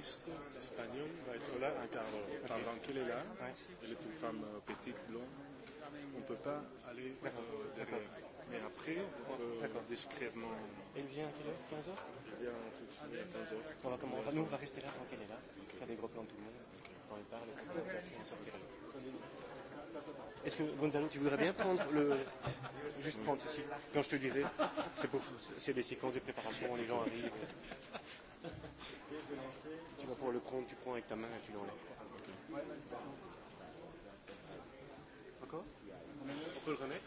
ministre espagnole va être là à quart d'heure. Pendant qu'elle est là, ouais. elle est une femme euh, petite, blonde, on ne peut pas aller euh, derrière. Mais après, on peut discrètement. Elle vient à quelle heure 15h Elle vient tout de suite à 15h. On va comment on va, nous, on va rester là tant qu'elle est là, okay. faire des gros plans de tout le monde. Quand elle parle, ah, on sortira. Est-ce que Gonzalo, tu voudrais bien prendre le. Juste prendre ceci. Quand je te dirai, c'est pour... des séquences de préparation, les gens arrivent. Et... Tu vas pouvoir le prendre, tu prends avec ta main et tu l'enlèves. Okay. Encore On peut le remettre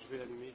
Je vais l'allumer.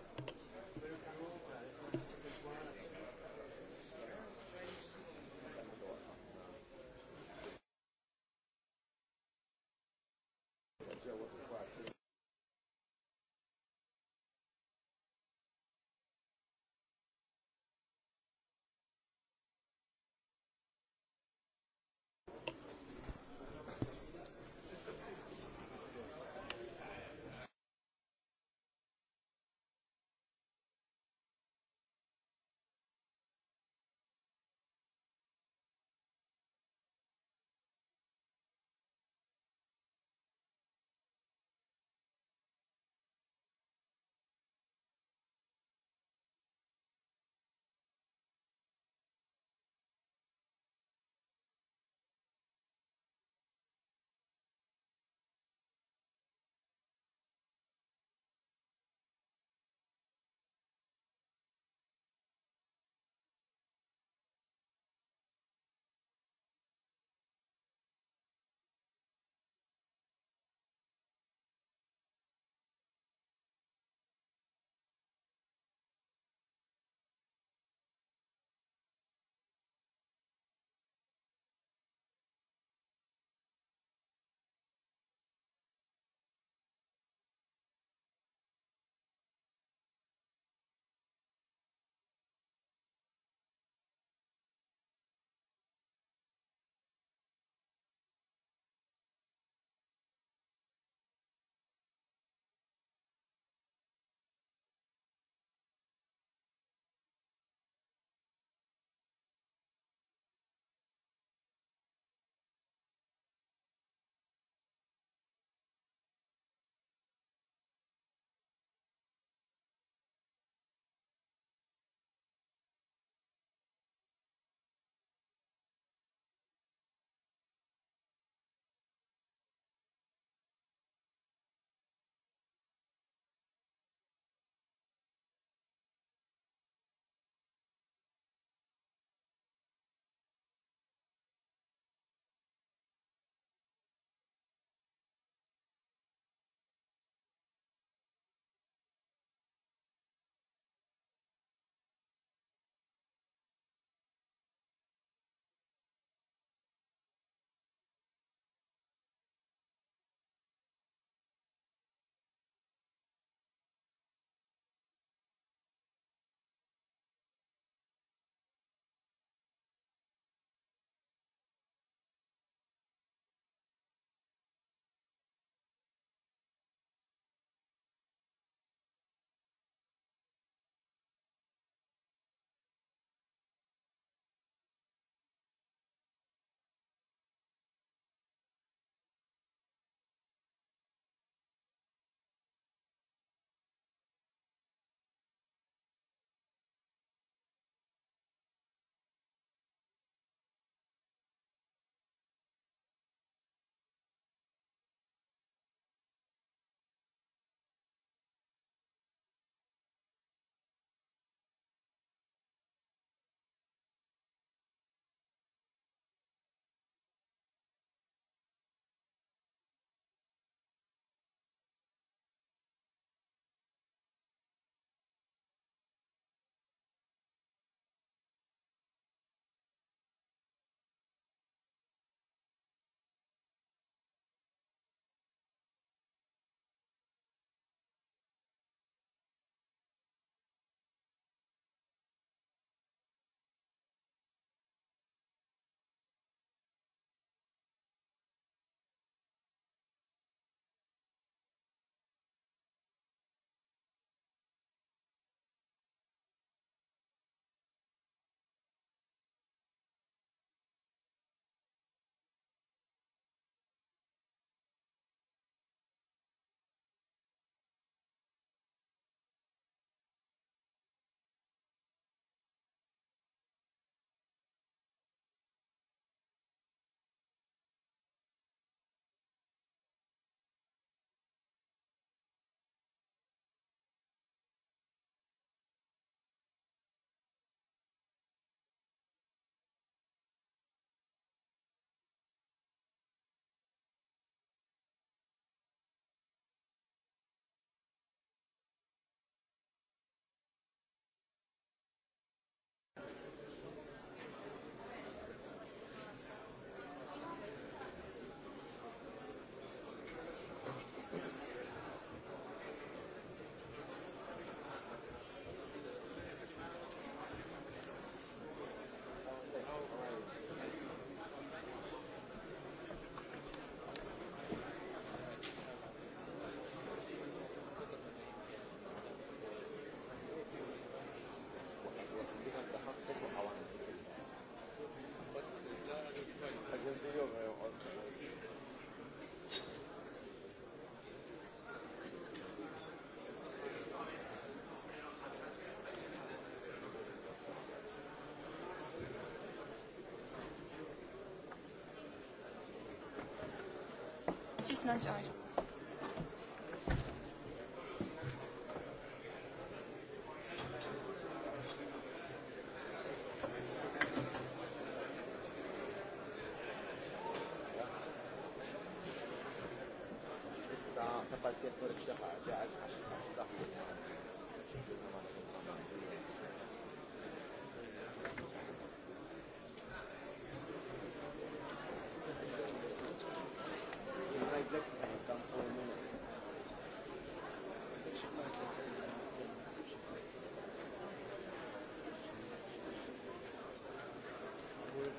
She's not George.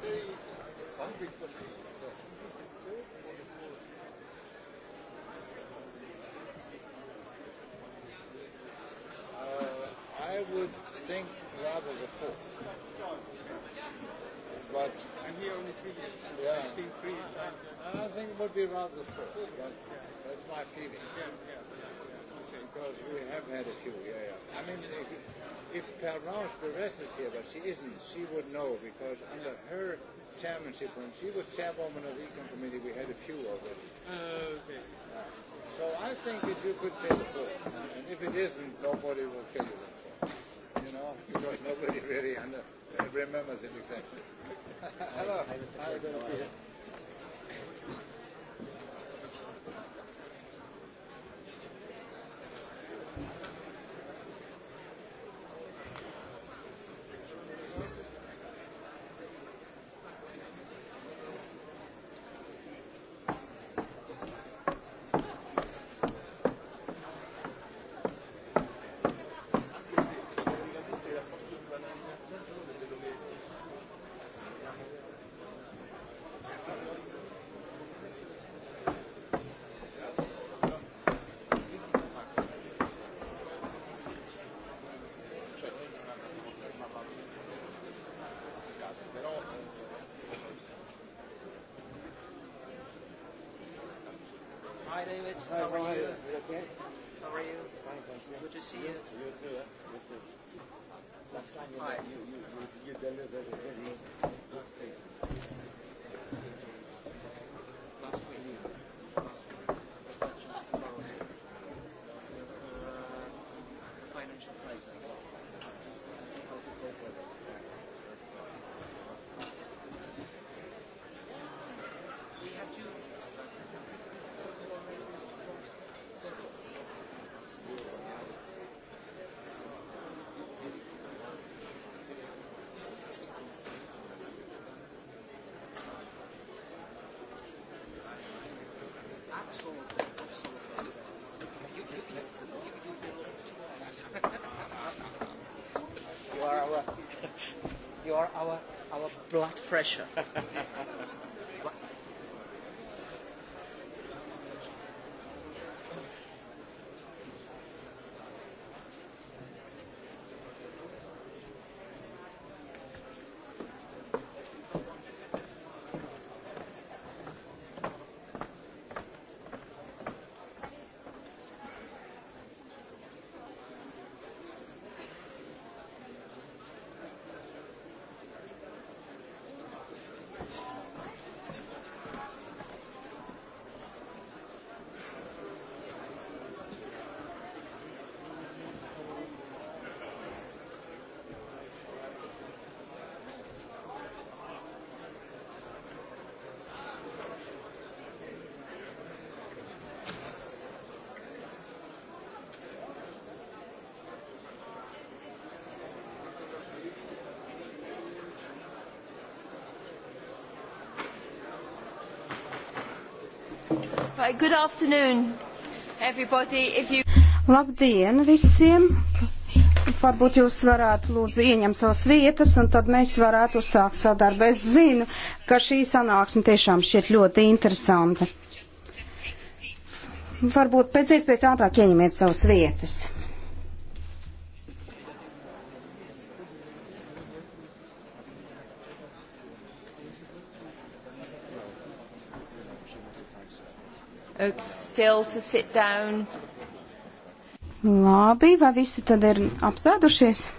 Uh, I would think rather the fourth. But I'm here only three years. Yeah. I've been three times. I think it would be rather the fourth. That, yeah. That's my feeling. Yeah, yeah, yeah, yeah. Okay. Because we have had a few. Yeah, yeah. I mean, if Pervenche Beres is here, but she isn't, she would know because under her chairmanship, when she was chairwoman of the Econ Committee, we had a few already. Uh, okay. Yeah. So I think that you could say the foot. And if it isn't, nobody will kill you. You know, because nobody really under, remembers it exactly. Hello. Hi, Mr. Hi, good to see you. Hi, David. Hi, how, how are you? You okay? How are you? Fine, thank you. Good to see you. You too. You too. Last time you, Hi. you, you, you delivered a very for our, our blood pressure. Right, good afternoon, everybody. If you... Labdien visiem! Varbūt jūs varētu lūdzu ieņemt savas vietas, un tad mēs varētu uzsākt savu darbu. Es zinu, ka šī sanāksme tiešām šķiet ļoti interesanta. Varbūt pēc iespējas ātrāk ieņemiet savas vietas. still to sit down. Labi, vai visi tad ir apsēdušies? So,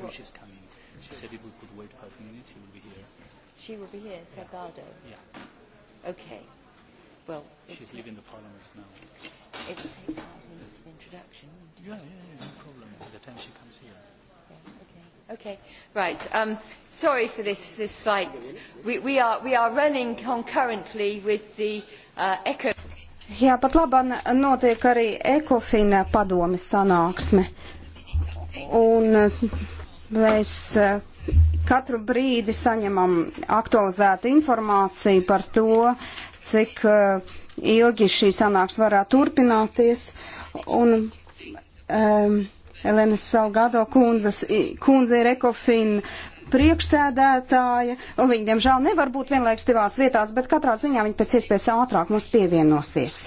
what? she's coming. She said if we could wait five minutes, she will be here. She will be here, Salgado? Yeah. Okay. Well, she's leaving the parliament now. It will take five minutes of introduction. Yeah, yeah, yeah, no problem. By the time she comes here. Yeah, okay. okay, right. Um, sorry for this, this slight. We, we, are, we are running concurrently with the uh, ECHO. Jā, pat labam notiek arī ekofina padomi sanāksme. Un uh, mēs uh, katru brīdi saņemam aktualizētu informāciju par to, cik uh, ilgi šī sanāks varētu turpināties. Un, um, Elena Salgado kundzes, kundze ir ekofin priekšsēdētāja, un viņa, diemžēl, nevar būt vienlaiks divās vietās, bet katrā ziņā viņa pēc iespējas ātrāk mums pievienosies.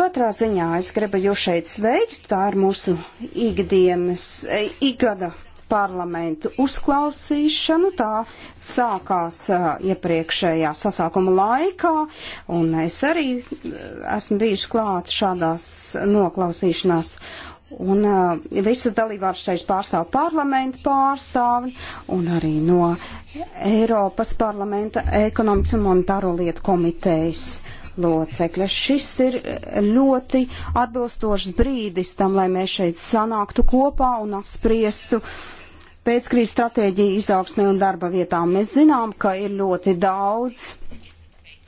Katrā ziņā es gribu jūs šeit sveikt, tā ir mūsu ikdienas, e, ikgada parlamentu uzklausīšanu. Tā sākās uh, iepriekšējā sasākuma laikā, un es arī uh, esmu bijuši klāt šādās noklausīšanās. Un uh, visas dalībvalstis šeit pārstāv parlamentu pārstāvi un arī no Eiropas parlamenta ekonomikas un monetāro lietu komitejas locekļa. Šis ir ļoti atbilstošs brīdis tam, lai mēs šeit sanāktu kopā un apspriestu uh, pēckrīzes stratēģija izaugsmē un darba vietām. Mēs zinām, ka ir ļoti daudz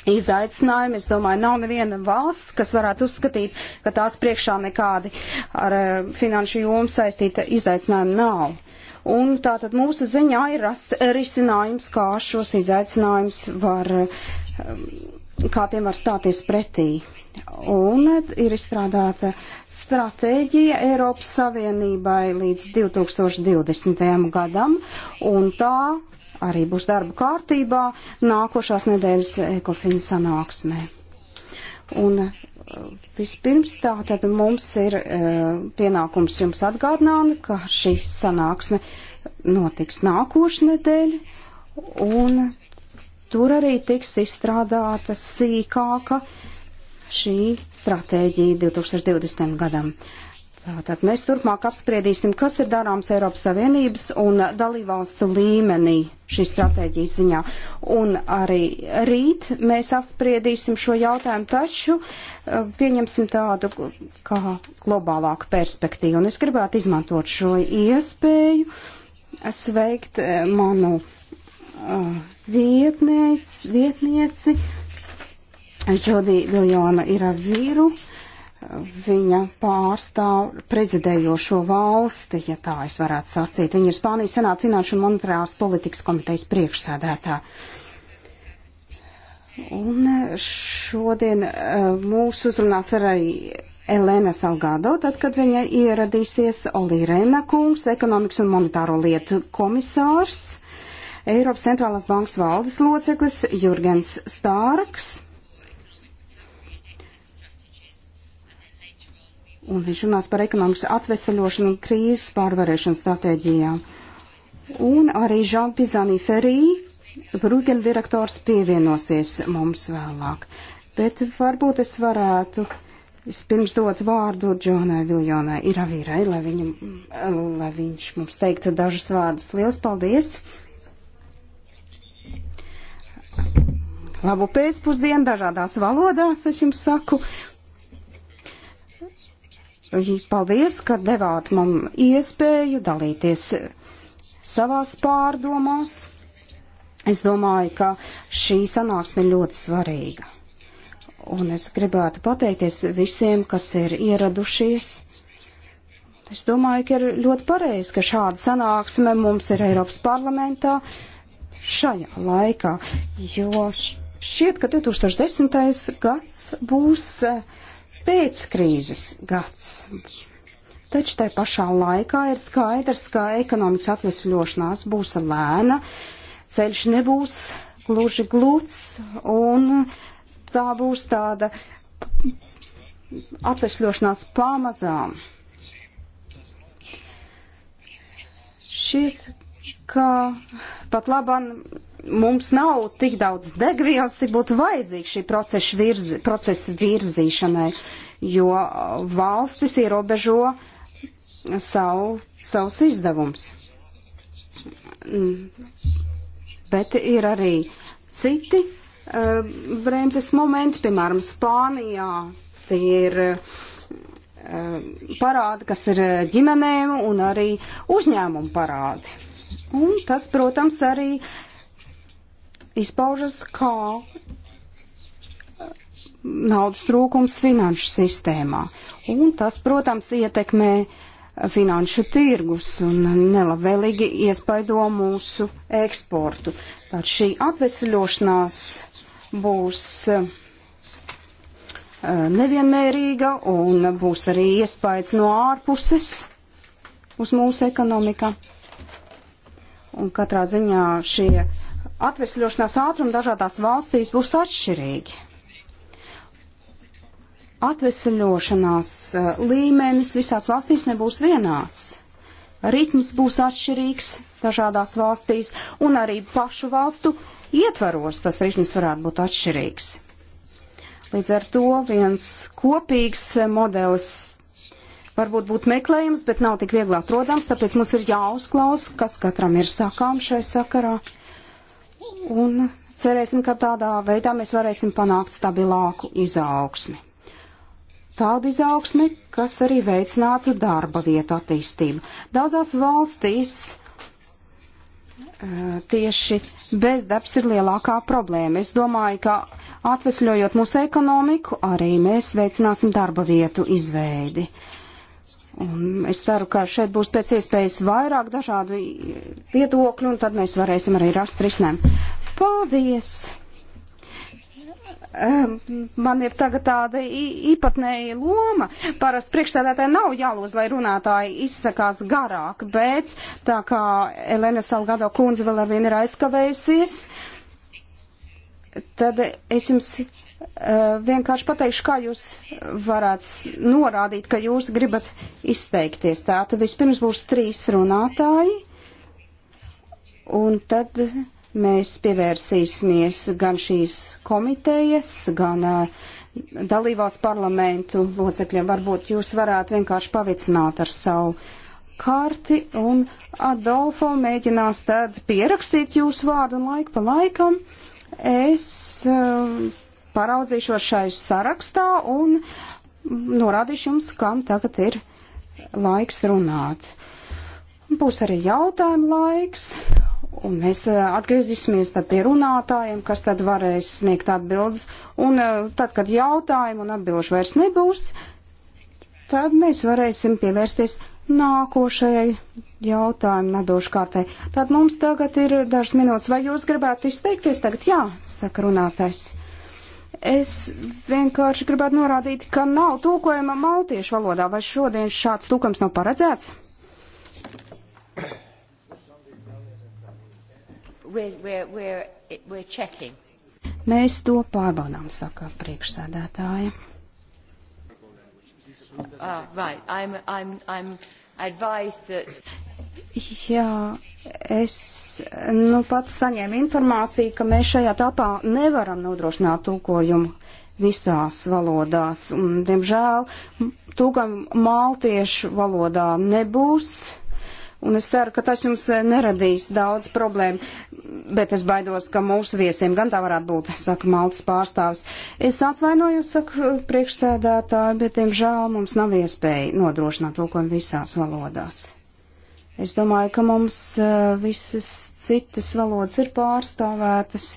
izaicinājumi. Es domāju, nav neviena valsts, kas varētu uzskatīt, ka tās priekšā nekādi ar eh, finanšu jomu saistīta izaicinājumi nav. Un tātad mūsu ziņā ir rast risinājums, kā šos izaicinājumus var, eh, kā tiem var stāties pretī. Un ir izstrādāta stratēģija Eiropas Savienībai līdz 2020. gadam, un tā arī būs darba kārtībā nākošās nedēļas ekofina sanāksmē. Un uh, vispirms tātad mums ir uh, pienākums jums atgādināt, ka šī sanāksme notiks nākošu nedēļu, un tur arī tiks izstrādāta sīkāka uh, šī stratēģija 2020. gadam. Tātad mēs turpmāk apspriedīsim, kas ir darāms Eiropas Savienības un dalībvalstu līmenī šī stratēģijas ziņā. Un arī rīt mēs apspriedīsim šo jautājumu, taču eh, pieņemsim tādu kā globālāku perspektīvu. Un es gribētu izmantot šo iespēju sveikt eh, manu eh, vietniec, vietnieci. vietnieci Džodī Viljona ir ar vīru. Viņa pārstāv prezidējošo valsti, ja tā es varētu sacīt. Viņa ir Spānijas senāta finanšu un monetārās politikas komitejas priekšsēdētā. Un e, šodien e, mūsu uzrunās arī Elena Salgado, tad, kad viņa ieradīsies Olī Rena kungs, ekonomikas un monetāro lietu komisārs, Eiropas centrālās bankas valdes loceklis Jurgens Stārks un viņš runās par ekonomikas atveseļošanu un krīzes pārvarēšanu stratēģijā. Un arī Žan Pizani Ferī, Brūgeļa direktors, pievienosies mums vēlāk. Bet varbūt es varētu vispirms dot vārdu Džonai Viljonai Iravīrai, lai, viņam, lai viņš mums teiktu dažus vārdus. Lielas paldies! Labu pēcpusdienu dažādās valodās, es jums saku, Paldies, ka devāt man iespēju dalīties savās pārdomās. Es domāju, ka šī sanāksme ir ļoti svarīga. Un es gribētu pateikties visiem, kas ir ieradušies. Es domāju, ka ir ļoti pareizi, ka šāda sanāksme mums ir Eiropas parlamentā šajā laikā, jo šķiet, ka 2010. gads būs uh, pēckrīzes gads. Taču tai pašā laikā ir skaidrs, ka ekonomikas atvesļošanās būs lēna, ceļš nebūs gluži gluds un tā būs tāda atvesļošanās pamazām. Šķiet, ka pat labam mums nav tik daudz degvielas, cik būtu vajadzīga šī procesa, virzi, procesa virzīšanai, jo uh, valstis ierobežo savu, savus izdevumus. Mm. Bet ir arī citi uh, bremzes momenti, piemēram, Spānijā. Tie ir uh, parādi, kas ir ģimenēm un arī uzņēmumu parādi. Un tas, protams, arī uh, izpaužas kā uh, naudas trūkums finanšu sistēmā. Un tas, protams, ietekmē finanšu tirgus un nelabvēlīgi iespaido mūsu eksportu. Tad šī atvesļošanās būs uh, nevienmērīga un būs arī iespējas no ārpuses uz mūsu ekonomikā. Un katrā ziņā šie uh, atvesļošanās ātrumi dažādās valstīs būs atšķirīgi. Atvesļošanās eh, līmenis visās valstīs nebūs vienāds. Ritms būs atšķirīgs dažādās valstīs, un arī pašu valstu ietvaros tas ritms varētu būt atšķirīgs. Līdz ar to viens kopīgs eh, modelis varbūt būtu meklējams, bet nav tik viegli atrodams, tāpēc mums ir jāuzklaus, kas katram ir sakām šai sakarā. Un cerēsim, ka tādā veidā mēs varēsim panākt stabilāku izaugsmi. Tādu izaugsmi, kas arī veicinātu darba vietu attīstību. Daudzās valstīs eh, tieši bezdarbs ir lielākā problēma. Es domāju, ka atvesļojot mūsu ekonomiku, arī mēs veicināsim darba vietu izveidi. Uh, Un es ceru, ka šeit būs pēc iespējas vairāk dažādu viedokļu, un tad mēs varēsim arī rast risinājumu. Paldies! man ir tagad tāda īpatnēja loma. Parasti priekšstādātāji nav jālūdz, lai runātāji izsakās garāk, bet tā kā Elena Salgado kundze vēl arvien ir aizkavējusies, tad es jums Eh, vienkārši pateikšu, kā jūs varētu norādīt, ka jūs gribat izteikties. Tātad vispirms būs trīs runātāji, un tad mēs pievērsīsimies gan šīs komitejas, gan eh, dalībās parlamentu locekļiem. Varbūt jūs varētu vienkārši pavicināt ar savu karti, un Adolfo mēģinās tad pierakstīt jūsu vārdu un laiku pa laikam. Es uh, paraudzīšos šai sarakstā un norādīšu jums, kam tagad ir laiks runāt. Būs arī jautājumu laiks, un mēs eh, atgriezīsimies tad pie runātājiem, kas tad varēs sniegt atbildes. Un eh, tad, kad jautājumu un atbilžu vairs nebūs, tad mēs varēsim pievērsties nākošajai jautājumu un atbilžu kārtai. Tad mums tagad ir dažas minūtes. Vai jūs gribētu izteikties tagad? Jā, saka runātājs. Es vienkārši gribētu norādīt, ka nav tūkojuma maltiešu valodā. Vai šodien šāds tūkojums nav paredzēts? We're, we're, we're, we're checking. Mēs to pārbaudām, saka priekšsēdētāja. Uh, right. I'm, I'm, I'm that... Jā, es nu pat saņēmu informāciju, ka mēs šajā tapā nevaram nodrošināt tulkojumu visās valodās. Un, diemžēl tūkam maltiešu valodā nebūs. Un es ceru, ka tas jums eh, neradīs daudz problēmu, bet es baidos, ka mūsu viesiem gan tā varētu būt, saka Maltas pārstāvis. Es atvainojos, saka eh, priekšsēdētāji, bet, diemžēl, mums nav iespēja nodrošināt tulkojumu visās valodās. Es domāju, ka mums eh, visas citas valodas ir pārstāvētas.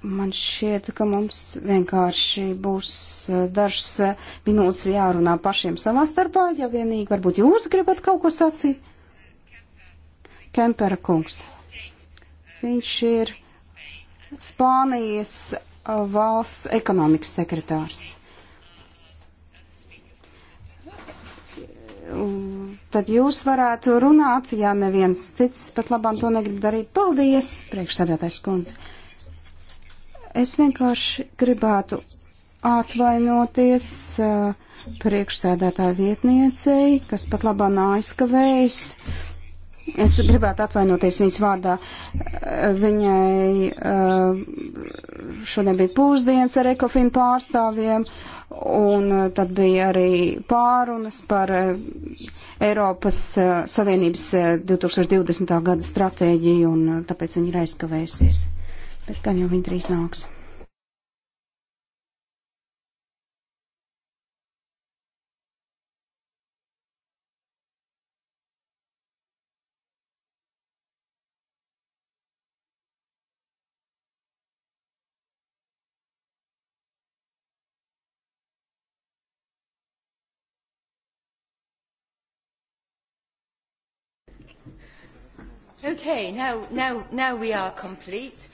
Man šķiet, ka mums vienkārši būs eh, dažs eh, minūtes jārunā pašiem savā starpā, ja vienīgi varbūt jūs gribat kaut ko sacīt. Kempera kungs. Viņš ir Spānijas valsts ekonomikas sekretārs. tad jūs varētu runāt, ja neviens cits pat labam to negrib darīt. Paldies, priekšsēdētājs kundze. Es vienkārši gribētu atvainoties uh, priekšsēdētāja vietniecei, kas pat labā aizkavējas. Es gribētu atvainoties viņas vārdā. Uh, viņai uh, šodien bija pūzdienas ar ekofinu pārstāvjiem. Uh, un eh, tad bija arī pārunas par eh, Eiropas eh, Savienības 2020. gada stratēģiju, un tāpēc viņi ir aizkavējusies. Bet gan jau viņi drīz nāks. Okay, now, now, now we are complete.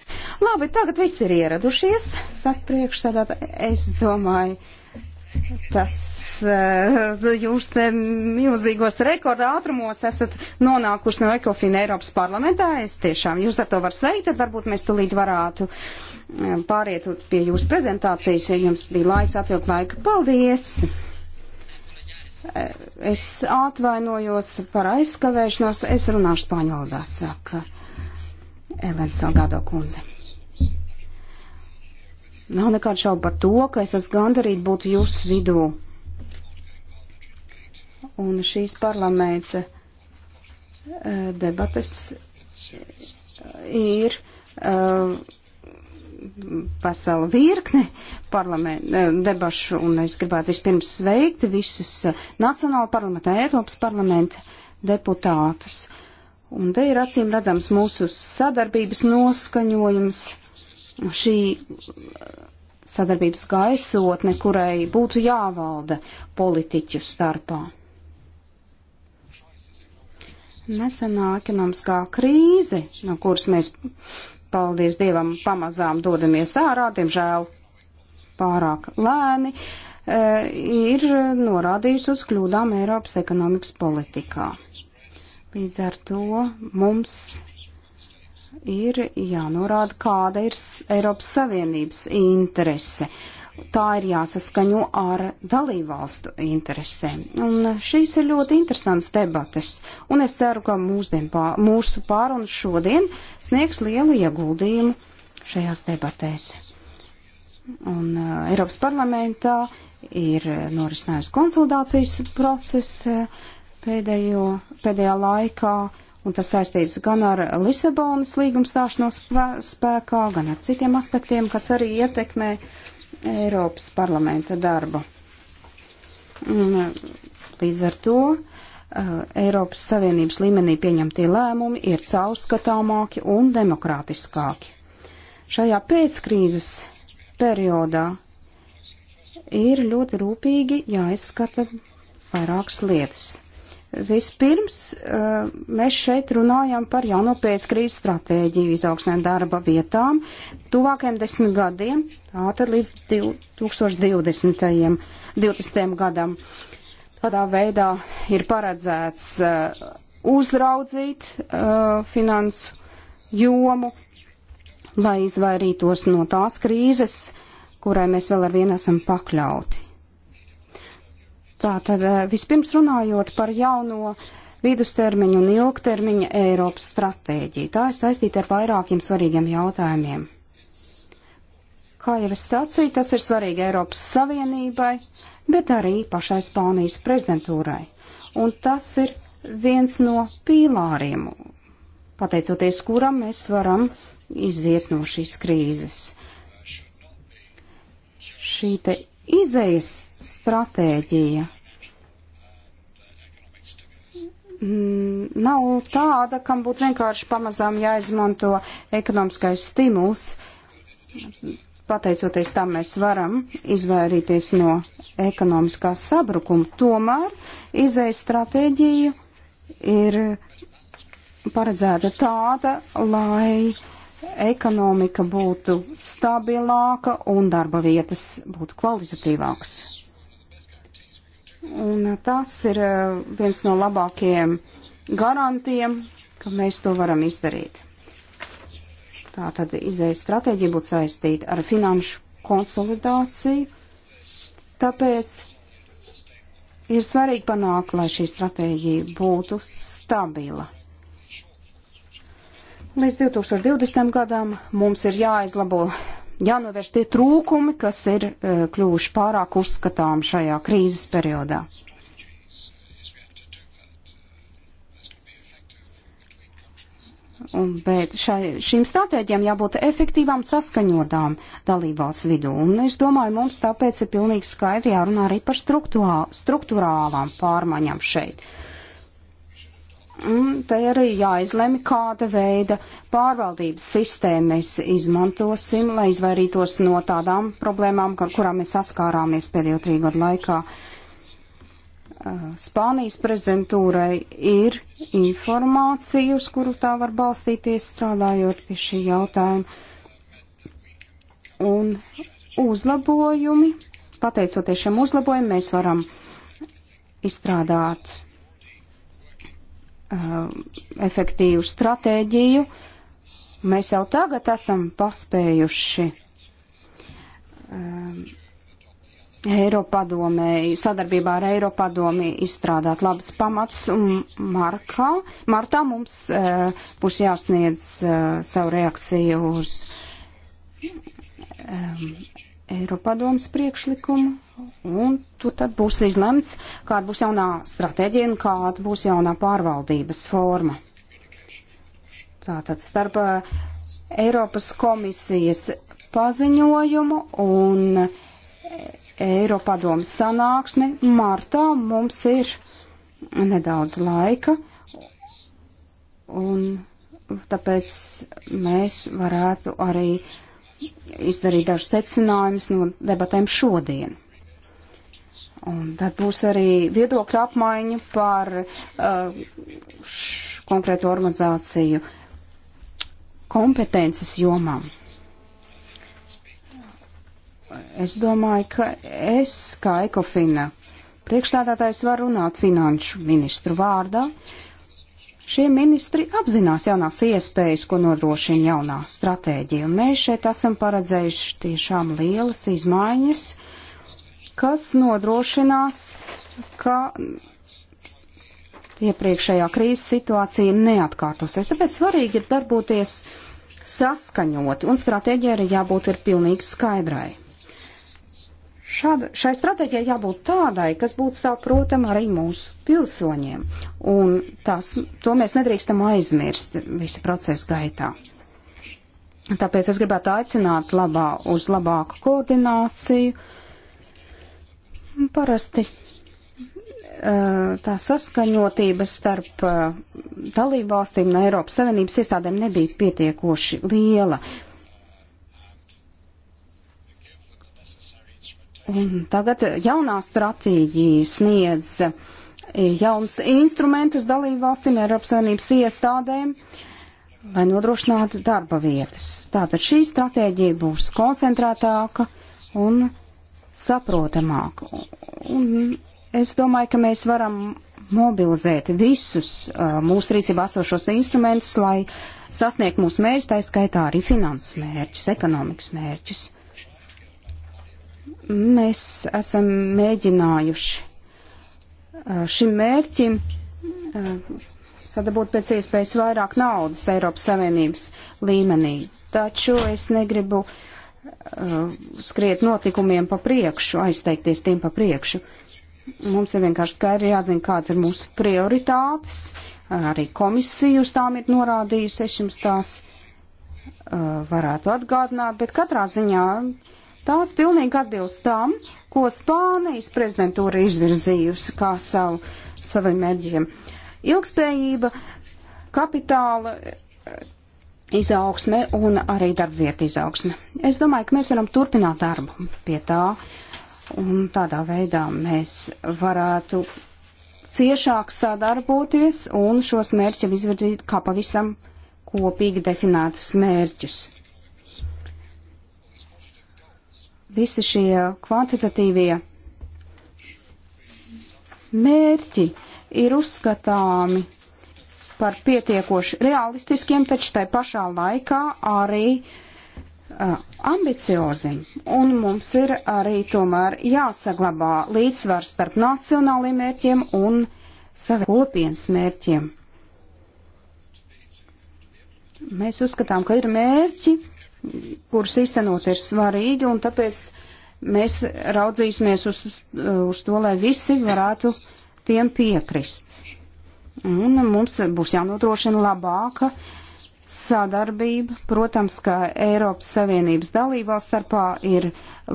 Labi, tagad viss ir ieradušies, saka priekšsēdētāji. Es domāju, tas eh, jūs te milzīgos rekorda ātrumos esat nonākuši no Ekofina Eiropas parlamentā. Es tiešām jūs ar to varu sveikt, tad varbūt mēs tulīt varētu eh, pāriet pie jūsu prezentācijas, ja jums bija laiks atvilkt laiku. Paldies! Es atvainojos par aizskavēšanos, es runāšu spāņu valodā, saka Elena Salgado kundze. Nav nekādu šaubu par to, ka es esmu gandarīt būt jūsu vidū. Un šīs parlamenta eh, debates eh, ir. Uh, veselu virkni eh, debašu, un es gribētu vispirms sveikt visus eh, Nacionāla parlamenta, Eiropas parlamenta deputātus. Un te ir acīm redzams mūsu sadarbības noskaņojums, šī eh, sadarbības gaisotne, kurai būtu jāvalda politiķu starpā. Nesenā ekonomiskā krīze, no kuras mēs paldies Dievam, pamazām dodamies ārā, diemžēl pārāk lēni, e, ir norādījusi uz kļūdām Eiropas ekonomikas politikā. Līdz ar to mums ir jānorāda, kāda ir Eiropas Savienības interese tā ir jāsaskaņo ar dalībvalstu interesēm. Un šīs ir ļoti interesants debates, un es ceru, ka mūsdien, pār, mūsu pārunas šodien sniegs lielu ieguldījumu šajās debatēs. Un uh, Eiropas parlamentā ir norisinājusi konsultācijas process uh, pēdējo, pēdējā laikā, un tas saistīts gan ar Lisabonas līguma stāšanos spēkā, gan ar citiem aspektiem, kas arī ietekmē uh, Eiropas parlamenta darbu. Un, eh, līdz ar to eh, Eiropas Savienības līmenī pieņemtie lēmumi ir caurskatāmāki un demokrātiskāki. Šajā pēckrīzes periodā ir ļoti rūpīgi jāizskata vairākas lietas. Vispirms mēs šeit runājam par jauno pēckrīzes stratēģiju izaugsmē darba vietām tuvākajiem desmit gadiem, tātad līdz 2020. 20. gadam. Tādā veidā ir paredzēts uzraudzīt finansu jomu, lai izvairītos no tās krīzes, kurai mēs vēl ar vienu esam pakļauti. Tātad eh, vispirms runājot par jauno vidustermiņu un ilgtermiņa Eiropas stratēģiju. Tā ir saistīta ar vairākiem svarīgiem jautājumiem. Kā jau es sacīju, tas ir svarīgi Eiropas Savienībai, bet arī pašai Spānijas prezidentūrai. Un tas ir viens no pīlāriem, pateicoties kuram mēs varam iziet no šīs krīzes. Šī te izējas stratēģija Mm, nav tāda, kam būtu vienkārši pamazām jāizmanto ekonomiskais stimuls. Pateicoties tam, mēs varam izvairīties no ekonomiskā sabrukuma. Tomēr izējas stratēģija ir paredzēta tāda, lai ekonomika būtu stabilāka un darba vietas būtu kvalitatīvākas. Un tas ir eh, viens no labākajiem garantiem, ka mēs to varam izdarīt. Tā tad izējas stratēģija būtu saistīta ar finanšu konsolidāciju, tāpēc ir svarīgi panākt, lai šī stratēģija būtu stabila. Līdz 2020. gadam mums ir jāizlabo jānovērš tie trūkumi, kas ir e, kļuvuši pārāk uzskatām šajā krīzes periodā. Un, bet šai, šīm stratēģijām jābūt efektīvām saskaņotām dalībās vidū. Un es domāju, mums tāpēc ir pilnīgi skaidri jārunā arī par struktūrālām pārmaiņām šeit. Uh, Un te arī jāizlemj, kāda veida pārvaldības sistēmu mēs izmantosim, lai izvairītos no tādām problēmām, ar kurām mēs saskārāmies pēdējo trī gadu laikā. Uh, Spānijas prezidentūrai ir informācija, uz kuru tā var balstīties strādājot pie šī jautājuma. Un uzlabojumi, pateicoties šiem uzlabojumiem, mēs varam izstrādāt Uh, efektīvu stratēģiju. Mēs jau tagad esam paspējuši um, Eiropadomē, sadarbībā ar Eiropadomi izstrādāt labas pamats, un markā, martā mums uh, būs jāsniedz uh, savu reakciju uz um, Eiropadomas priekšlikumu. Un tur tad būs izlemts, kāda būs jaunā stratēģija un kāda būs jaunā pārvaldības forma. Tātad starp eh, Eiropas komisijas paziņojumu un eh, Eiropadomas sanāksmi martā mums ir nedaudz laika, un tāpēc mēs varētu arī izdarīt dažus secinājumus no debatēm šodien. Un tad būs arī viedokļa apmaiņa par uh, konkrētu organizāciju kompetences jomām. Es domāju, ka es, kā ekofina priekšstādātājs, varu runāt finanšu ministru vārdā. Šie ministri apzinās jaunās iespējas, ko nodrošina jaunā stratēģija, un mēs šeit esam paredzējuši tiešām lielas izmaiņas kas nodrošinās, ka iepriekšējā krīzes situācija neatkārtosies. Tāpēc svarīgi ir darboties saskaņot, un stratēģija arī jābūt ir pilnīgi skaidrai. Šāda, šai stratēģijai jābūt tādai, kas būtu saprotama arī mūsu pilsoņiem, un tās, to mēs nedrīkstam aizmirst visa procesa gaitā. Tāpēc es gribētu aicināt labā, uz labāku koordināciju, uh, Parasti eh, tā saskaņotība starp eh, dalībvalstīm un no Eiropas Savienības iestādēm nebija pietiekoši liela. Un tagad jaunā stratēģija sniedz eh, jaunus instrumentus dalībvalstīm, Eiropas Savienības iestādēm, lai nodrošinātu darba vietas. Tātad šī stratēģija būs koncentrētāka un saprotamāk. Un es domāju, ka mēs varam mobilizēt visus uh, mūsu rīcībā esošos instrumentus, lai sasniegtu mūsu mērķus, tā skaitā arī finanses mērķus, ekonomikas mērķus. Mēs esam mēģinājuši uh, šim mērķim uh, sadabūt pēc iespējas vairāk naudas Eiropas Savienības līmenī. Taču es negribu uh, Uh, skriet notikumiem pa priekšu, aizteikties tiem pa priekšu. Mums ir vienkārši skaidri jāzina, kāds ir mūsu prioritātes. Arī komisija uz tām ir norādījusi, es jums tās uh, varētu atgādināt, bet katrā ziņā tās pilnīgi atbilst tam, ko Spānijas prezidentūra izvirzījusi kā savu, saviem mērķiem. Ilgspējība, kapitāla uh, izaugsme un arī darbvieta izaugsme. Es domāju, ka mēs varam turpināt darbu pie tā, un tādā veidā mēs varētu ciešāk sadarboties un šos mērķus izvirzīt kā pavisam kopīgi definētus mērķus. Visi šie kvantitatīvie mērķi ir uzskatāmi par pietiekoši realistiskiem, taču tai pašā laikā arī uh, Uh, ambiciozi, un mums ir arī tomēr jāsaglabā līdzsvars starp nacionāliem mērķiem un saviem kopienas mērķiem. Mēs uzskatām, ka ir mērķi, kurus īstenot ir svarīgi, un tāpēc mēs raudzīsimies uz, uz to, lai visi varētu tiem piekrist. Un mums būs jānodrošina labāka uh, sadarbība, protams, ka Eiropas Savienības dalībvalsts starpā ir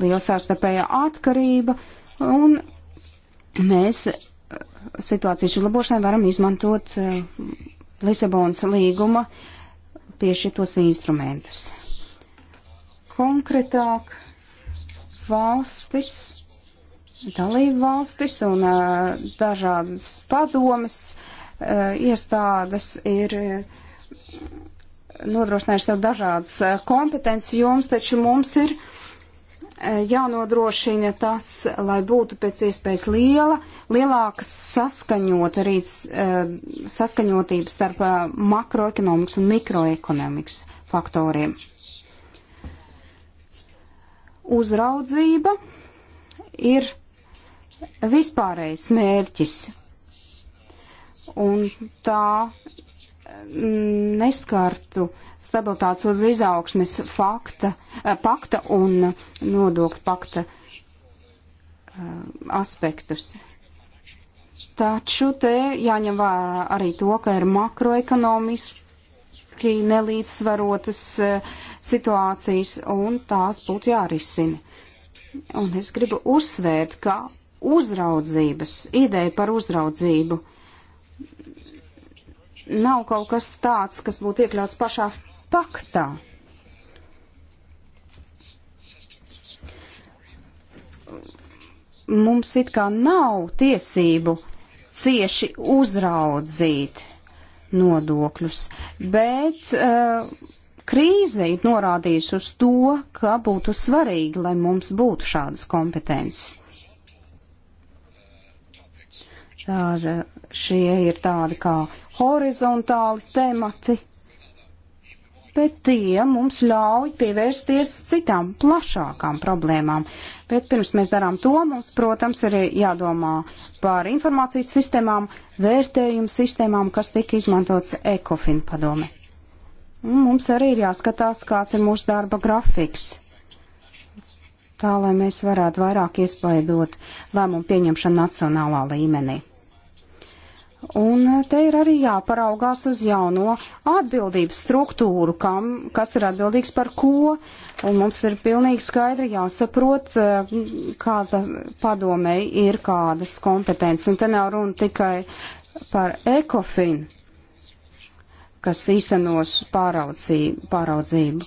liels ārstarpējā atkarība, un mēs eh, situācijas uzlabošanai varam izmantot eh, Lisabonas līguma piešķirtos instrumentus. Konkrētāk valstis, dalību valstis un uh, dažādas padomes uh, iestādes ir uh, nodrošinājuši sev dažādas eh, kompetences jums, taču mums ir eh, jānodrošina tas, lai būtu pēc iespējas liela, lielāka saskaņota arī eh, saskaņotība starp makroekonomikas un mikroekonomikas faktoriem. Uzraudzība ir vispārējais mērķis, un tā neskartu stabilitātes uz izaugsmes fakta, eh, pakta un nodokļu pakta eh, aspektus. Taču te jāņem vērā arī to, ka ir makroekonomiski nelīdzsvarotas eh, situācijas un tās būtu jārisina. Un es gribu uzsvērt, ka uzraudzības, ideja par uzraudzību uh, nav kaut kas tāds, kas būtu iekļauts pašā paktā. Mums it kā nav tiesību cieši uzraudzīt nodokļus, bet uh, krīze ir norādījusi uz to, ka būtu svarīgi, lai mums būtu šādas kompetences. Tāda, šie ir tādi kā horizontāli temati, bet tie mums ļauj pievērsties citām plašākām problēmām. Bet pirms mēs darām to, mums, protams, ir jādomā par informācijas sistēmām, vērtējumu sistēmām, kas tika izmantots ECOFIN padome. Un mums arī ir jāskatās, kāds ir mūsu darba grafiks. Tā, lai mēs varētu vairāk iespaidot lēmumu pieņemšanu nacionālā līmenī. Un te ir arī jāparaugās uz jauno atbildības struktūru, kam, kas ir atbildīgs par ko, un mums ir pilnīgi skaidri jāsaprot, eh, kāda padomēji ir kādas kompetences. Un te nav runa tikai par ekofinu, kas īstenos pāraudzību. pāraudzību.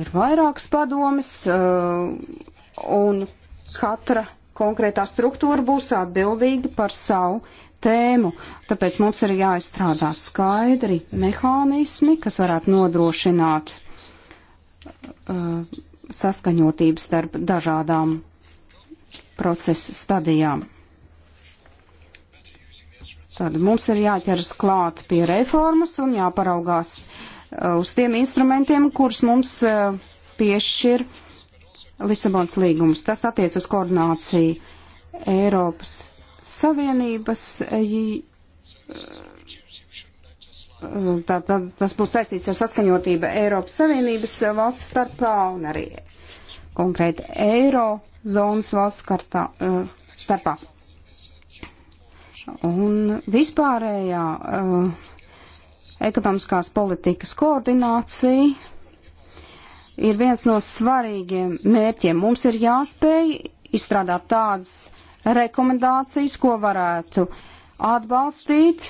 Ir vairākas padomes, eh, un katra konkrētā struktūra būs atbildīga par savu tēmu, tāpēc mums ir jāizstrādā skaidri mehānismi, kas varētu nodrošināt uh, saskaņotību starp dažādām procesa stadijām. Tad mums ir jāķeras klāt pie reformas un jāparaugās uh, uz tiem instrumentiem, kurus mums uh, piešķir Lisabons līgums. Tas attiec uz koordināciju Eiropas Savienības. E, e, tā, tā, tas būs saistīts ar saskaņotību Eiropas Savienības e, valsts starpā un arī konkrēti Eiro zonas valsts kartā, starpā. Un vispārējā uh, ekonomiskās politikas koordinācija ir viens no svarīgiem mērķiem. Mums ir jāspēj izstrādāt tādas rekomendācijas, ko varētu atbalstīt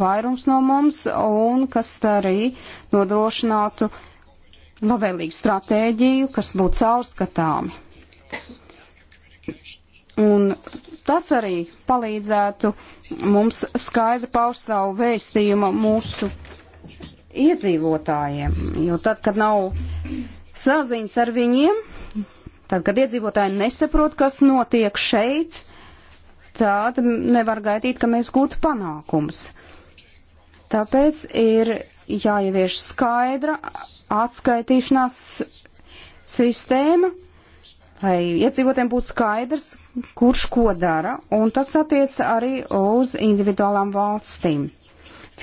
vairums no mums un kas arī nodrošinātu labvēlīgu stratēģiju, kas būtu caurskatāmi. Un tas arī palīdzētu mums skaidri paust savu vēstījumu mūsu iedzīvotājiem, jo tad, kad nav saziņas ar viņiem, Tad, kad iedzīvotāji nesaprot, kas notiek šeit, tad nevar gaidīt, ka mēs gūtu panākums. Tāpēc ir jāievieš skaidra atskaitīšanās sistēma, lai iedzīvotiem būtu skaidrs, kurš ko dara, un tas attiec arī uz individuālām valstīm.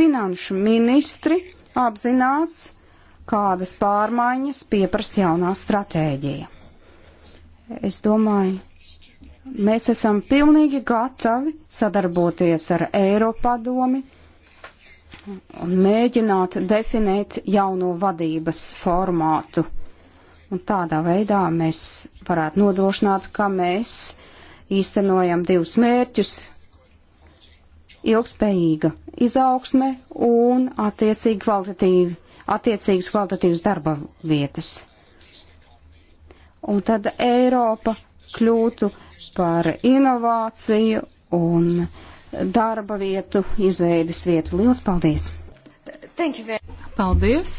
Finanšu ministri apzinās, kādas pārmaiņas pieprasa jaunā stratēģija. Es domāju, mēs esam pilnīgi gatavi sadarboties ar Eiropadomi un mēģināt definēt jauno vadības formātu. Un tādā veidā mēs varētu nodrošināt, ka mēs īstenojam divus mērķus - ilgspējīga izaugsme un attiecīgi kvalitatīvi, attiecīgas kvalitatīvas darba vietas un tad Eiropa kļūtu par inovāciju un darba vietu, izveidas vietu. Lielas paldies! Paldies!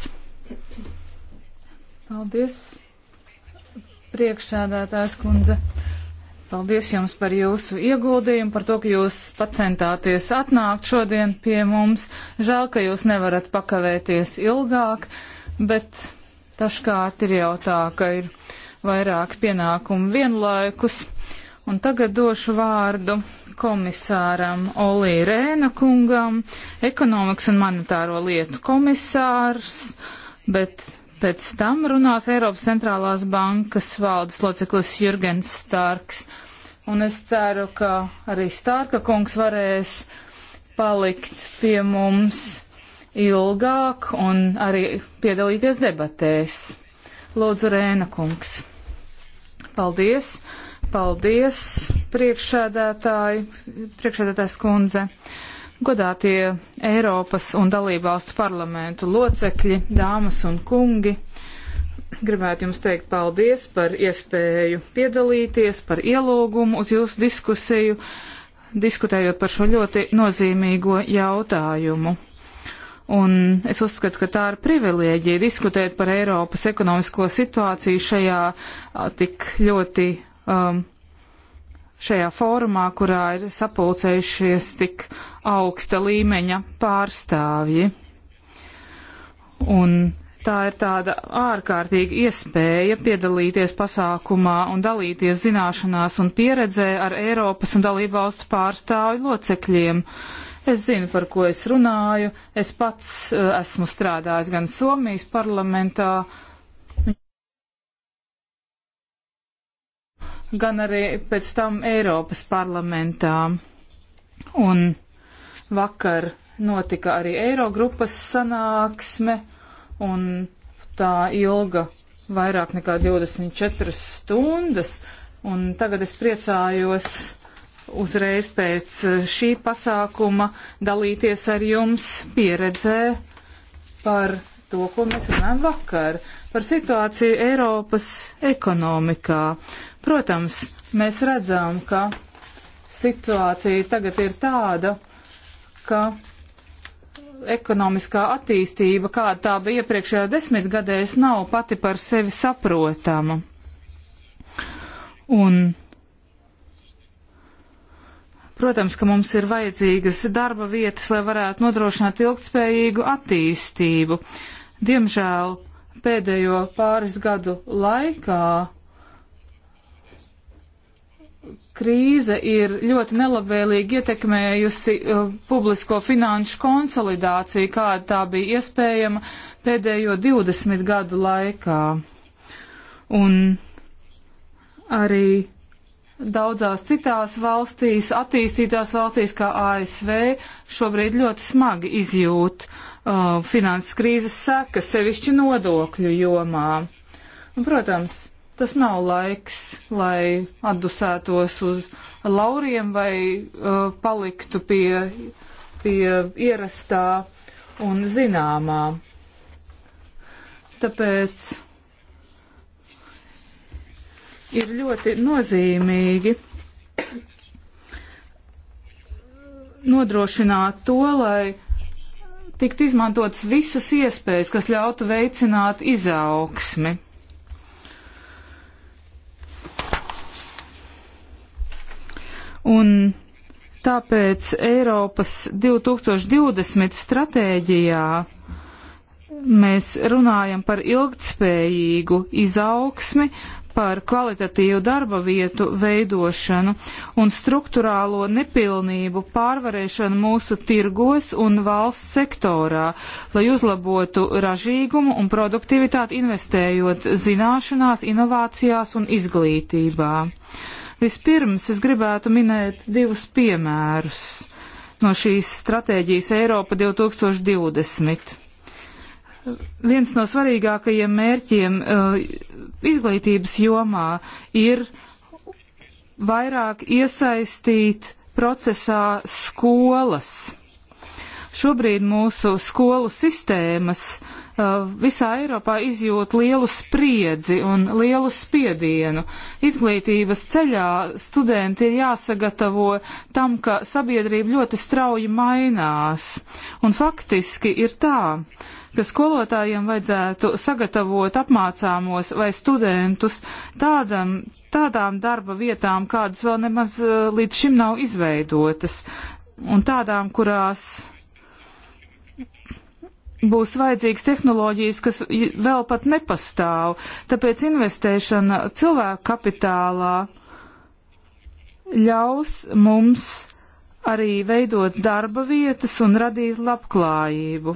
Paldies, priekšsēdētājs kundze! Paldies jums par jūsu ieguldījumu, par to, ka jūs pacentāties atnākt šodien pie mums. Žēl, ka jūs nevarat pakavēties ilgāk, bet taškārt ir jau tā, ka ir vairāk pienākumu vienlaikus. Un tagad došu vārdu komisāram Olī Rēna kungam, ekonomikas un monetāro lietu komisārs, bet pēc tam runās Eiropas centrālās bankas valdes loceklis Jurgens Stārks. Un es ceru, ka arī Stārka kungs varēs palikt pie mums ilgāk un arī piedalīties debatēs. Lūdzu, Rēna kungs. Paldies! Paldies, priekšsēdētāji, priekšsēdētājs kundze, godātie Eiropas un dalībvalstu parlamentu locekļi, dāmas un kungi. Gribētu jums teikt paldies par iespēju piedalīties, par ielūgumu uz jūsu diskusiju, diskutējot par šo ļoti nozīmīgo jautājumu. Un es uzskatu, ka tā ir privilēģija diskutēt par Eiropas ekonomisko situāciju šajā tik ļoti um, šajā fórumā, kurā ir sapulcējušies tik augsta līmeņa pārstāvji. Un tā ir tāda ārkārtīga iespēja piedalīties pasākumā un dalīties zināšanās un pieredzē ar Eiropas un dalībvalstu pārstāvju locekļiem. Uh, Es zinu, par ko es runāju. Es pats uh, esmu strādājis gan Somijas parlamentā, gan arī pēc tam Eiropas parlamentā. Un vakar notika arī Eirogrupas sanāksme, un tā ilga vairāk nekā 24 stundas. Un tagad es priecājos uzreiz pēc eh, šī pasākuma dalīties ar jums pieredzē par to, ko mēs runājam vakar, par situāciju Eiropas ekonomikā. Protams, mēs redzam, ka situācija tagad ir tāda, ka ekonomiskā attīstība, kāda tā bija iepriekšējā desmitgadēs, nav pati par sevi saprotama. Un Protams, ka mums ir vajadzīgas darba vietas, lai varētu nodrošināt ilgtspējīgu attīstību. Diemžēl pēdējo pāris gadu laikā krīze ir ļoti nelabvēlīgi ietekmējusi uh, publisko finanšu konsolidāciju, kāda tā bija iespējama pēdējo 20 gadu laikā. Un arī daudzās citās valstīs, attīstītās valstīs kā ASV, šobrīd ļoti smagi izjūt uh, finanses krīzes sekas, sevišķi nodokļu jomā. Un, protams, tas nav laiks, lai atdusētos uz lauriem vai uh, paliktu pie, pie ierastā un zināmā. Tāpēc ir ļoti nozīmīgi nodrošināt to, lai tiktu izmantotas visas iespējas, kas ļautu veicināt izaugsmi. Un tāpēc Eiropas 2020 stratēģijā mēs runājam par ilgtspējīgu izaugsmi, par kvalitatīvu darba vietu veidošanu un struktūrālo nepilnību pārvarēšanu mūsu tirgos un valsts sektorā, lai uzlabotu ražīgumu un produktivitāti investējot zināšanās, inovācijās un izglītībā. Vispirms es gribētu minēt divus piemērus no šīs stratēģijas Eiropa 2020 viens no svarīgākajiem mērķiem uh, izglītības jomā ir vairāk iesaistīt procesā skolas. Šobrīd mūsu skolu sistēmas uh, visā Eiropā izjūt lielu spriedzi un lielu spiedienu. Izglītības ceļā studenti ir jāsagatavo tam, ka sabiedrība ļoti strauji mainās. Un faktiski ir tā, ka skolotājiem vajadzētu sagatavot apmācāmos vai studentus tādam, tādām darba vietām, kādas vēl nemaz eh, līdz šim nav izveidotas, un tādām, kurās būs vajadzīgas tehnoloģijas, kas vēl pat nepastāv. Tāpēc investēšana cilvēku kapitālā ļaus mums arī veidot darba vietas un radīt labklājību.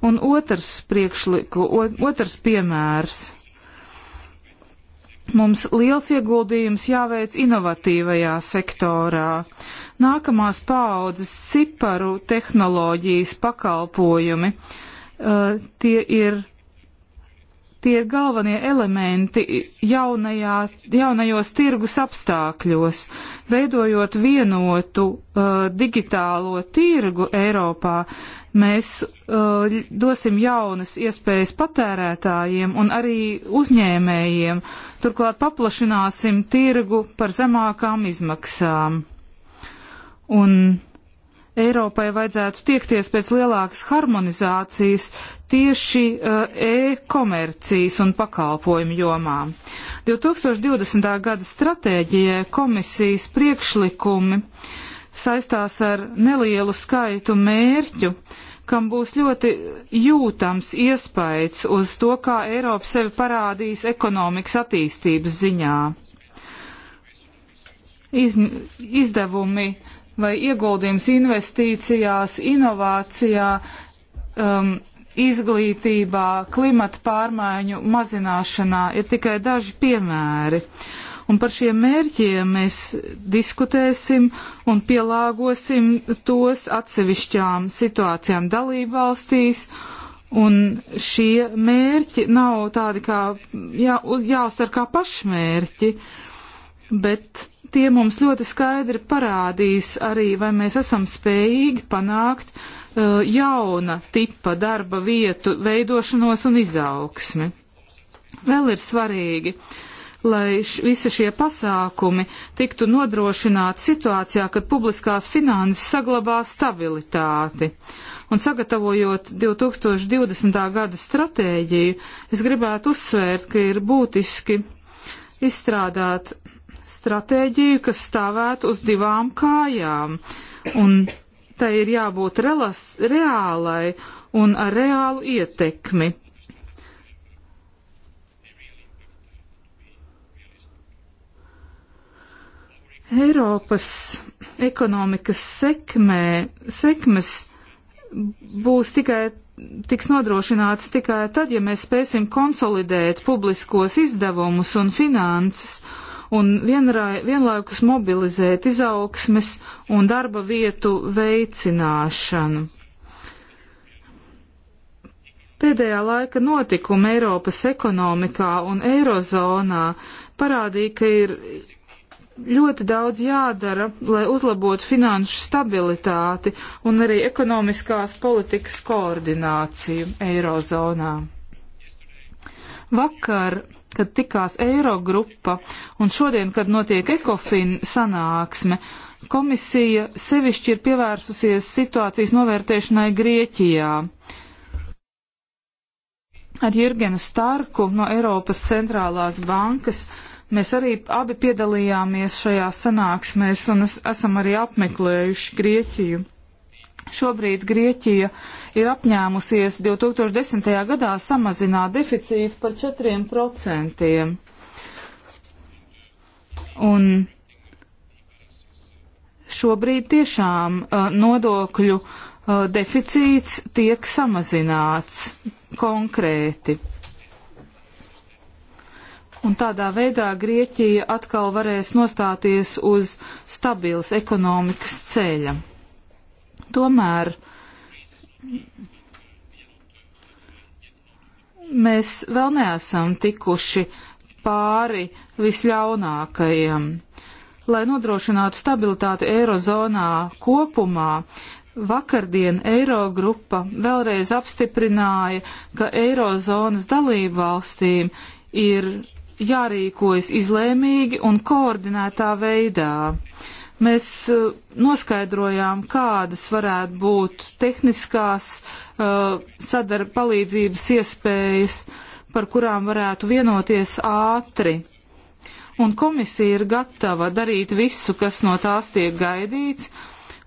Un otrs priekšliku, otrs piemērs. Mums liels ieguldījums jāveic inovatīvajā sektorā. Nākamās paaudzes ciparu tehnoloģijas pakalpojumi. Uh, tie ir Tie ir galvenie elementi jaunajā, jaunajos tirgus apstākļos, veidojot vienotu uh, digitālo tirgu Eiropā. Mēs uh, dosim jaunas iespējas patērētājiem un arī uzņēmējiem, turklāt paplašināsim tirgu par zemākām izmaksām. Un Eiropai vajadzētu tiekties pēc lielākas harmonizācijas, uh, tieši uh, e-komercijas un pakalpojumu jomām. 2020. gada stratēģijai komisijas priekšlikumi saistās ar nelielu skaitu mērķu, kam būs ļoti jūtams iespējas uz to, kā Eiropa sevi parādīs ekonomikas attīstības ziņā. Iz, izdevumi vai ieguldījums investīcijās, inovācijā um, izglītībā, klimata pārmaiņu mazināšanā ir tikai daži piemēri. Un par šiem mērķiem mēs diskutēsim un pielāgosim tos atsevišķām situācijām dalībvalstīs. Un šie mērķi nav tādi kā jā, jāuztver kā pašmērķi, bet tie mums ļoti skaidri parādīs arī, vai mēs esam spējīgi panākt uh, Eh, jauna tipa darba vietu veidošanos un izaugsmi. Vēl ir svarīgi, lai š, visi šie pasākumi tiktu nodrošināti situācijā, kad publiskās finanses saglabā stabilitāti. Un sagatavojot 2020. gada stratēģiju, es gribētu uzsvērt, ka ir būtiski izstrādāt stratēģiju, kas stāvētu uz divām kājām un tai ir jābūt relas, reālai un ar reālu ietekmi. Eiropas ekonomikas sekmē, sekmes būs tikai, tiks nodrošināts tikai tad, ja mēs spēsim konsolidēt publiskos izdevumus un finanses un vienrai, vienlaikus mobilizēt izaugsmes un darba vietu veicināšanu. Pēdējā laika notikumi Eiropas ekonomikā un Eirozonā parādīja, ka ir ļoti daudz jādara, lai uzlabotu finanšu stabilitāti un arī ekonomiskās politikas koordināciju Eirozonā. Vakar kad tikās Eirogrupa un šodien, kad notiek Ekofin sanāksme, komisija sevišķi ir pievērsusies situācijas novērtēšanai Grieķijā. Ar Jurgenu Starku no Eiropas centrālās bankas mēs arī abi piedalījāmies šajā sanāksmēs un es, esam arī apmeklējuši Grieķiju. Šobrīd Grieķija ir apņēmusies 2010. gadā samazināt deficītu par 4%. Un šobrīd tiešām uh, nodokļu uh, deficīts tiek samazināts konkrēti. Un tādā veidā Grieķija atkal varēs nostāties uz stabils ekonomikas ceļa tomēr mēs vēl neesam tikuši pāri visļaunākajiem. Lai nodrošinātu stabilitāti Eirozonā kopumā, vakardien Eirogrupa vēlreiz apstiprināja, ka Eirozonas dalību valstīm ir jārīkojas izlēmīgi un koordinētā veidā. Mēs uh, noskaidrojām, kādas varētu būt tehniskās uh, sadar palīdzības iespējas, par kurām varētu vienoties ātri. Un komisija ir gatava darīt visu, kas no tās tiek gaidīts,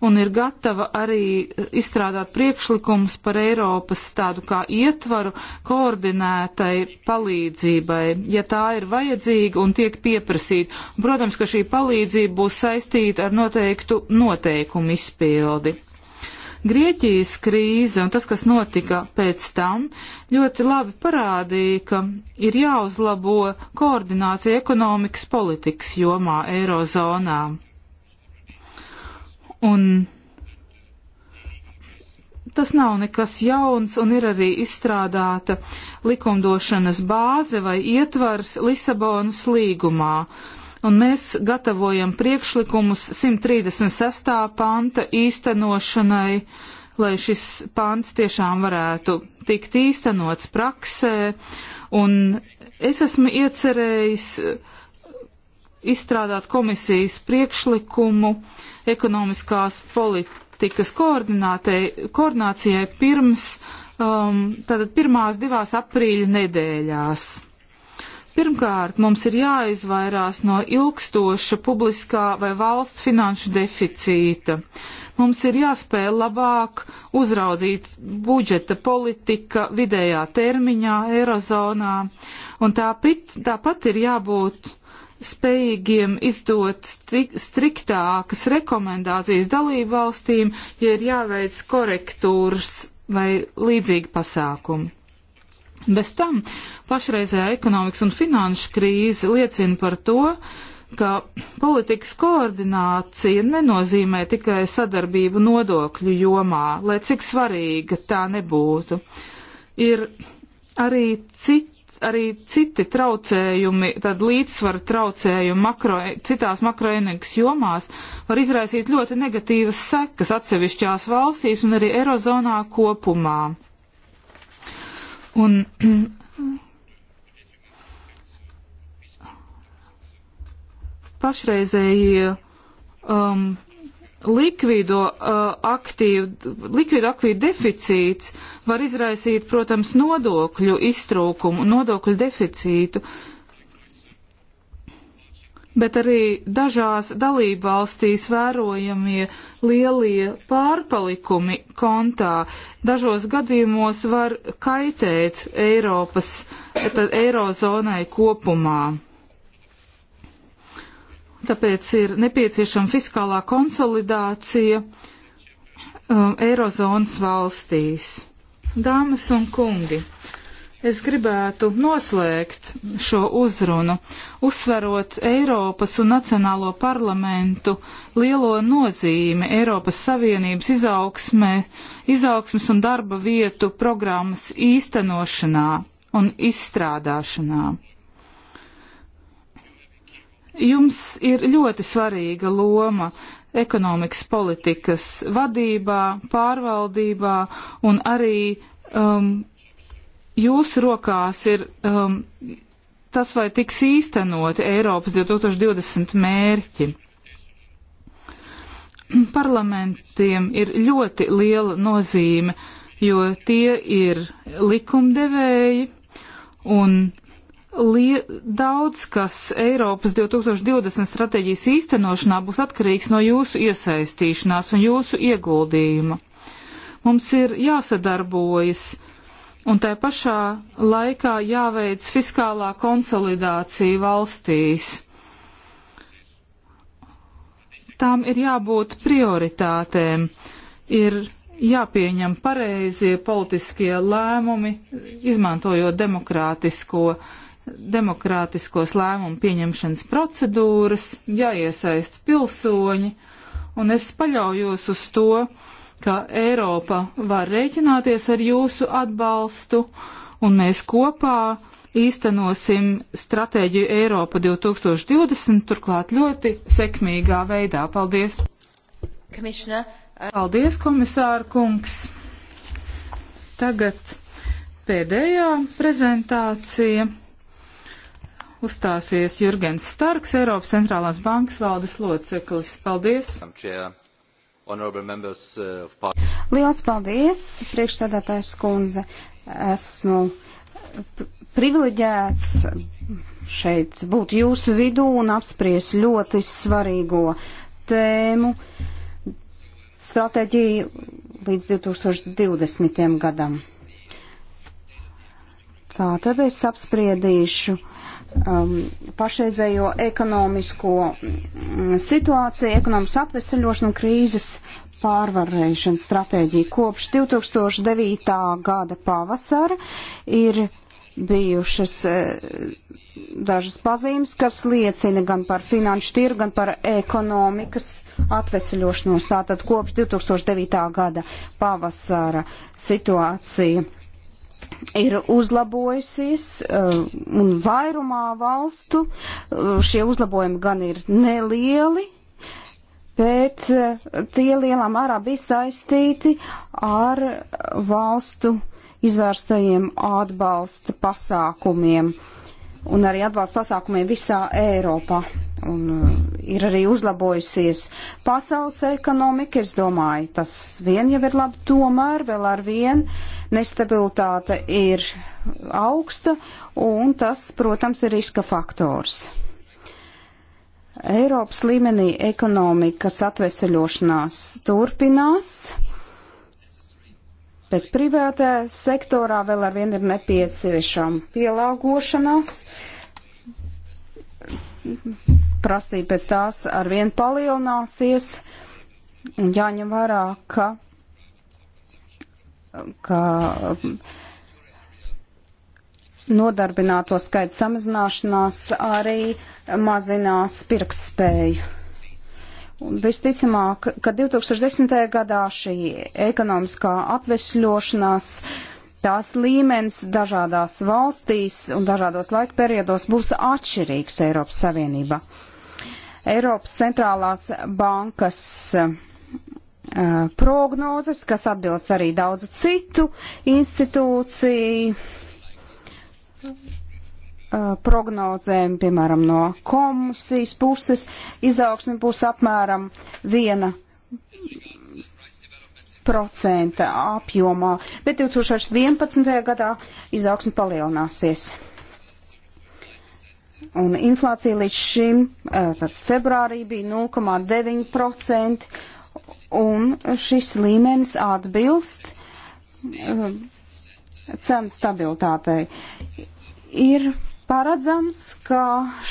un ir gatava arī e, izstrādāt priekšlikums par Eiropas tādu kā ietvaru koordinētai palīdzībai, ja tā ir vajadzīga un tiek pieprasīta. Protams, ka šī palīdzība būs saistīta ar noteiktu noteikumu izpildi. Grieķijas krīze un tas, kas notika pēc tam, ļoti labi parādīja, ka ir jāuzlabo koordinācija ekonomikas politikas jomā Eirozonām Un tas nav nekas jauns un ir arī izstrādāta likumdošanas bāze vai ietvars Lisabonas līgumā. Un mēs gatavojam priekšlikumus 136. panta īstenošanai, lai šis pants tiešām varētu tikt īstenots praksē. Un es esmu iecerējis uh, izstrādāt komisijas priekšlikumu ekonomiskās politikas koordinācijai pirms, um, tātad pirmās divās aprīļa nedēļās. Pirmkārt, mums ir jāizvairās no ilgstoša publiskā vai valsts finanšu deficīta. Mums ir jāspēj labāk uzraudzīt budžeta politika vidējā termiņā, Eirozonā, un tāpit, tāpat ir jābūt spējīgiem izdot striktākas rekomendācijas dalību valstīm, ja ir jāveic korektūras vai līdzīgi pasākumi. Bez tam pašreizējā ekonomikas un finanšu krīze liecina par to, ka politikas koordinācija nenozīmē tikai sadarbību nodokļu jomā, lai cik svarīga tā nebūtu. Ir arī citi arī citi traucējumi, tad līdzsvaru traucējumi makro, citās makroenerģijas jomās var izraisīt ļoti negatīvas sekas atsevišķās valstīs un arī Eirozonā kopumā. Un, pašreizējie um, likvido uh, aktīvu, likvido aktīvu deficīts var izraisīt, protams, nodokļu iztrūkumu, nodokļu deficītu, bet arī dažās dalībvalstīs vērojamie lielie pārpalikumi kontā dažos gadījumos var kaitēt Eiropas, eirozonai kopumā tāpēc ir nepieciešama fiskālā konsolidācija um, Eirozonas valstīs. Dāmas un kungi, es gribētu noslēgt šo uzrunu, uzsverot Eiropas un Nacionālo parlamentu lielo nozīmi Eiropas Savienības izaugsmē, izaugsmes un darba vietu programmas īstenošanā un izstrādāšanā. Jums ir ļoti svarīga loma ekonomikas politikas vadībā, pārvaldībā un arī um, jūsu rokās ir um, tas, vai tiks īstenoti Eiropas 2020 mērķi. Parlamentiem ir ļoti liela nozīme, jo tie ir likumdevēji un Daudz kas Eiropas 2020 stratēģijas īstenošanā būs atkarīgs no jūsu iesaistīšanās un jūsu ieguldījuma. Mums ir jāsadarbojas un tai pašā laikā jāveic fiskālā konsolidācija valstīs. Tām ir jābūt prioritātēm, ir jāpieņem pareizie politiskie lēmumi, izmantojot demokrātisko uh, demokrātiskos lēmumu pieņemšanas procedūras, jāiesaist pilsoņi, un es paļaujos uz to, ka Eiropa var rēķināties ar jūsu atbalstu, un mēs kopā īstenosim stratēģiju Eiropa 2020, turklāt ļoti sekmīgā veidā. Paldies! Komisār. Uh, Paldies, komisāra kungs! Tagad pēdējā prezentācija uzstāsies Jurgens Starks, Eiropas centrālās bankas valdes loceklis. Paldies! Uh, Liels paldies, priekšsēdētājs kundze. Esmu privileģēts šeit būt jūsu vidū un apspriest ļoti svarīgo tēmu stratēģiju līdz 2020. gadam. Tā tad es apspriedīšu uh, um, pašreizējo ekonomisko mm, situāciju, ekonomikas atvesaļošanu un krīzes pārvarēšanas stratēģiju. Kopš 2009. gada pavasara ir bijušas eh, dažas pazīmes, kas liecina gan par finanšu tirgu, gan par ekonomikas atvesaļošanos. Tātad kopš 2009. gada pavasara situācija ir uzlabojusies, eh, un vairumā valstu eh, šie uzlabojumi gan ir nelieli, bet eh, tie lielā mērā bija saistīti ar valstu izvērstajiem atbalsta pasākumiem un arī atbalsta pasākumiem visā Eiropā. Un uh, ir arī uzlabojusies pasaules ekonomika, es domāju, tas vien jau ir labi, tomēr vēl ar vien nestabilitāte ir augsta, un tas, protams, ir riska faktors. Eiropas līmenī ekonomikas atveseļošanās turpinās, bet privātā sektorā vēl ar vien ir nepieciešama pielāgošanās prasība pēc tās arvien palielināsies, un jāņem vērā, ka, ka nodarbināto skaitu samazināšanās arī mazinās pirktspēju. Un visticamāk, ka 2010. gadā šī ekonomiskā atvesļošanās tās līmenis dažādās valstīs un dažādos laika periodos būs atšķirīgs Eiropas Savienībā. Eiropas centrālās bankas eh, prognozes, kas atbilst arī daudzu citu institūciju eh, prognozēm, piemēram, no komisijas puses, izaugsme būs apmēram viena procenta apjomā, bet 2011. gadā izaugsme palielināsies. Un inflācija līdz šim, tad februārī bija 0,9%, un šis līmenis atbilst cenu stabilitātei. Ir paredzams, ka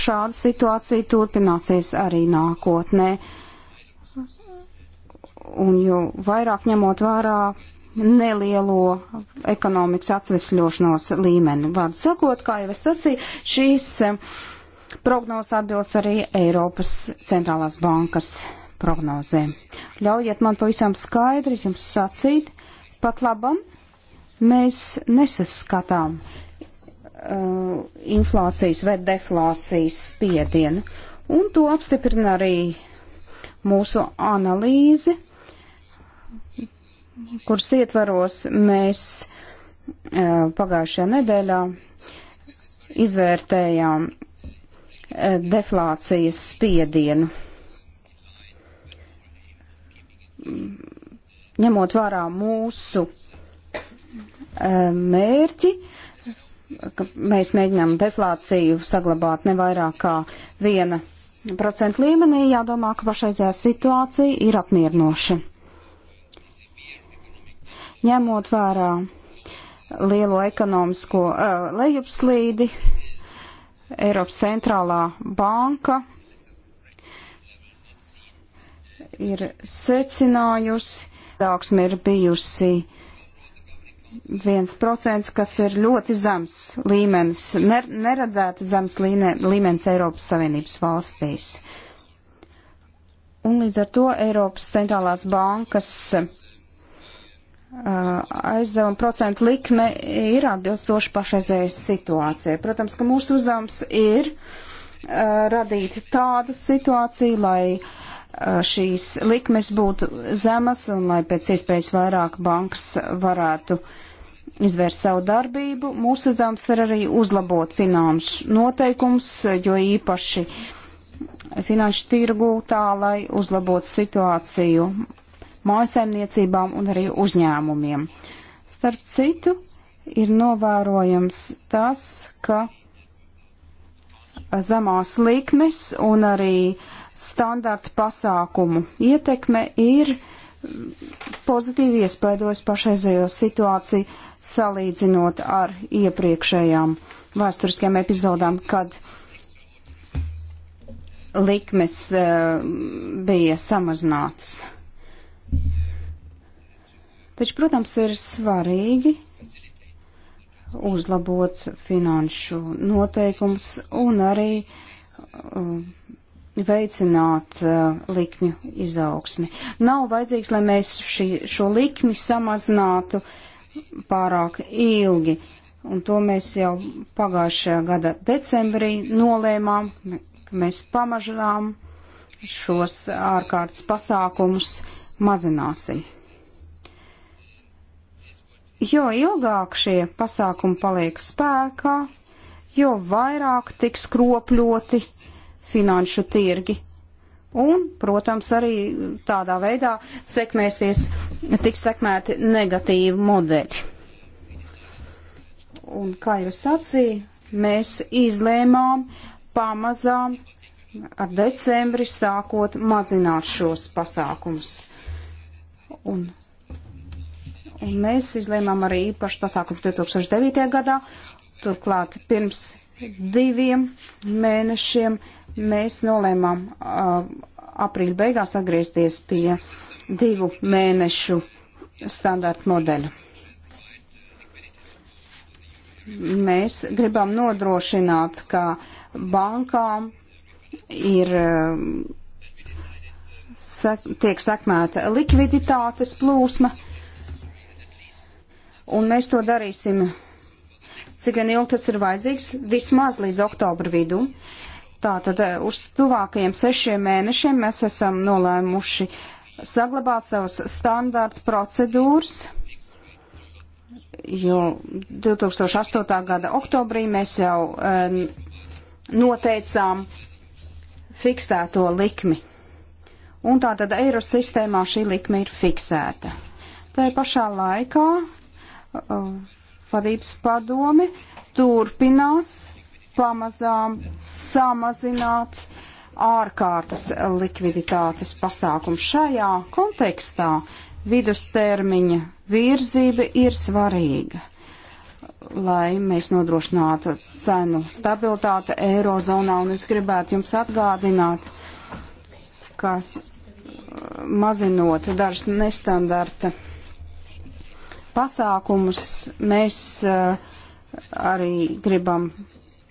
šāda situācija turpināsies arī nākotnē. Un jo vairāk ņemot vērā nelielo ekonomikas atvesļošanos līmeni. Vārdu sakot, kā jau es sacīju, šīs eh, prognozes atbilst arī Eiropas centrālās bankas prognozēm. Ļaujiet man pavisam skaidri jums sacīt, pat labam mēs nesaskatām uh, inflācijas vai deflācijas spiedienu, un to apstiprina arī mūsu analīze kuras ietvaros mēs pagājušajā nedēļā izvērtējām deflācijas spiedienu. Ņemot vērā mūsu mērķi, mēs mēģinām deflāciju saglabāt nevairāk kā viena procentu līmenī, jādomā, ka pašreizējā situācija ir apmierinoša ņemot vērā lielo ekonomisko uh, lejupslīdi, Eiropas centrālā banka ir secinājusi, daugsme ir bijusi viens procents, kas ir ļoti zems līmenis, ner, neredzēta zems līne, līmenis Eiropas Savienības valstīs. Un līdz ar to Eiropas centrālās bankas uh, Uh, aizdevuma procentu likme ir atbilstoša pašreizējai situācijai. Protams, ka mūsu uzdevums ir uh, radīt tādu situāciju, lai uh, šīs likmes būtu zemas un lai pēc iespējas vairāk bankas varētu izvērst savu darbību. Mūsu uzdevums ir arī uzlabot finanšu noteikums, jo īpaši finanšu tirgū tā, lai uzlabotu situāciju mājasaimniecībām un arī uzņēmumiem. Starp citu, ir novērojams tas, ka zemās likmes un arī standarta pasākumu ietekme ir pozitīvi iespaidojas pašreizējo situāciju salīdzinot ar iepriekšējām vēsturiskajām epizodām, kad likmes uh, bija samazinātas. Taču, protams, ir svarīgi uzlabot finanšu noteikums un arī uh, veicināt uh, likmju izaugsmi. Nav vajadzīgs, lai mēs šī, šo likmi samazinātu pārāk ilgi. Un to mēs jau pagājušajā gada decembrī nolēmām, ka mēs pamažinām šos ārkārtas pasākumus mazināsim. Jo ilgāk šie pasākumi paliek spēkā, jo vairāk tiks kropļoti finanšu tirgi. Un, protams, arī tādā veidā sekmēsies, tiks sekmēti negatīvi modeļi. Un, kā jau sacīju, mēs izlēmām pamazām ar decembri sākot mazināt šos pasākumus. Un, un mēs izlēmām arī īpašu pasākumu 2009. gadā. Turklāt pirms diviem mēnešiem mēs nolēmām uh, aprīļa beigās atgriezties pie divu mēnešu standarta modeļa. Mēs gribam nodrošināt, ka bankām ir uh, sek, tiek sekmēta likviditātes plūsma, un mēs to darīsim, cik vien ilgi tas ir vajadzīgs, vismaz līdz oktobra vidu. Tātad eh, uz tuvākajiem sešiem mēnešiem mēs esam nolēmuši saglabāt savas standarta procedūras, jo 2008. gada oktobrī mēs jau um, noteicām fikstēto likmi un tātad eiro sistēmā šī likme ir fiksēta. Tā pašā laikā uh, vadības padome turpinās pamazām samazināt ārkārtas likviditātes pasākumu. Šajā kontekstā vidustermiņa virzība ir svarīga, lai mēs nodrošinātu cenu stabilitāti Eirozonā, un es gribētu jums atgādināt, kas mazinot dažas nestandarta pasākumus, mēs eh, arī gribam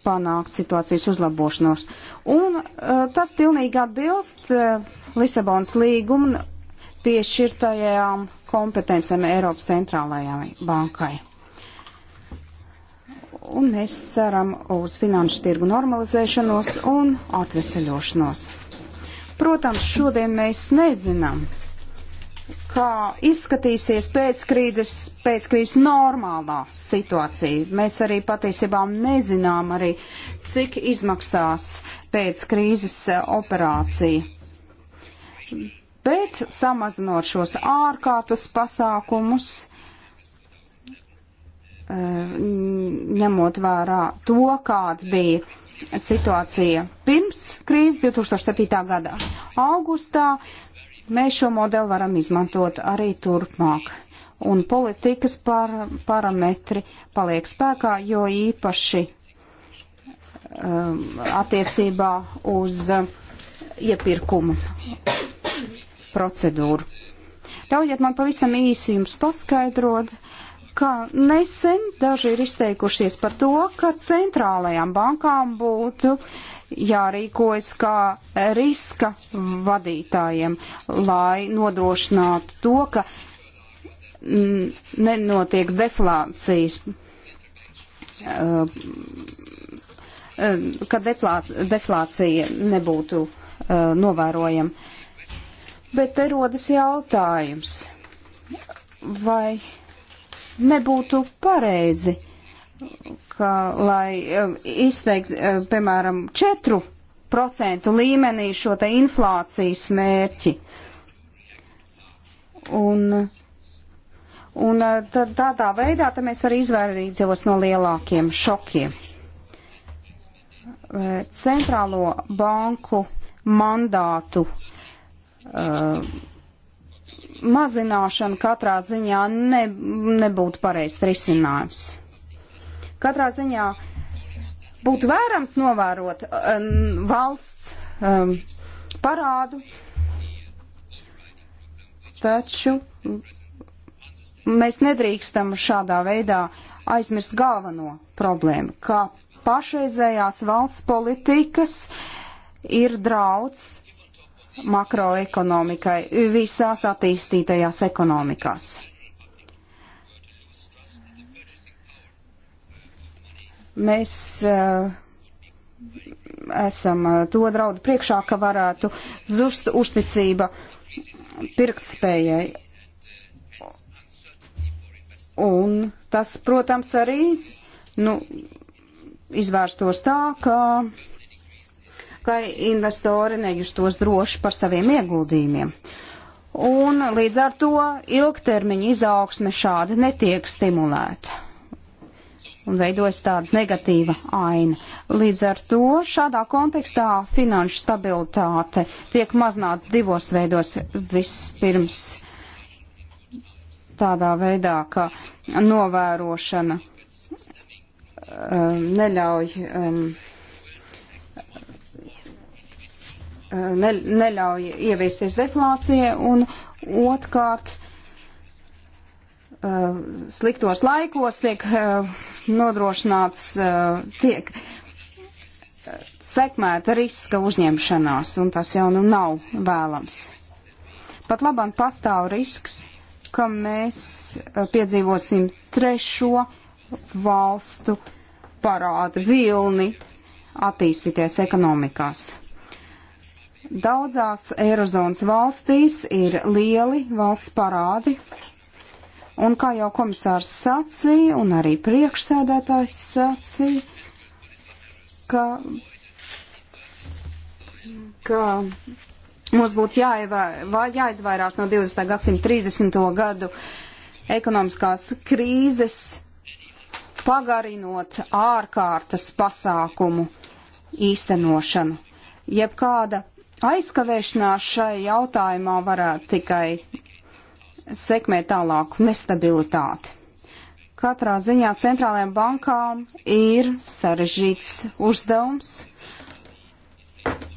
panākt situācijas uzlabošanos. Un eh, tas pilnīgi atbilst eh, Lisabonas līguma piešķirtajām kompetencijām Eiropas centrālajai bankai. Un mēs ceram uz finanšu tirgu normalizēšanos un atveseļošanos. Protams, šodien mēs nezinām, kā izskatīsies pēckrīzes, pēckrīzes normālā situācija. Mēs arī patiesībā nezinām arī, cik izmaksās pēckrīzes eh, operācija. Bet samazinot šos ārkārtas pasākumus, eh, ņemot vērā to, kāda bija situācija pirms krīzes 2007. gada augustā, mēs šo modeli varam izmantot arī turpmāk. Un politikas par, parametri paliek spēkā, jo īpaši um, attiecībā uz um, iepirkumu procedūru. Ļaujiet man pavisam īsi jums paskaidrot, uh, ka nesen daži ir izteikušies par to, ka centrālajām bankām būtu jārīkojas kā riska vadītājiem, lai nodrošinātu to, ka nenotiek deflācijas, uh, ka deflācija nebūtu uh, novērojama. Bet te rodas jautājums, vai nebūtu pareizi, ka, lai eh, izteikt, eh, piemēram, 4% līmenī šo te inflācijas mērķi. Un, un eh, tad tādā veidā tad mēs arī izvairītos no lielākiem šokiem. Centrālo banku mandātu uh, mazināšana katrā ziņā ne, nebūtu pareizs risinājums. Katrā ziņā būtu vērams novērot um, valsts um, parādu, taču mēs nedrīkstam šādā veidā aizmirst galveno problēmu, ka pašreizējās valsts politikas ir drauds makroekonomikai visās attīstītajās ekonomikās. Mēs uh, esam eh, to draudu priekšā, ka varētu zust uzticība pirktspējai. Un tas, protams, arī nu, izvērstos tā, ka ka investori nejustos droši par saviem ieguldījumiem. Un līdz ar to ilgtermiņa izaugsme šādi netiek stimulēta. Un veidojas tāda negatīva aina. Līdz ar to šādā kontekstā finanšu stabilitāte tiek maznāta divos veidos. Vispirms tādā veidā, ka novērošana um, neļauj um, ne, neļauj ieviesties deflācija, un otrkārt eh, sliktos laikos tiek eh, nodrošināts, eh, tiek sekmēta riska uzņemšanās, un tas jau nu nav vēlams. Pat labam pastāv risks, ka mēs piedzīvosim trešo valstu parādu vilni attīstīties ekonomikās. Daudzās Eirozonas valstīs ir lieli valsts parādi, un kā jau komisārs sacīja, un arī priekšsēdētājs sacīja, ka, ka mums būtu jāievā, jāizvairās no 20. gadsimta 30. gadu ekonomiskās krīzes, pagarinot ārkārtas pasākumu īstenošanu. Jebkāda aizkavēšanās šai jautājumā varētu tikai sekmēt tālāku nestabilitāti. Katrā ziņā centrālajām bankām ir sarežģīts uzdevums,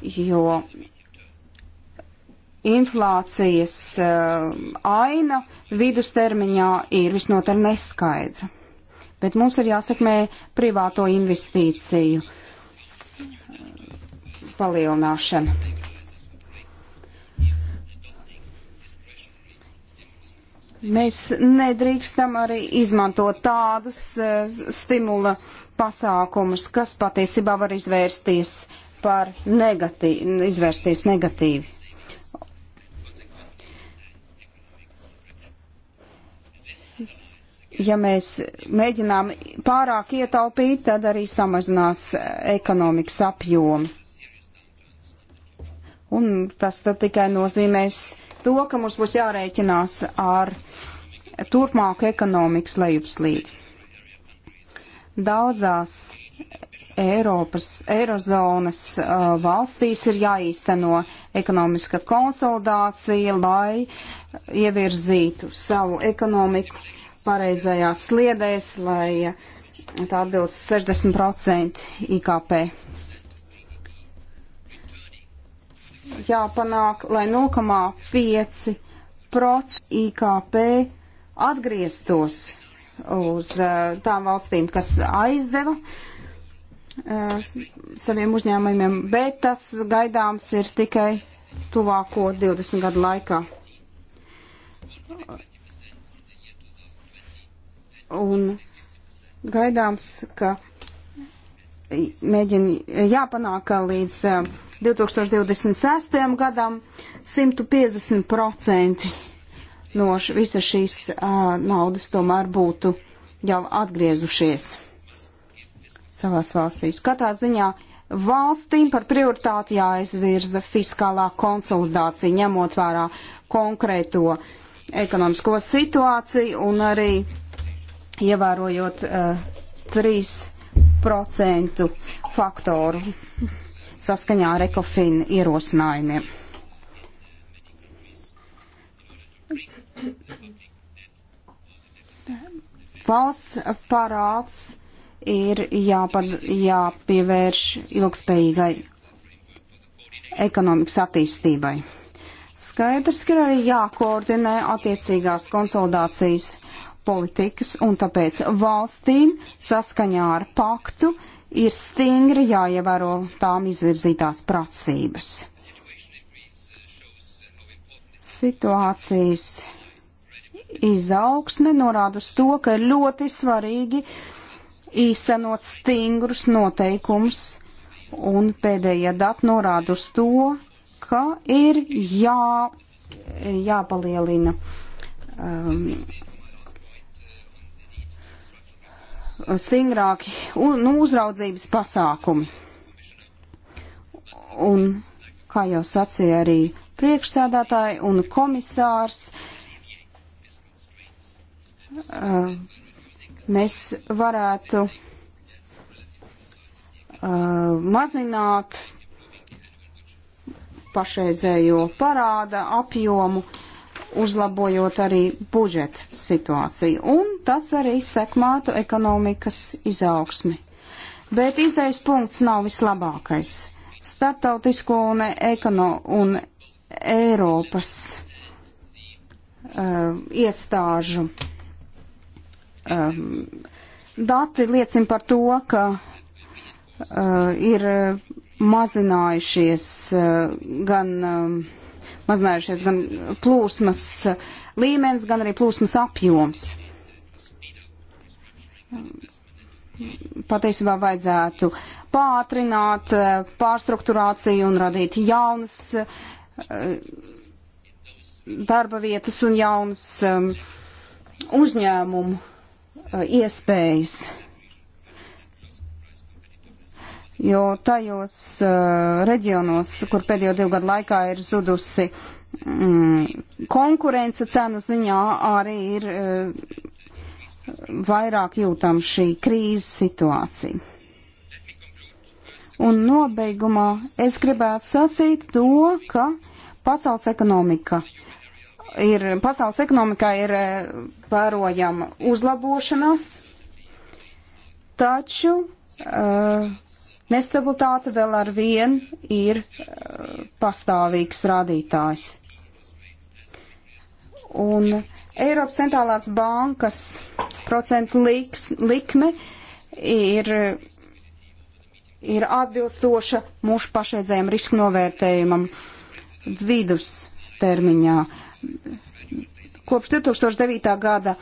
jo inflācijas uh, aina vidustermiņā ir visnotaļ neskaidra. Bet mums ir jāsekmē privāto investīciju palielināšana. Mēs nedrīkstam arī izmantot tādus eh, stimula pasākumus, kas patiesībā var izvērsties par negatīvu, izvērsties negatīvi. ja mēs mēģinām pārāk ietaupīt, tad arī samazinās eh, ekonomikas apjomi. Un tas tad tikai nozīmēs to, ka mums būs jārēķinās ar turpmāku ekonomikas lejupslīdi. Daudzās Eiropas, Eirozonas uh, valstīs ir jāīsteno ekonomiska konsolidācija, lai ievirzītu savu ekonomiku pareizajās sliedēs, lai tā atbilst 60% IKP. jāpanāk, lai 0,5% IKP atgrieztos uz eh, tām valstīm, kas aizdeva eh, saviem uzņēmumiem, bet tas gaidāms ir tikai tuvāko 20 gadu laikā. Un gaidāms, ka mēģina jāpanāk līdz 2026. Eh, gadam 150% no visas šīs uh, naudas tomēr būtu jau atgriezušies savās valstīs. Katrā ziņā valstīm par prioritāti jāizvirza fiskālā konsolidācija, ņemot vērā konkrēto ekonomisko situāciju un arī ievērojot uh, trīs procentu faktoru saskaņā ar ekofinu ierosinājumiem. Valsts parāds ir jāpad, jāpievērš ilgspējīgai ekonomikas attīstībai. Skaidrs, ka arī jākoordinē attiecīgās konsolidācijas politikas, un tāpēc valstīm saskaņā ar paktu ir stingri jāievēro tām izvirzītās prasības. Situācijas izaugsme norāda uz to, ka ir ļoti svarīgi īstenot stingrus noteikumus, un pēdējie dati norāda uz to, ka ir jā, jāpalielina um, stingrāki un, nu, uzraudzības pasākumi. Un, kā jau sacīja arī priekšsēdētāji un komisārs, uh, mēs varētu uh, mazināt pašreizējo parāda apjomu, uh, uzlabojot arī budžeta situāciju, un tas arī sekmātu ekonomikas izaugsmi. Bet izējas punkts nav vislabākais. Startautisko un, ekono, un Eiropas uh, iestāžu um, dati liecina par to, ka uh, ir mazinājušies uh, gan uh, mazinājušies gan plūsmas līmenis, gan arī plūsmas apjoms. Patiesībā vajadzētu pātrināt eh, pārstruktūrāciju un radīt jaunas eh, darba vietas un jaunas eh, uzņēmumu iespējas jo tajos uh, reģionos, kur pēdējo divu gadu laikā ir zudusi mm, konkurence cenu ziņā, arī ir uh, vairāk jūtam šī krīzes situācija. Un nobeigumā es gribētu sacīt to, ka pasaules ekonomika ir, pasaules ekonomikā ir eh, vērojama uzlabošanās, taču uh, Nestabilitāte vēl ar vien ir eh, pastāvīgs rādītājs. Un Eiropas centrālās bankas procentu liks, likme ir, ir atbilstoša mūsu pašreizējiem risku novērtējumam vidustermiņā. Kopš 2009. gada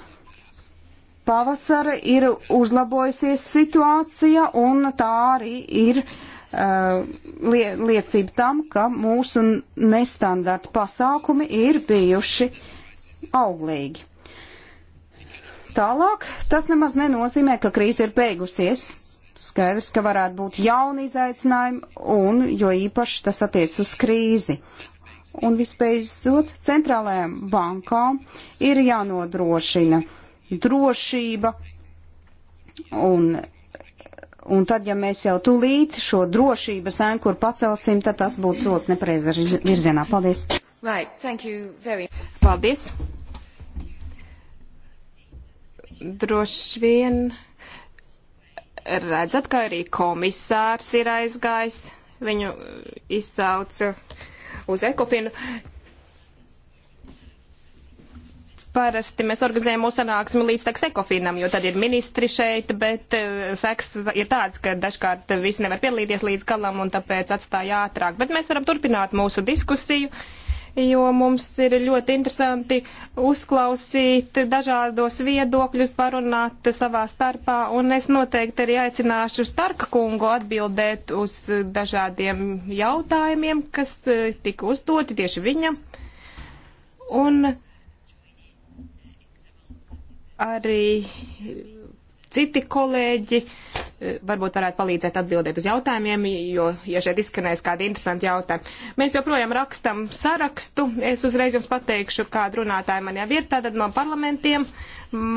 pavasara ir uzlabojusies situācija un tā arī ir uh, lie liecība tam, ka mūsu nestandarta pasākumi ir bijuši auglīgi. Tālāk tas nemaz nenozīmē, ka krīze ir beigusies. Skaidrs, ka varētu būt jauni izaicinājumi, un jo īpaši tas attiec uz krīzi. Un vispēcot, centrālajām bankām ir jānodrošina uh, drošība. Un, un tad, ja mēs jau tūlīt šo drošības ankuru pacelsim, tad tas būtu solis nepareizā virzienā. Paldies! Right, thank you very much. Paldies! Droši vien redzat, ka arī komisārs ir aizgājis. Viņu izsauca uz ekofinu parasti mēs organizējam mūsu sanāksmi līdz tak sekofinam, jo tad ir ministri šeit, bet e, seks ir tāds, ka dažkārt visi nevar piedalīties līdz galam un tāpēc atstāja ātrāk. Bet mēs varam turpināt mūsu diskusiju, jo mums ir ļoti interesanti uzklausīt dažādos viedokļus, parunāt savā starpā, un es noteikti arī aicināšu Starka kungu atbildēt uz dažādiem jautājumiem, kas e, tika uzdoti tieši viņam. Un arī citi kolēģi eh, varbūt varētu palīdzēt atbildēt uz jautājumiem, jo, ja šeit izskanēs kādi interesanti jautājumi. Mēs joprojām rakstam sarakstu. Es uzreiz jums pateikšu, kāda runātāja man jau ir. Tātad no parlamentiem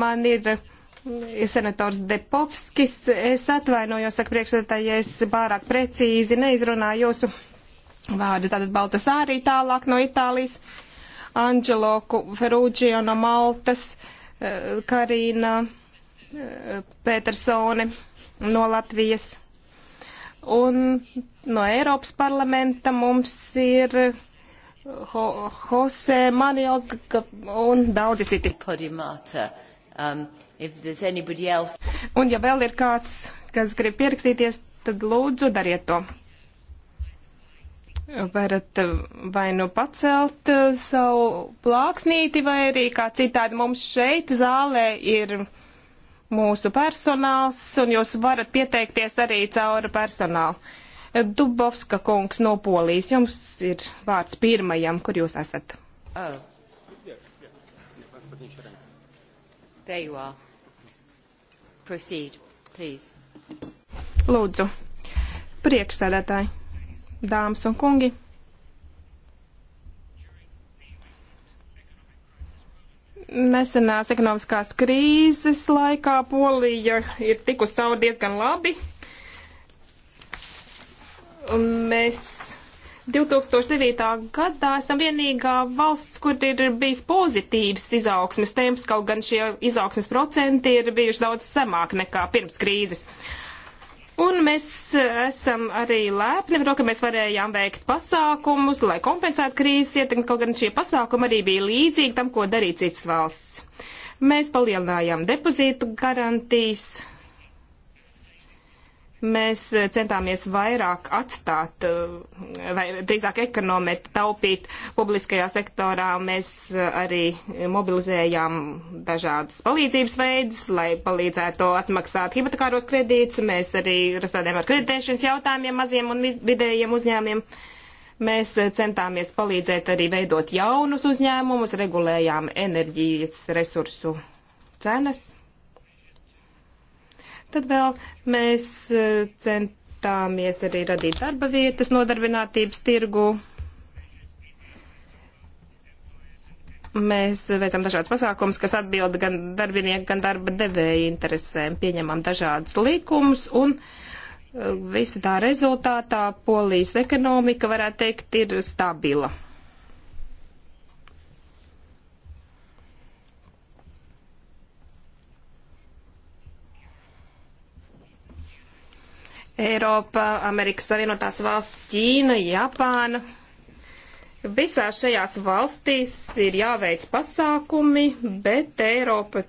man ir eh, senators Depovskis. Es atvainojos, saka priekšsēdētāji, ja es pārāk precīzi neizrunāju jūsu vārdu. Tātad Baltasārī tālāk no Itālijas, Anģelo Ferruģio no Maltas. Uh, Karina Petersone no Latvijas. Un no Eiropas parlamenta mums ir Ho Jose Manuels un daudzi citi. Podimata. Um, else... Un ja vēl ir kāds, kas grib pierakstīties, tad lūdzu dariet to varat eh, vai nu pacelt eh, savu plāksnīti, vai arī kā citādi mums šeit zālē ir mūsu personāls, un jūs varat pieteikties arī cauri personālu. Eh, Dubovska kungs no Polijas, jums ir vārds pirmajam, kur jūs esat. Oh. There you are. Proceed, please. Lūdzu, priekšsēdētāji dāmas un kungi! Nesenās ekonomiskās krīzes laikā Polija ir tikusi cauri diezgan labi. Un mēs 2009. gadā esam vienīgā valsts, kur ir bijis pozitīvs izaugsmes temps, kaut gan šie izaugsmes procenti ir bijuši daudz zemāk nekā pirms krīzes. Uh, Un mēs eh, esam arī lepni par to, ka mēs varējām veikt pasākumus, lai kompensētu krīzes ietekmi, kaut gan šie pasākumi arī bija līdzīgi tam, ko darīja citas valsts. Mēs palielinājām depozītu garantijas mēs eh, centāmies vairāk atstāt, eh, vai drīzāk ekonomēt, taupīt publiskajā sektorā. Mēs eh, arī mobilizējām dažādas palīdzības veidus, lai palīdzētu atmaksāt hipotekāros kredītus. Mēs arī rastādējām ar kreditēšanas jautājumiem maziem un vidējiem uzņēmiem. Mēs centāmies palīdzēt arī veidot jaunus uzņēmumus, regulējām enerģijas resursu cenas Tad vēl mēs eh, centāmies arī radīt darba vietas nodarbinātības tirgu. Mēs veicam dažādas pasākumas, kas atbilda gan darbinieku, gan darba devēja interesēm. Pieņemam dažādas līkumus un eh, visa tā rezultātā polijas ekonomika, varētu teikt, ir stabila. Eiropa, Amerikas Savienotās valsts, Ķīna, Japāna. Visās šajās valstīs ir jāveic pasākumi, bet Eiropa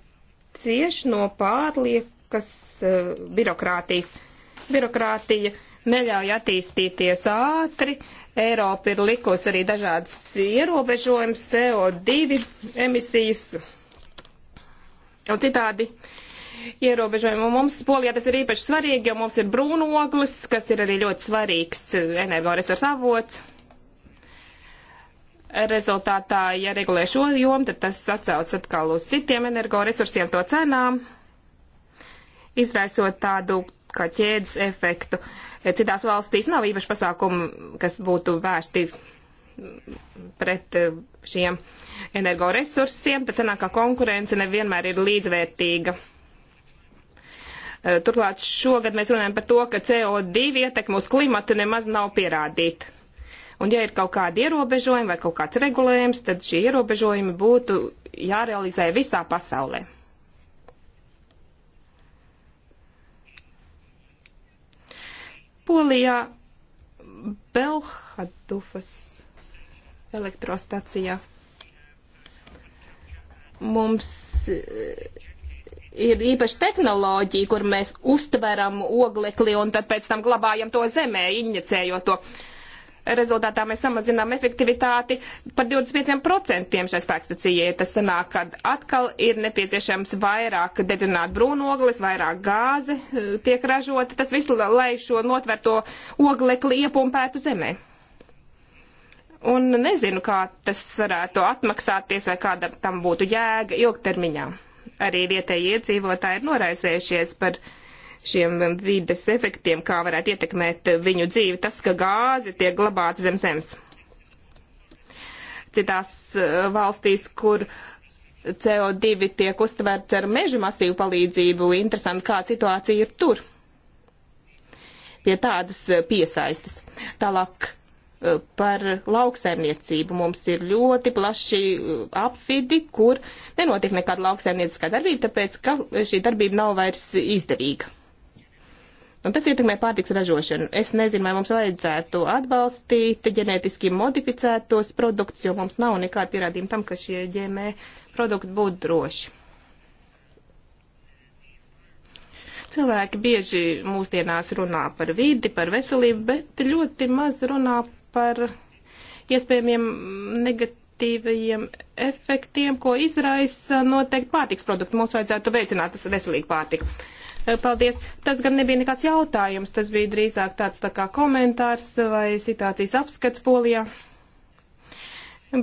cieš no pārliekas uh, birokrātijas. Birokrātija neļauj attīstīties ātri. Eiropa ir likusi arī dažādas ierobežojumus, CO2 emisijas un citādi. Uh, ierobežojumu. Mums Polijā tas ir īpaši svarīgi, jo mums ir brūnoglis, kas ir arī ļoti svarīgs eh, energoresursu avots. Rezultātā, ja regulē šo jomu, tad tas atsauc atkal uz citiem energoresursiem to cenām, izraisot tādu kā ķēdes efektu. Citās valstīs nav īpaši pasākumu, kas būtu vērsti pret eh, šiem energoresursiem, tad sanāk, ka konkurence nevienmēr ir līdzvērtīga. Eh, turklāt šogad mēs runājam par to, ka CO2 ietekme uz klimatu nemaz nav pierādīta. Un ja ir kaut kādi ierobežojumi vai kaut kāds regulējums, tad šie ierobežojumi būtu jārealizē visā pasaulē. Polijā Belhadufas elektrostacijā mums eh, ir īpaši tehnoloģija, kur mēs uztveram oglekli un tad pēc tam glabājam to zemē, injicējot to. Rezultātā mēs samazinām efektivitāti par 25% šai spēkstacijai. Tas sanāk, ka atkal ir nepieciešams vairāk dedzināt brūnogles, vairāk gāze eh, tiek ražota. Tas viss, lai šo notverto oglekli iepumpētu zemē. Un nezinu, kā tas varētu atmaksāties vai kāda tam būtu jēga ilgtermiņā arī vietējie iedzīvotāji ir noraizējušies par šiem vides efektiem, kā varētu ietekmēt viņu dzīvi tas, ka gāzi tiek glabāti zem zemes. Citās eh, valstīs, kur CO2 tiek uztverts ar meža masīvu palīdzību, interesanti, kā situācija ir tur. Pie tādas eh, piesaistes. Tālāk par lauksaimniecību. Mums ir ļoti plaši uh, apvidi, kur nenotiek nekāda lauksaimnieciskā darbība, tāpēc, ka šī darbība nav vairs izdevīga. Un nu, tas ietekmē pārtiks ražošanu. Es nezinu, vai mums vajadzētu atbalstīt ģenētiski modificētos produktus, jo mums nav nekāda pierādījuma tam, ka šie ģēmē produkti būtu droši. cilvēki bieži mūsdienās runā par vidi, par veselību, bet ļoti maz runā par iespējamiem negatīvajiem efektiem, ko izraisa noteikti pārtiks produkti. Mums vajadzētu veicināt tas veselīgu pārtiku. Eh, paldies. Tas gan nebija nekāds jautājums, tas bija drīzāk tāds tā kā komentārs vai situācijas apskats polijā.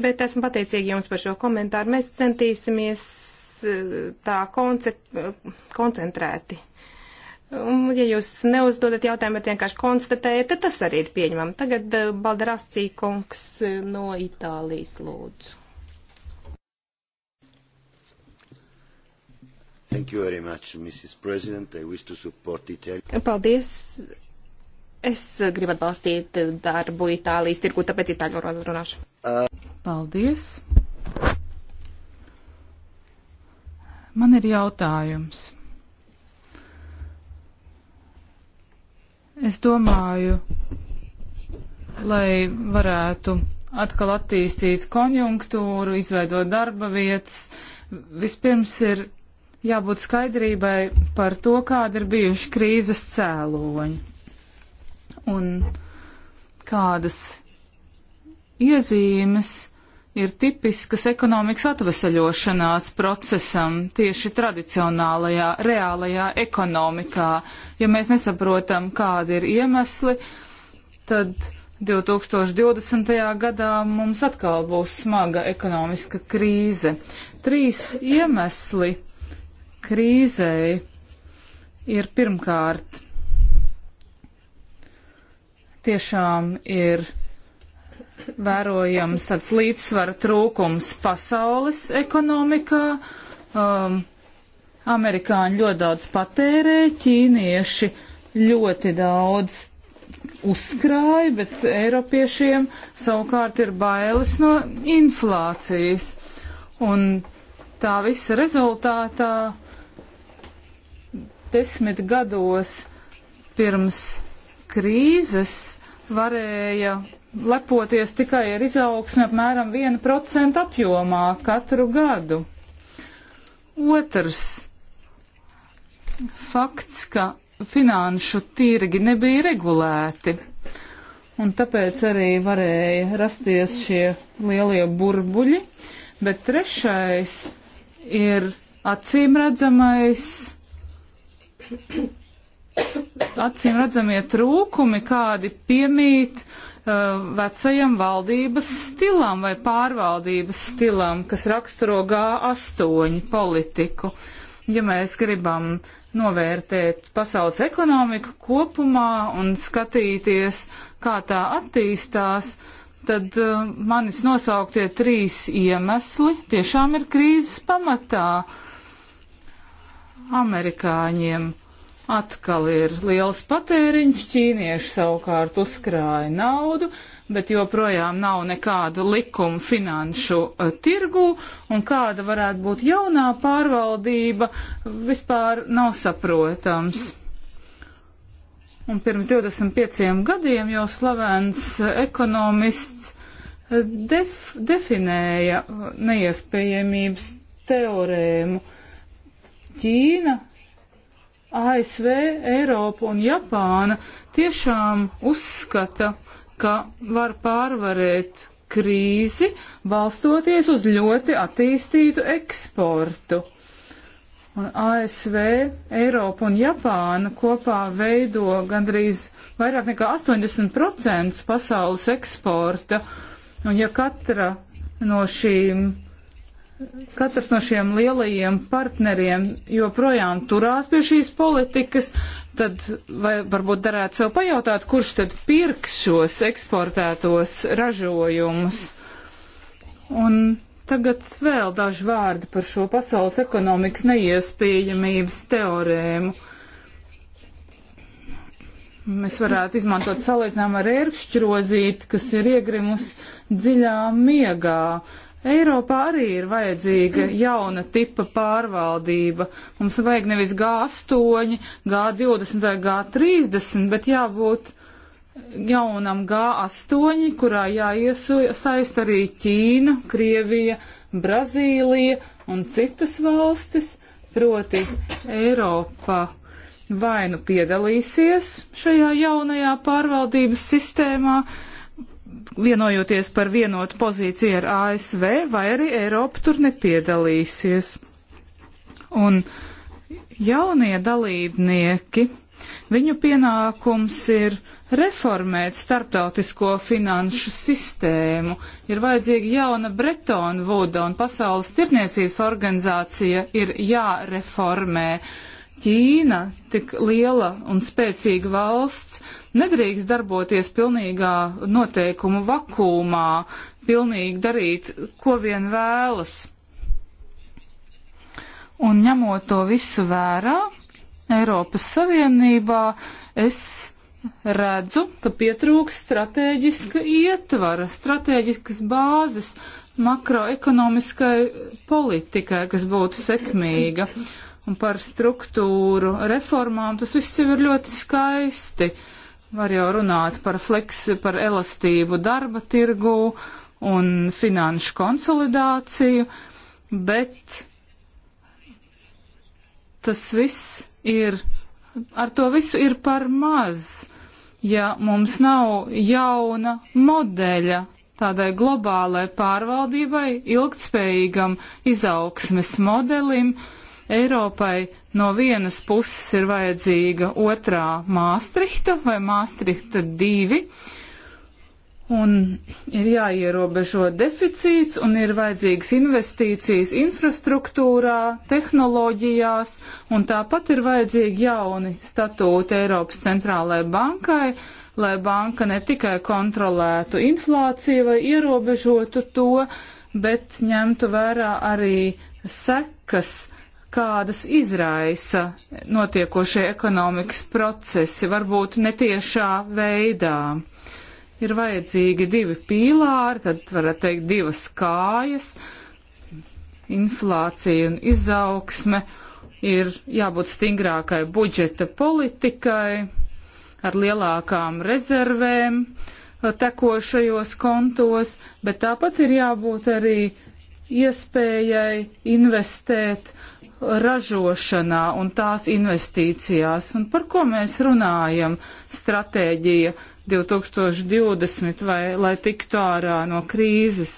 Bet esmu pateicīgi jums par šo komentāru. Mēs centīsimies eh, tā konce koncentrēti Un, ja jūs neuzdodat jautājumu, bet vienkārši konstatējat, tad tas arī ir pieņemam. Tagad eh, Baldarascī kungs eh, no Itālijas lūdzu. Thank you very much, Mrs. President. I wish to support Italy. Paldies. Es gribu atbalstīt darbu Itālijas tirgu, tāpēc Itāļu runāšu. Uh. Paldies. Man ir jautājums. Es domāju, lai varētu atkal attīstīt konjunktūru, izveidot darba vietas, vispirms ir jābūt skaidrībai par to, kāda ir bijuši krīzes cēloņi un kādas iezīmes ir tipiskas ekonomikas atvesaļošanās procesam tieši tradicionālajā, reālajā ekonomikā. Ja mēs nesaprotam, kādi ir iemesli, tad 2020. gadā mums atkal būs smaga ekonomiska krīze. Trīs iemesli krīzei ir pirmkārt tiešām ir vērojams tāds līdzsvara trūkums pasaules ekonomikā. Um, amerikāņi ļoti daudz patērē, ķīnieši ļoti daudz uzkrāja, bet eiropiešiem savukārt ir bailes no inflācijas. Un tā visa rezultātā desmit gados pirms krīzes varēja lepoties tikai ar izaugsmi apmēram 1% apjomā katru gadu. Otrs fakts, ka finanšu tirgi nebija regulēti, un tāpēc arī varēja rasties šie lielie burbuļi, bet trešais ir acīmredzamais acīm redzamie trūkumi, kādi piemīt Uh, vecajam valdības stilam vai pārvaldības stilam, kas raksturo G8 politiku. Ja mēs gribam novērtēt pasaules ekonomiku kopumā un skatīties, kā tā attīstās, tad uh, manis nosauktie trīs iemesli tiešām ir krīzes pamatā amerikāņiem. Atkal ir liels patēriņš, ķīnieši savukārt uzkrāja naudu, bet joprojām nav nekādu likumu finanšu uh, eh, tirgū, un kāda varētu būt jaunā pārvaldība, vispār nav saprotams. Un pirms 25 gadiem jau slavens eh, ekonomists eh, def, definēja neiespējamības teorēmu. Ķīna ASV, Eiropa un Japāna tiešām uzskata, ka var pārvarēt krīzi, balstoties uz ļoti attīstītu eksportu. Un ASV, Eiropa un Japāna kopā veido gandrīz vairāk nekā 80% pasaules eksporta. Un ja katra no šīm katrs no šiem lielajiem partneriem joprojām turās pie šīs politikas, tad vai varbūt darētu sev pajautāt, kurš tad pirks šos eksportētos ražojumus. Un tagad vēl daži vārdi par šo pasaules ekonomikas neiespējamības teorēmu. Mēs varētu izmantot salīdzinājumu ar ērkšķrozīti, kas ir iegrimus dziļā miegā. Uh, Eiropā arī ir vajadzīga jauna tipa pārvaldība. Mums vajag nevis G8, G20 vai G30, bet jābūt jaunam G8, kurā jāiesaist arī Ķīna, Krievija, Brazīlija un citas valstis, proti Eiropā vai nu piedalīsies šajā jaunajā pārvaldības sistēmā, vienojoties par vienotu pozīciju ar ASV, vai arī Eiropa tur nepiedalīsies. Un jaunie dalībnieki, viņu pienākums ir reformēt starptautisko finanšu sistēmu. Ir vajadzīga jauna Bretona vuda un pasaules tirniecības organizācija ir jāreformē. Ķīna, tik liela un spēcīga valsts, Nedrīkst darboties pilnīgā noteikumu vakumā, pilnīgi darīt, ko vien vēlas. Un ņemot to visu vērā, Eiropas Savienībā es redzu, ka pietrūks stratēģiska ietvara, stratēģiskas bāzes makroekonomiskai politikai, kas būtu sekmīga. Un par struktūru reformām tas viss jau ir ļoti skaisti. Uh, Var jau runāt par fleksi, par elastību darba tirgū un finanšu konsolidāciju, bet tas viss ir, ar to visu ir par maz, ja mums nav jauna modeļa tādai globālai pārvaldībai, ilgtspējīgam izaugsmes modelim, uh, Eiropai no vienas puses ir vajadzīga otrā Māstrihta vai Māstrihta divi, un ir jāierobežo deficīts, un ir vajadzīgas investīcijas infrastruktūrā, tehnoloģijās, un tāpat ir vajadzīgi jauni statūti Eiropas centrālajai bankai, lai banka ne tikai kontrolētu inflāciju vai ierobežotu to, bet ņemtu vērā arī sekas kādas izraisa notiekošie ekonomikas procesi, varbūt netiešā veidā. Ir vajadzīgi divi pīlāri, tad varētu teikt divas kājas, inflācija un izaugsme, ir jābūt stingrākai budžeta politikai ar lielākām rezervēm tekošajos kontos, bet tāpat ir jābūt arī iespējai investēt ražošanā un tās investīcijās. Un par ko mēs runājam? Stratēģija 2020 vai lai tiktu ārā no krīzes.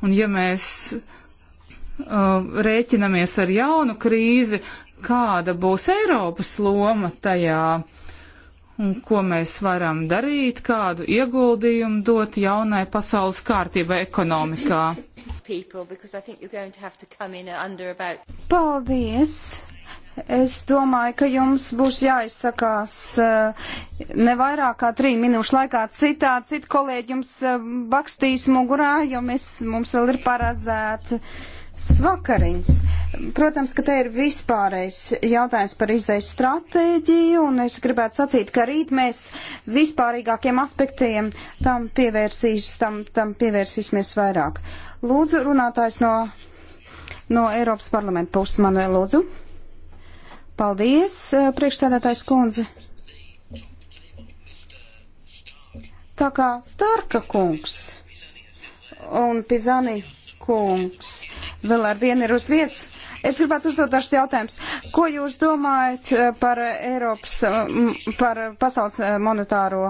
Un ja mēs uh, rēķinamies ar jaunu krīzi, kāda būs Eiropas loma tajā? Uh, un ko mēs varam darīt, kādu ieguldījumu dot jaunai pasaules kārtībai ekonomikā. Paldies! Es domāju, ka jums būs jāizsakās eh, ne vairāk kā trīs minūšu laikā. Citādi citu kolēģi jums eh, bakstīs mugurā, jo mēs, mums vēl ir paredzēta svakariņas. Protams, ka te ir vispārējais jautājums par izējas stratēģiju, un es gribētu sacīt, ka rīt mēs vispārīgākiem aspektiem tam, pievērsīs, tam, tam pievērsīsimies vairāk. Lūdzu, runātājs no, no Eiropas parlamenta puses, Manuēl Lūdzu. Paldies, priekšstādātājs kundze. Tā kā Starka kungs un Pizani kungs vēl ar vienu ir uz vietas. Es gribētu uzdot dažus jautājumus. Ko jūs domājat eh, par Eiropas, eh, par pasaules eh, monetāro,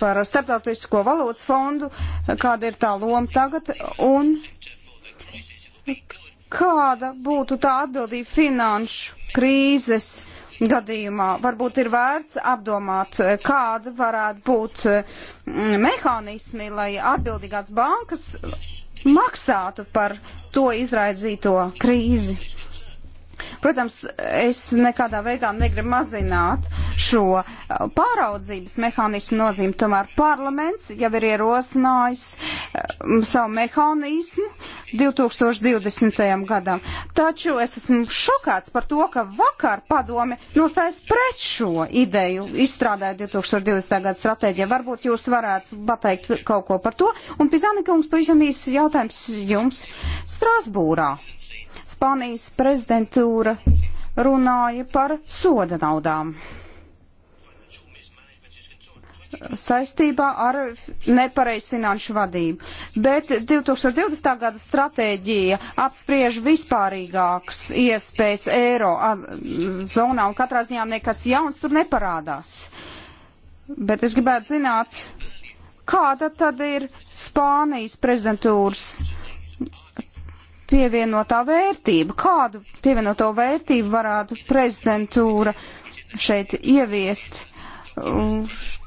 par starptautisko valūtas fondu, kāda ir tā loma tagad un kāda būtu tā atbildība finanšu krīzes gadījumā varbūt ir vērts apdomāt, kāda varētu būt mehānismi, lai atbildīgās bankas maksātu par to izraizīto krīzi. Protams, es nekādā veidā negribu mazināt šo uh, pāraudzības mehānismu nozīmi. Tomēr parlaments jau ir ierosinājis uh, savu mehānismu 2020. gadam. Taču es esmu šokāts par to, ka vakar padome nostājas pret šo ideju, izstrādāja 2020. gada stratēģiju. Varbūt jūs varētu pateikt kaut ko par to. Un Pizanikungs pavisam īsts jautājums jums Strāsbūrā. Spānijas prezidentūra runāja par soda naudām saistībā ar nepareizu finanšu vadību. Bet 2020. gada stratēģija apspriež vispārīgākas iespējas eiro zonā un katrā ziņā nekas jauns tur neparādās. Bet es gribētu zināt, kāda tad ir Spānijas prezidentūras uh, pievienotā vērtība? Kādu pievienoto vērtību varētu prezidentūra šeit ieviest?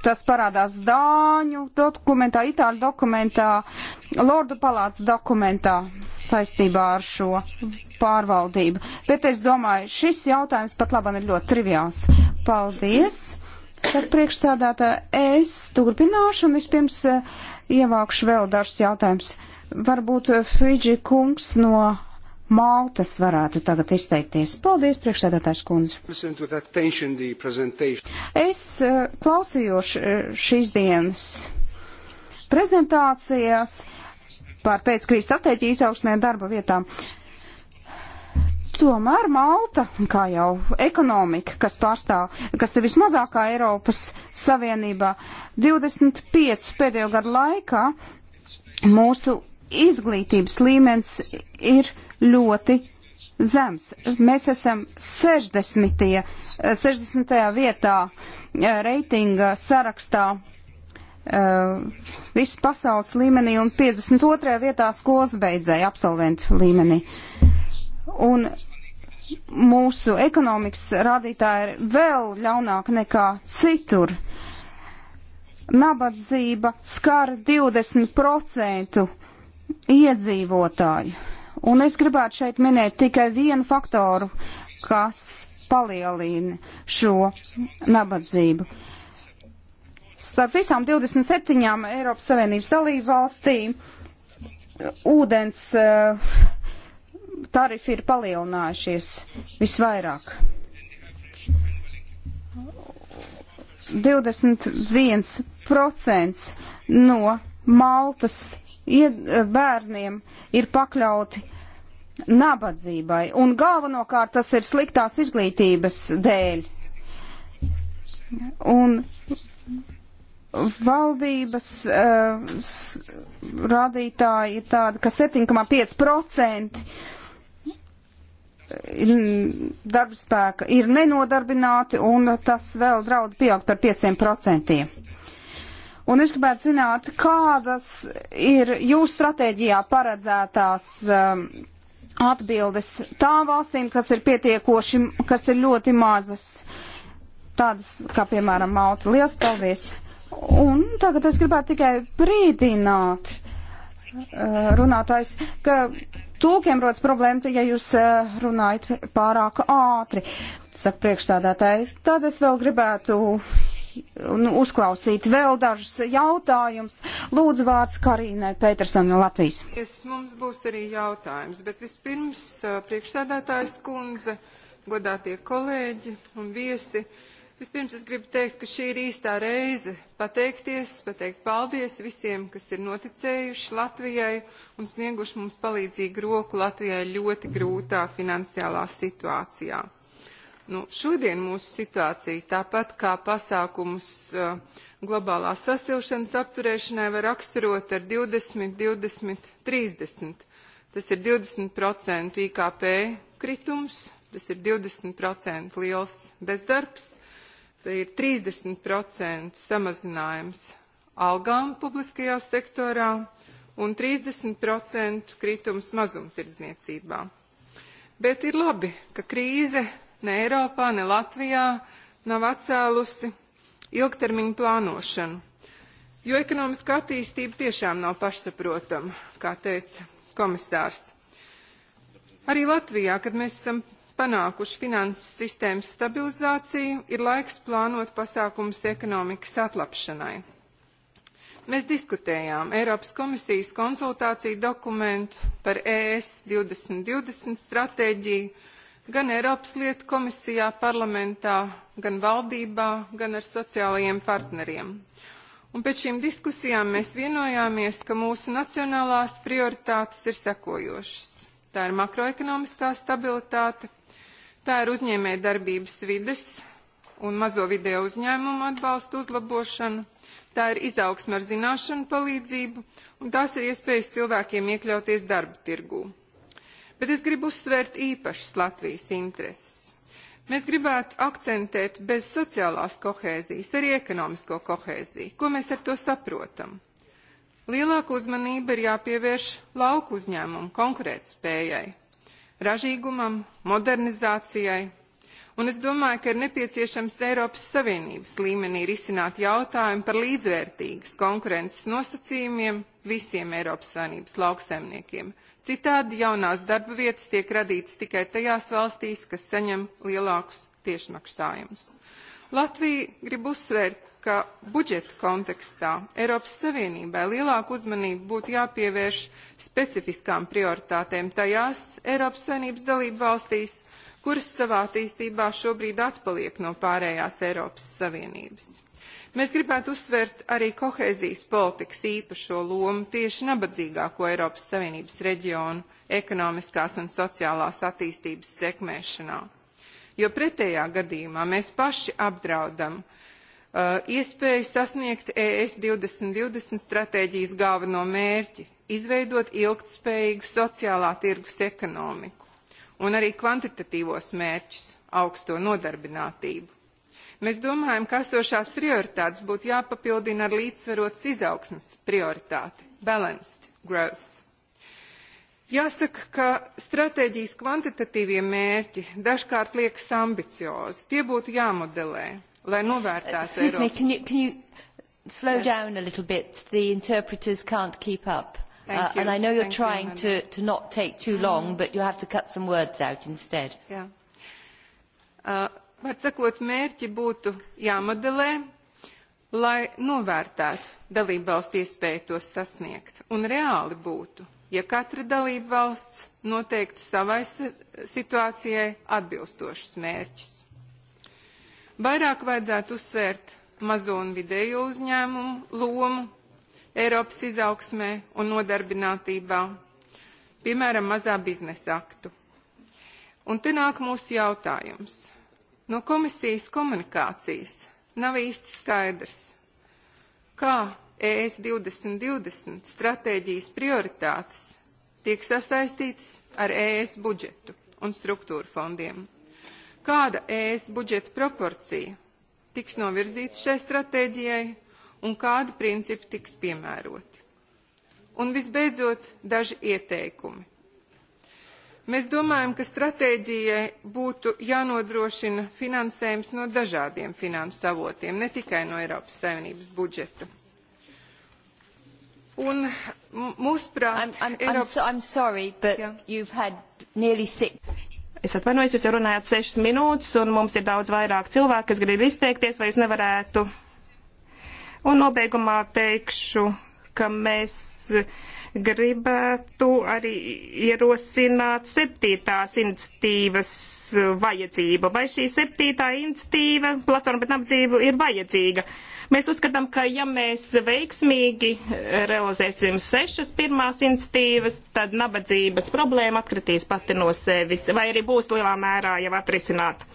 Tas parādās Dāņu dokumentā, Itāļu dokumentā, Lordu palāts dokumentā saistībā ar šo pārvaldību. Bet es domāju, šis jautājums pat labam ir ļoti triviāls. Paldies! Saka priekšsādātā, es turpināšu un vispirms eh, ievākšu vēl dažus jautājumus. Varbūt eh, Fidži kungs no Maltas varētu tagad izteikties. Paldies, priekšsēdētājs kundze. Es eh, klausījos eh, šīs dienas prezentācijās par pēckrīzes stratēģiju izaugsmē darba vietām. Tomēr Malta, kā jau ekonomika, kas pārstāv, kas ir vismazākā Eiropas Savienībā, 25 pēdējo gadu laikā mūsu izglītības līmenis ir ļoti zems. Mēs esam 60. 60. vietā eh, reitinga sarakstā uh, viss pasaules līmenī un 52. vietā skolas beidzēja absolventu līmenī. Un mūsu ekonomikas rādītāji ir vēl ļaunāk nekā citur. Nabadzība skar 20% iedzīvotāji. Un es gribētu šeit minēt tikai vienu faktoru, kas palielina šo nabadzību. Starp visām 27 Eiropas Savienības dalību valstīm ūdens eh, tarifi ir palielinājušies visvairāk. 21% no Maltas Eh, bērniem ir pakļauti nabadzībai, un galvenokārt tas ir sliktās izglītības dēļ. Un valdības uh, rādītāji ir tādi, ka 7,5% darbspēka ir nenodarbināti, un tas vēl draud pieaugt par 5%. Un es gribētu zināt, kādas ir jūsu stratēģijā paredzētās um, atbildes tām valstīm, kas ir pietiekoši, kas ir ļoti mazas, tādas kā piemēram Malta. Lielas paldies! Un tagad es gribētu tikai brīdināt uh, runātājs, ka tūkiem rodas problēma, ja jūs uh, runājat pārāk ātri, saka priekšstādātāji. Tad es vēl gribētu un uzklausīt vēl dažus jautājumus. Lūdzu vārds Karīnai Pētersonai no Latvijas. Es, mums būs arī jautājums, bet vispirms priekšsēdētājs kundze, godātie kolēģi un viesi. Vispirms es gribu teikt, ka šī ir īstā reize pateikties, pateikt paldies visiem, kas ir noticējuši Latvijai un snieguši mums palīdzīgu roku Latvijai ļoti grūtā finansiālā situācijā. Nu, šodien mūsu situācija, tāpat kā pasākumus uh, globālās sasilšanas apturēšanai, var raksturot ar 20, 20, 30. Tas ir 20% IKP kritums, tas ir 20% liels bezdarbs, tā ir 30% samazinājums algām publiskajā sektorā un 30% kritums mazumtirdzniecībā. Bet ir labi, ka krīze ne Eiropā, ne Latvijā nav atcēlusi ilgtermiņu plānošanu. Jo ekonomiskā attīstība tiešām nav pašsaprotama, kā teica komisārs. Arī Latvijā, kad mēs esam panākuši finanses sistēmas stabilizāciju, ir laiks plānot pasākumus ekonomikas atlapšanai. Mēs diskutējām Eiropas komisijas konsultāciju dokumentu par e ES 2020 stratēģiju gan Eiropas lietu komisijā, parlamentā, gan valdībā, gan ar sociālajiem partneriem. Un pēc šīm diskusijām mēs vienojāmies, ka mūsu nacionālās prioritātes ir sekojošas. Tā ir makroekonomiskā stabilitāte, tā ir uzņēmē darbības vides un mazo video uzņēmumu atbalstu uzlabošana, tā ir izaugsme ar zināšanu palīdzību, un tās ir iespējas cilvēkiem iekļauties darba tirgū bet es gribu uzsvērt īpašas Latvijas intereses. Mēs gribētu akcentēt bez sociālās kohēzijas, arī ekonomisko kohēziju. Ko mēs ar to saprotam? Lielāka uzmanība ir jāpievērš lauku uzņēmumu konkurētspējai, ražīgumam, modernizācijai, un es domāju, ka ir nepieciešams Eiropas Savienības līmenī risināt jautājumu par līdzvērtīgas konkurences nosacījumiem visiem Eiropas Savienības lauksaimniekiem, Citādi jaunās darba vietas tiek radītas tikai tajās valstīs, kas saņem lielākus tiešmaksājumus. Latvija grib uzsvērt, ka budžeta kontekstā Eiropas Savienībai lielāku uzmanību būtu jāpievērš specifiskām prioritātēm tajās Eiropas Savienības dalību valstīs, kuras savā attīstībā šobrīd atpaliek no pārējās Eiropas Savienības. Mēs gribētu uzsvērt arī kohēzijas politikas īpašo lomu tieši nabadzīgāko Eiropas Savienības reģionu ekonomiskās un sociālās attīstības sekmēšanā. Jo pretējā gadījumā mēs paši apdraudam uh, iespēju sasniegt e ES 2020 stratēģijas galveno mērķi - izveidot ilgtspējīgu sociālā tirgus ekonomiku un arī kvantitatīvos mērķus - augsto nodarbinātību Mēs domājam, ka esošās prioritātes būtu jāpapildina ar līdzsvarotas izaugsmas prioritāti – balanced growth. Jāsaka, ka stratēģijas kvantitatīvie mērķi dažkārt liekas ambiciozi. Tie būtu jāmodelē, lai novērtētu uh, Excuse Eiropas... Me, can you, can you slow yes. down a little bit? The interpreters can't keep up. Thank uh, you. And I know you're Thank trying you, to, to not take too long, mm. but you have to cut some words out instead. Yeah. Uh, var sakot, mērķi būtu jāmodelē, lai novērtētu dalību valstu iespēju tos sasniegt. Un reāli būtu, ja katra dalību valsts noteiktu savai situācijai atbilstošus mērķus. Vairāk vajadzētu uzsvērt mazo un vidējo uzņēmumu lomu Eiropas izaugsmē un nodarbinātībā, piemēram, mazā biznesa aktu. Un te nāk mūsu jautājums No komisijas komunikācijas nav īsti skaidrs, kā e ES 2020 stratēģijas prioritātes tiek sasaistītas ar ES budžetu un struktūru fondiem. Kāda ES budžeta proporcija tiks novirzīta šai stratēģijai un kādi principi tiks piemēroti? Un visbeidzot, daži ieteikumi Mēs domājam, ka stratēģijai būtu jānodrošina finansējums no dažādiem finansu avotiem, ne tikai no Eiropas Savienības budžeta. Un mūsuprāt, I'm, I'm, Eiropas... I'm, so, I'm sorry, but yeah. you've had nearly six. Es atvainojos, jūs jau runājāt sešas minūtes, un mums ir daudz vairāk cilvēku, kas grib izteikties, vai jūs nevarētu. Un nobeigumā teikšu, ka mēs. Uh, gribētu arī ierosināt septītās iniciatīvas vajadzību. Vai šī septītā iniciatīva platforma pret nabadzību ir vajadzīga? Mēs uzskatām, ka ja mēs veiksmīgi realizēsim sešas pirmās iniciatīvas, tad nabadzības problēma atkritīs pati no sevis, vai arī būs lielā mērā jau atrisināta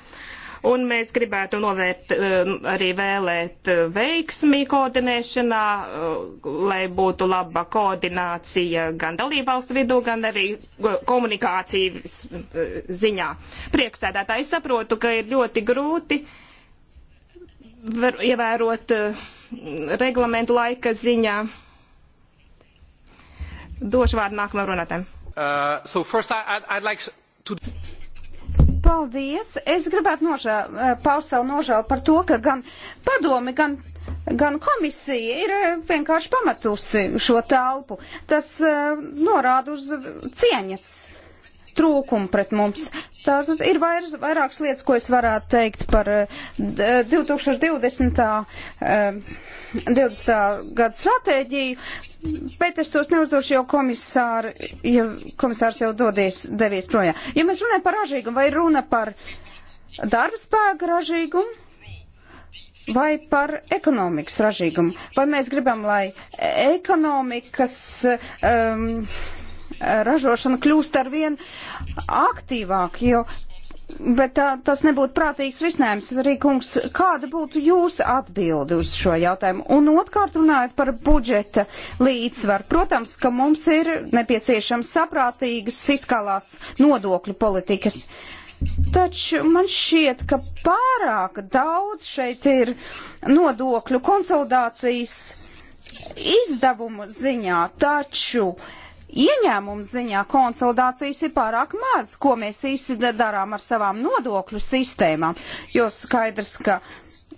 un mēs gribētu novērt um, arī vēlēt uh, veiksmi koordinēšanā, uh, lai būtu laba koordinācija gan dalībvalstu vidū, gan arī uh, komunikācijas ziņā. Priekšsēdētāji saprotu, ka ir ļoti grūti ievērot reglamentu laika ziņā. Došu vārdu nākamajam runātājam. Uh, so first I, I'd, I'd like Paldies! Es gribētu nožēl, eh, paust savu nožēlu par to, ka gan padomi, gan, gan komisija ir eh, vienkārši pamatusi šo telpu. Tas uh, norāda uz cieņas trūkumu pret mums. Tātad ir vairs, vairākas lietas, ko es varētu teikt par 2020. 20. gada stratēģiju. Bet es tos neuzdošu, jo komisāri, ja komisārs jau dodies, devies projām. Ja mēs runājam par ražīgumu, vai runa par darba spēka ražīgumu, vai par ekonomikas ražīgumu, vai mēs gribam, lai ekonomikas um, ražošana kļūst ar vien aktīvāk, jo Bet tā, tas nebūtu prātīgs risinājums, Rīkungs. Kāda būtu jūsu atbildi uz šo jautājumu? Un otrkārt runājot par budžeta līdzsvaru. Protams, ka mums ir nepieciešams saprātīgas fiskālās nodokļu politikas. Taču man šķiet, ka pārāk daudz šeit ir nodokļu konsolidācijas izdevumu ziņā, taču uh, ieņēmumu ziņā konsolidācijas ir pārāk maz, ko mēs īsti darām ar savām nodokļu sistēmām, jo skaidrs, ka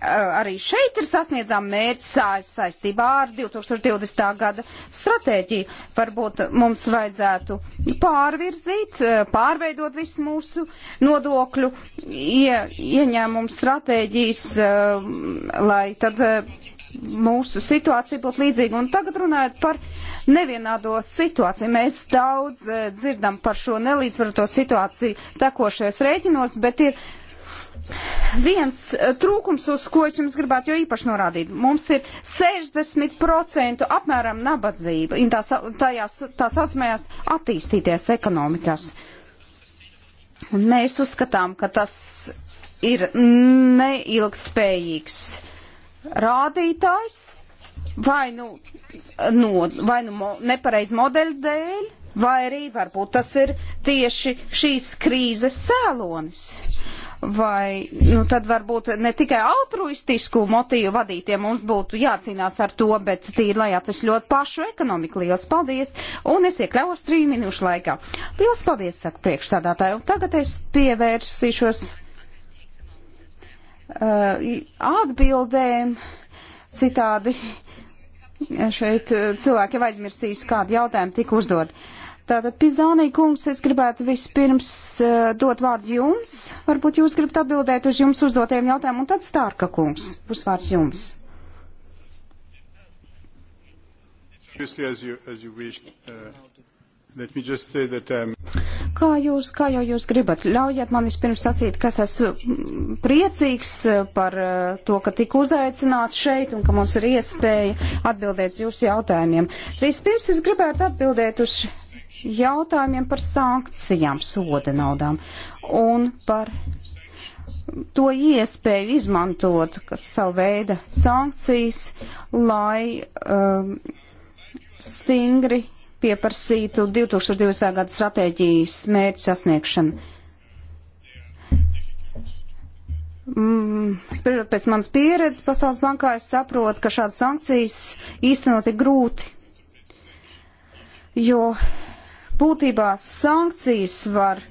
arī šeit ir sasniedzām mērķis saistībā ar 2020. gada stratēģiju. Varbūt mums vajadzētu pārvirzīt, pārveidot visu mūsu nodokļu ie, ieņēmumu stratēģijas, lai tad mūsu situācija būtu līdzīga. Un tagad runājot par nevienādo situāciju. Mēs daudz eh, dzirdam par šo nelīdzvaroto situāciju tekošajos rēķinos, bet ir viens eh, trūkums, uz ko es jums gribētu jau īpaši norādīt. Mums ir 60% apmēram nabadzība tās, tajās, tā saucamajās attīstīties ekonomikās. Un mēs uzskatām, ka tas ir neilgspējīgs rādītājs vai nu, no, vai nu mo, nepareiz modeļu dēļ, vai arī varbūt tas ir tieši šīs krīzes cēlonis. Vai nu, tad varbūt ne tikai altruistisku motīvu vadītiem mums būtu jācīnās ar to, bet tīri, lai atvesļot pašu ekonomiku. Lielas paldies! Un es iekļaujos trīs minūšu laikā. Lielas paldies, saka priekšsādātāju. Tagad es pievērsīšos Uh, atbildēm. Citādi šeit uh, cilvēki jau aizmirsīs, kādu jautājumu tika uzdod. Tātad, Pizdānī kungs, es gribētu vispirms uh, dot vārdu jums. Varbūt jūs gribat atbildēt uz jums uzdotiem jautājumiem, un tad Stārka kungs, pusvārds jums. As you, as you wished, uh, Kā jūs, kā jau jūs gribat, ļaujiet man vispirms sacīt, kas esmu priecīgs e, par e, to, ka tik uzaicināts šeit un ka mums ir iespēja atbildēt jūsu jautājumiem. Vispirms es gribētu atbildēt uz jautājumiem par sankcijām, soda naudām un par to iespēju izmantot savu veidu sankcijas, lai um, stingri pieprasītu 2020. gada stratēģijas mērķu sasniegšanu. Mm, Spriežot pēc manas pieredzes, Pasaules bankā es saprotu, ka šādas sankcijas īstenot ir grūti, jo būtībā sankcijas var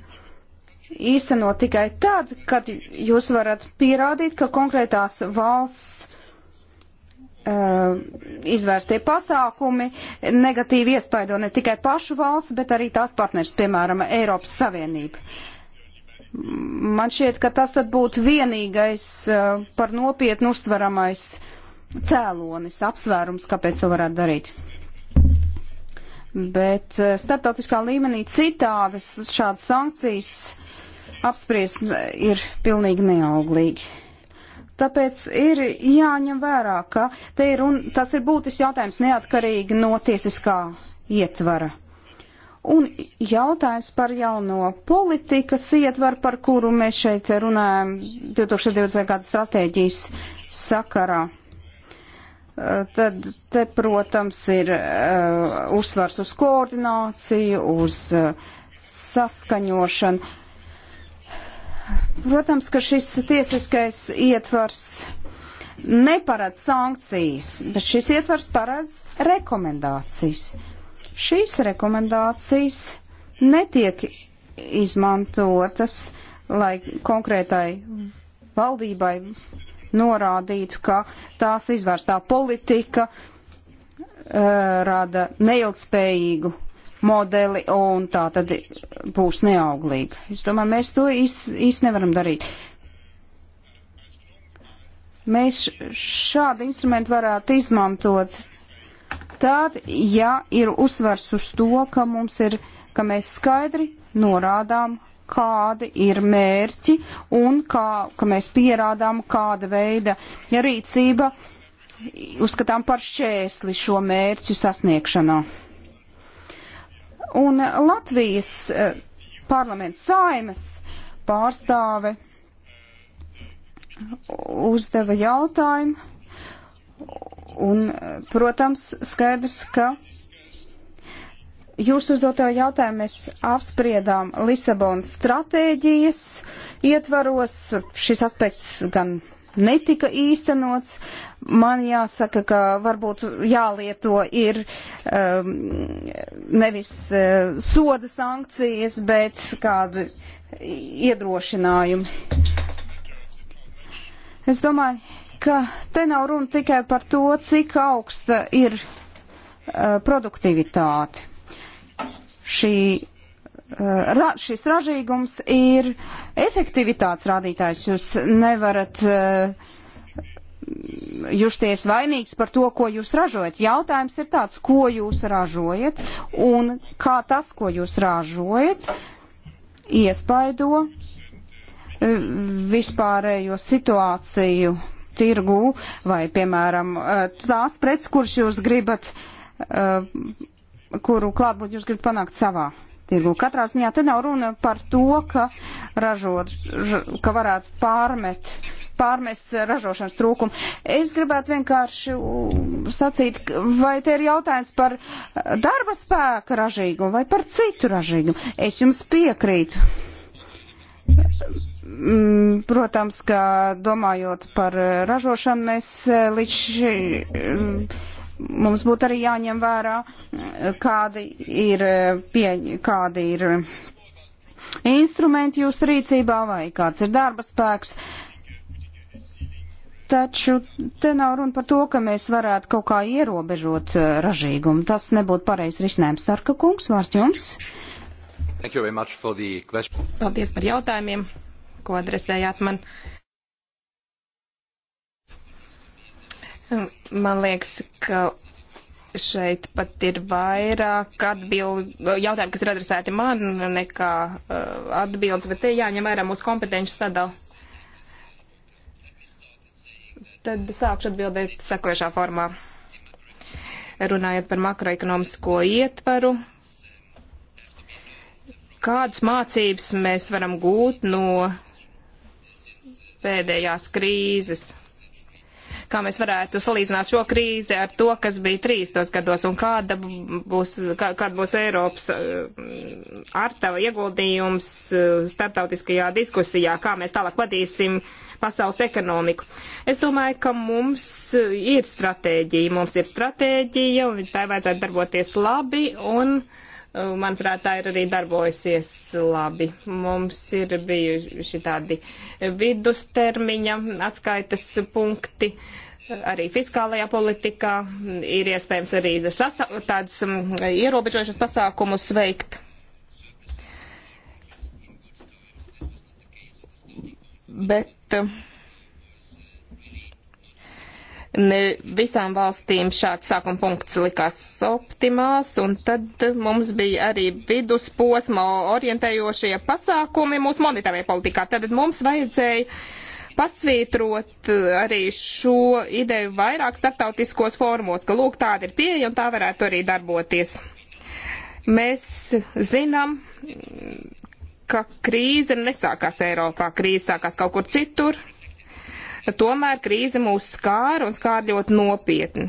īstenot tikai tad, kad jūs varat pierādīt, ka konkrētās valsts Uh, izvērstie pasākumi negatīvi iespaido ne tikai pašu valsts, bet arī tās partners, piemēram, Eiropas Savienība. Man šķiet, ka tas tad būtu vienīgais uh, par nopietnu uztveramais cēlonis, apsvērums, kāpēc to varētu darīt. Bet uh, starptautiskā līmenī citādas šādas sankcijas apspriest ir pilnīgi neauglīgi. Tāpēc ir jāņem vērā, ka te ir un tas ir būtisks jautājums neatkarīgi no tiesiskā ietvara. Un jautājums par jauno politikas ietvaru, par kuru mēs šeit runājam 2020. gada stratēģijas sakarā. Eh, tad te, protams, ir uh, uzsvars uz koordināciju, uz uh, saskaņošanu Protams, ka šis tiesiskais ietvars neparedz sankcijas, bet šis ietvars paredz rekomendācijas. Šīs rekomendācijas netiek izmantotas, lai konkrētai valdībai norādītu, ka tās izvērstā politika uh, rada neilgspējīgu modeli, un tā tad būs neauglīga. Es domāju, mēs to īsti nevaram darīt. Mēs šādu instrumentu varētu izmantot tad, ja ir uzsvars uz to, ka mums ir, ka mēs skaidri norādām, kādi ir mērķi un kā, ka mēs pierādām, kāda veida ja rīcība uzskatām par šķēsli šo mērķu sasniegšanā. Un Latvijas eh, parlaments saimas pārstāve uzdeva jautājumu. Un, eh, protams, skaidrs, ka jūsu uzdoto jautājumu mēs apspriedām Lisabonas stratēģijas ietvaros. Šis aspekts gan netika īstenots. Man jāsaka, ka varbūt jālieto ir um, nevis uh, soda sankcijas, bet kādu iedrošinājumu. Es domāju, ka te nav runa tikai par to, cik augsta ir uh, produktivitāte. Šī Eh, ra, šis ražīgums ir efektivitātes rādītājs. Jūs nevarat uh, justies vainīgs par to, ko jūs ražojat. Jautājums ir tāds, ko jūs ražojat un kā tas, ko jūs ražojat, iespaido uh, vispārējo situāciju tirgū vai, piemēram, uh, tās preces, kuras jūs gribat, kuru klātbūt jūs gribat panākt savā tirgu. Katrā ziņā te nav runa par to, ka ražot, ka varētu pārmet, pārmest ražošanas trūkumu. Es gribētu vienkārši sacīt, vai te ir jautājums par darba spēka ražīgumu vai par citu ražīgumu. Es jums piekrītu. Mm, protams, ka domājot par ražošanu, mēs eh, līdz šim mums būtu arī jāņem vērā, eh, kādi ir, eh, pie, kādi ir instrumenti jūsu rīcībā vai kāds ir darba spēks. Taču te nav runa par to, ka mēs varētu kaut kā ierobežot eh, ražīgumu. Tas nebūtu pareizs risinājums. Starka kungs, vārds jums. Paldies par jautājumiem, ko adresējāt man. Uh, Man liekas, ka šeit pat ir vairāk atbildu, jautājumu, kas ir adresēti man, nekā uh, atbildes, bet te jāņem vērā mūsu kompetenci sadal. Tad sākšu atbildēt sekojušā formā. Runājot par makroekonomisko ietvaru, kādas mācības mēs varam gūt no pēdējās krīzes? kā mēs varētu salīdzināt šo krīzi ar to, kas bija 30. gados un kāda būs, kā, kāda būs Eiropas artava eh, ieguldījums eh, starptautiskajā diskusijā, kā mēs tālāk vadīsim pasaules ekonomiku. Es domāju, ka mums eh, ir stratēģija, mums ir stratēģija un tā vajadzētu darboties labi un. Uh, Uh, manuprāt, tā ir arī darbojusies labi. Mums ir bijuši tādi vidustermiņa atskaitas punkti. Arī fiskālajā politikā ir iespējams arī tādus um, ierobežojušus pasākumus veikt. Bet uh, Ne visām valstīm šāds sākuma punkts likās optimāls, un tad mums bija arī vidusposma orientējošie pasākumi mūsu monetārajā politikā. Tad mums vajadzēja pasvītrot arī šo ideju vairāk starptautiskos formos, ka lūk tāda ir pieeja un tā varētu arī darboties. Mēs zinām, ka krīze nesākās Eiropā, krīze sākās kaut kur citur, Tomēr krīze mūs skāra un skāra ļoti nopietni.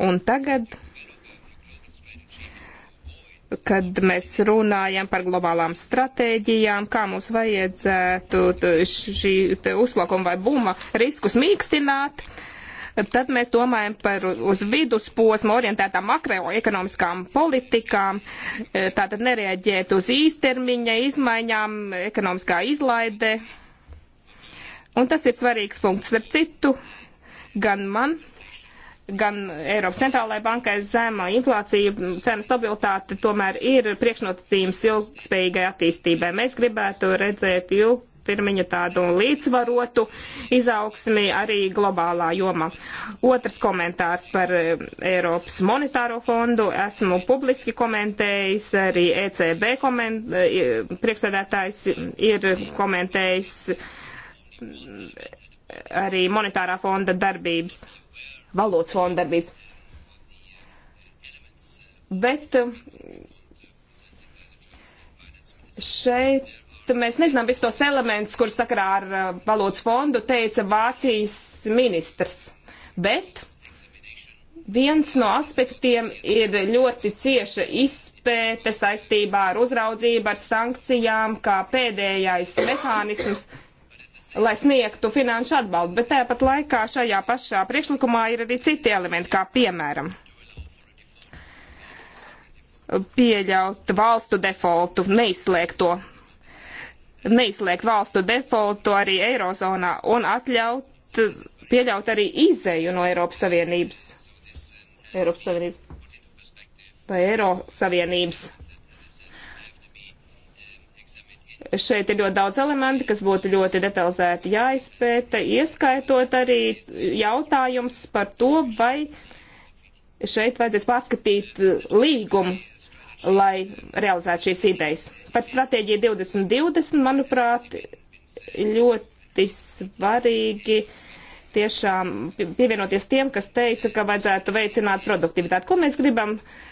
Un tagad, kad mēs runājam par globālām stratēģijām, kā mums vajadzētu šī uzplaukuma vai buma riskus mīkstināt, tad mēs domājam par uz vidusposmu orientētām makroekonomiskām politikām, tātad nereaģēt uz īstermiņa izmaiņām, ekonomiskā izlaide Un tas ir svarīgs punkts. Starp citu, gan man, gan Eiropas centrālajai bankai zemā inflācija, cenu stabilitāte tomēr ir priekšnotacījums ilgspējīgai attīstībai. Mēs gribētu redzēt ilgtermiņa tādu līdzvarotu izaugsmi arī globālā jomā. Otrs komentārs par eh, Eiropas monetāro fondu. Esmu publiski komentējis, arī ECB koment, eh, priekšsēdētājs ir komentējis arī monetārā fonda darbības, valūtas fonda darbības. Bet eh, šeit mēs nezinām visus tos elementus, kur sakarā ar eh, valūtas fondu teica Vācijas ministrs. Bet viens no aspektiem ir ļoti cieša izpēte saistībā ar uzraudzību, ar sankcijām, kā pēdējais mehānisms lai sniegtu finanšu atbalstu, bet tāpat laikā šajā pašā priekšlikumā ir arī citi elementi, kā piemēram pieļaut valstu defaultu, neizslēgt to, neizslēgt valstu defaultu arī Eirozonā un atļaut, pieļaut arī izēju no Eiropas Savienības. Eiropas Savienības. Vai Eiro Savienības Šeit ir ļoti daudz elementi, kas būtu ļoti detalizēti jāizpēta, ieskaitot arī jautājums par to, vai šeit vajadzēs pārskatīt līgumu, lai realizētu šīs idejas. Par stratēģiju 2020, manuprāt, ļoti svarīgi tiešām pievienoties tiem, kas teica, ka vajadzētu veicināt produktivitāti. Ko mēs gribam uh,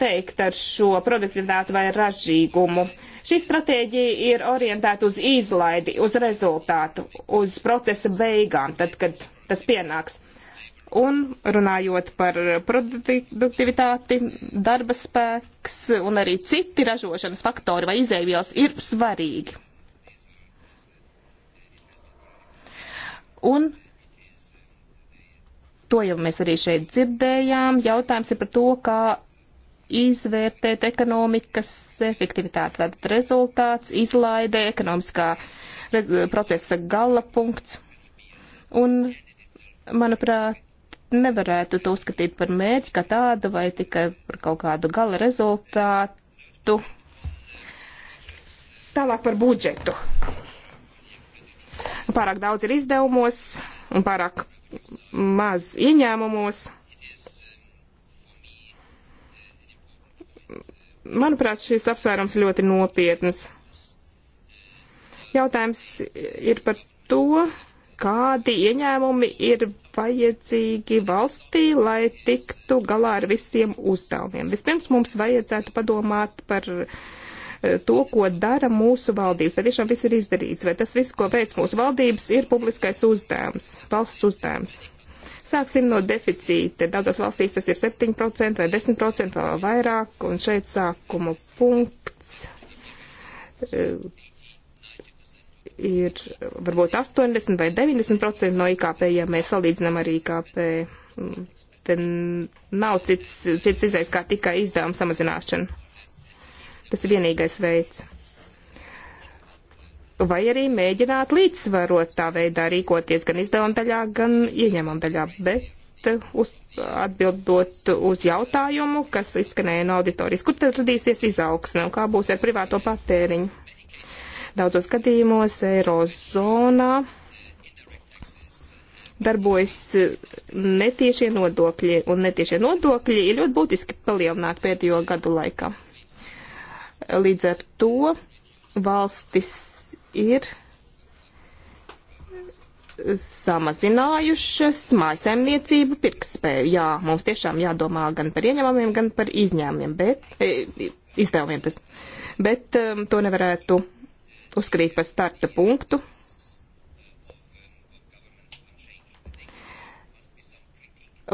teikt ar šo produktivitāti vai ražīgumu. Šī stratēģija ir orientēta uz izlaidi, uz rezultātu, uz procesa beigām, tad, kad tas pienāks. Un runājot par produktivitāti, darba spēks un arī citi ražošanas faktori vai izēvielas ir svarīgi. Un to jau mēs arī šeit dzirdējām. Jautājums ir par to, kā izvērtēt ekonomikas efektivitāti. Tātad rezultāts, izlaide, ekonomiskā rez procesa gala punkts. Un, manuprāt, nevarētu to uzskatīt par mērķi kā tādu vai tikai par kaut kādu gala rezultātu. Tālāk par budžetu. Pārāk daudz ir izdevumos un pārāk maz ieņēmumos. Manuprāt, šis apsvērums ļoti nopietnas. Jautājums ir par to, kādi ieņēmumi ir vajadzīgi valstī, lai tiktu galā ar visiem uzdevumiem. Vispirms mums vajadzētu padomāt par eh, to, ko dara mūsu valdības, vai tiešām viss ir izdarīts, vai tas viss, ko veic mūsu valdības, ir publiskais uzdevums, valsts uzdevums. Sāksim no deficīta. Daudzās valstīs tas ir 7% vai 10% vai vairāk, un šeit sākuma punkts eh, ir varbūt 80 vai 90% no IKP, ja mēs salīdzinām ar IKP. Te nav cits, cits izējas kā tikai izdevuma samazināšana. Tas ir vienīgais veids vai arī mēģināt līdzsvarot tā veidā rīkoties gan izdevuma daļā, gan ieņēmuma daļā. Bet uh, uz, atbildot uz jautājumu, kas izskanēja no auditorijas, kur tad radīsies izaugsme un kā būs ar privāto patēriņu. Daudzos gadījumos Eirozonā darbojas netiešie nodokļi, un netiešie nodokļi ir ļoti būtiski palielināti pēdējo gadu laikā. Līdz ar to valstis ir samazinājušas mājasemniecību pirktspēju. Jā, mums tiešām jādomā gan par ieņemumiem, gan par izņēmumiem, bet, e, izdevumiem tas. Bet um, to nevarētu uzskatīt par starta punktu,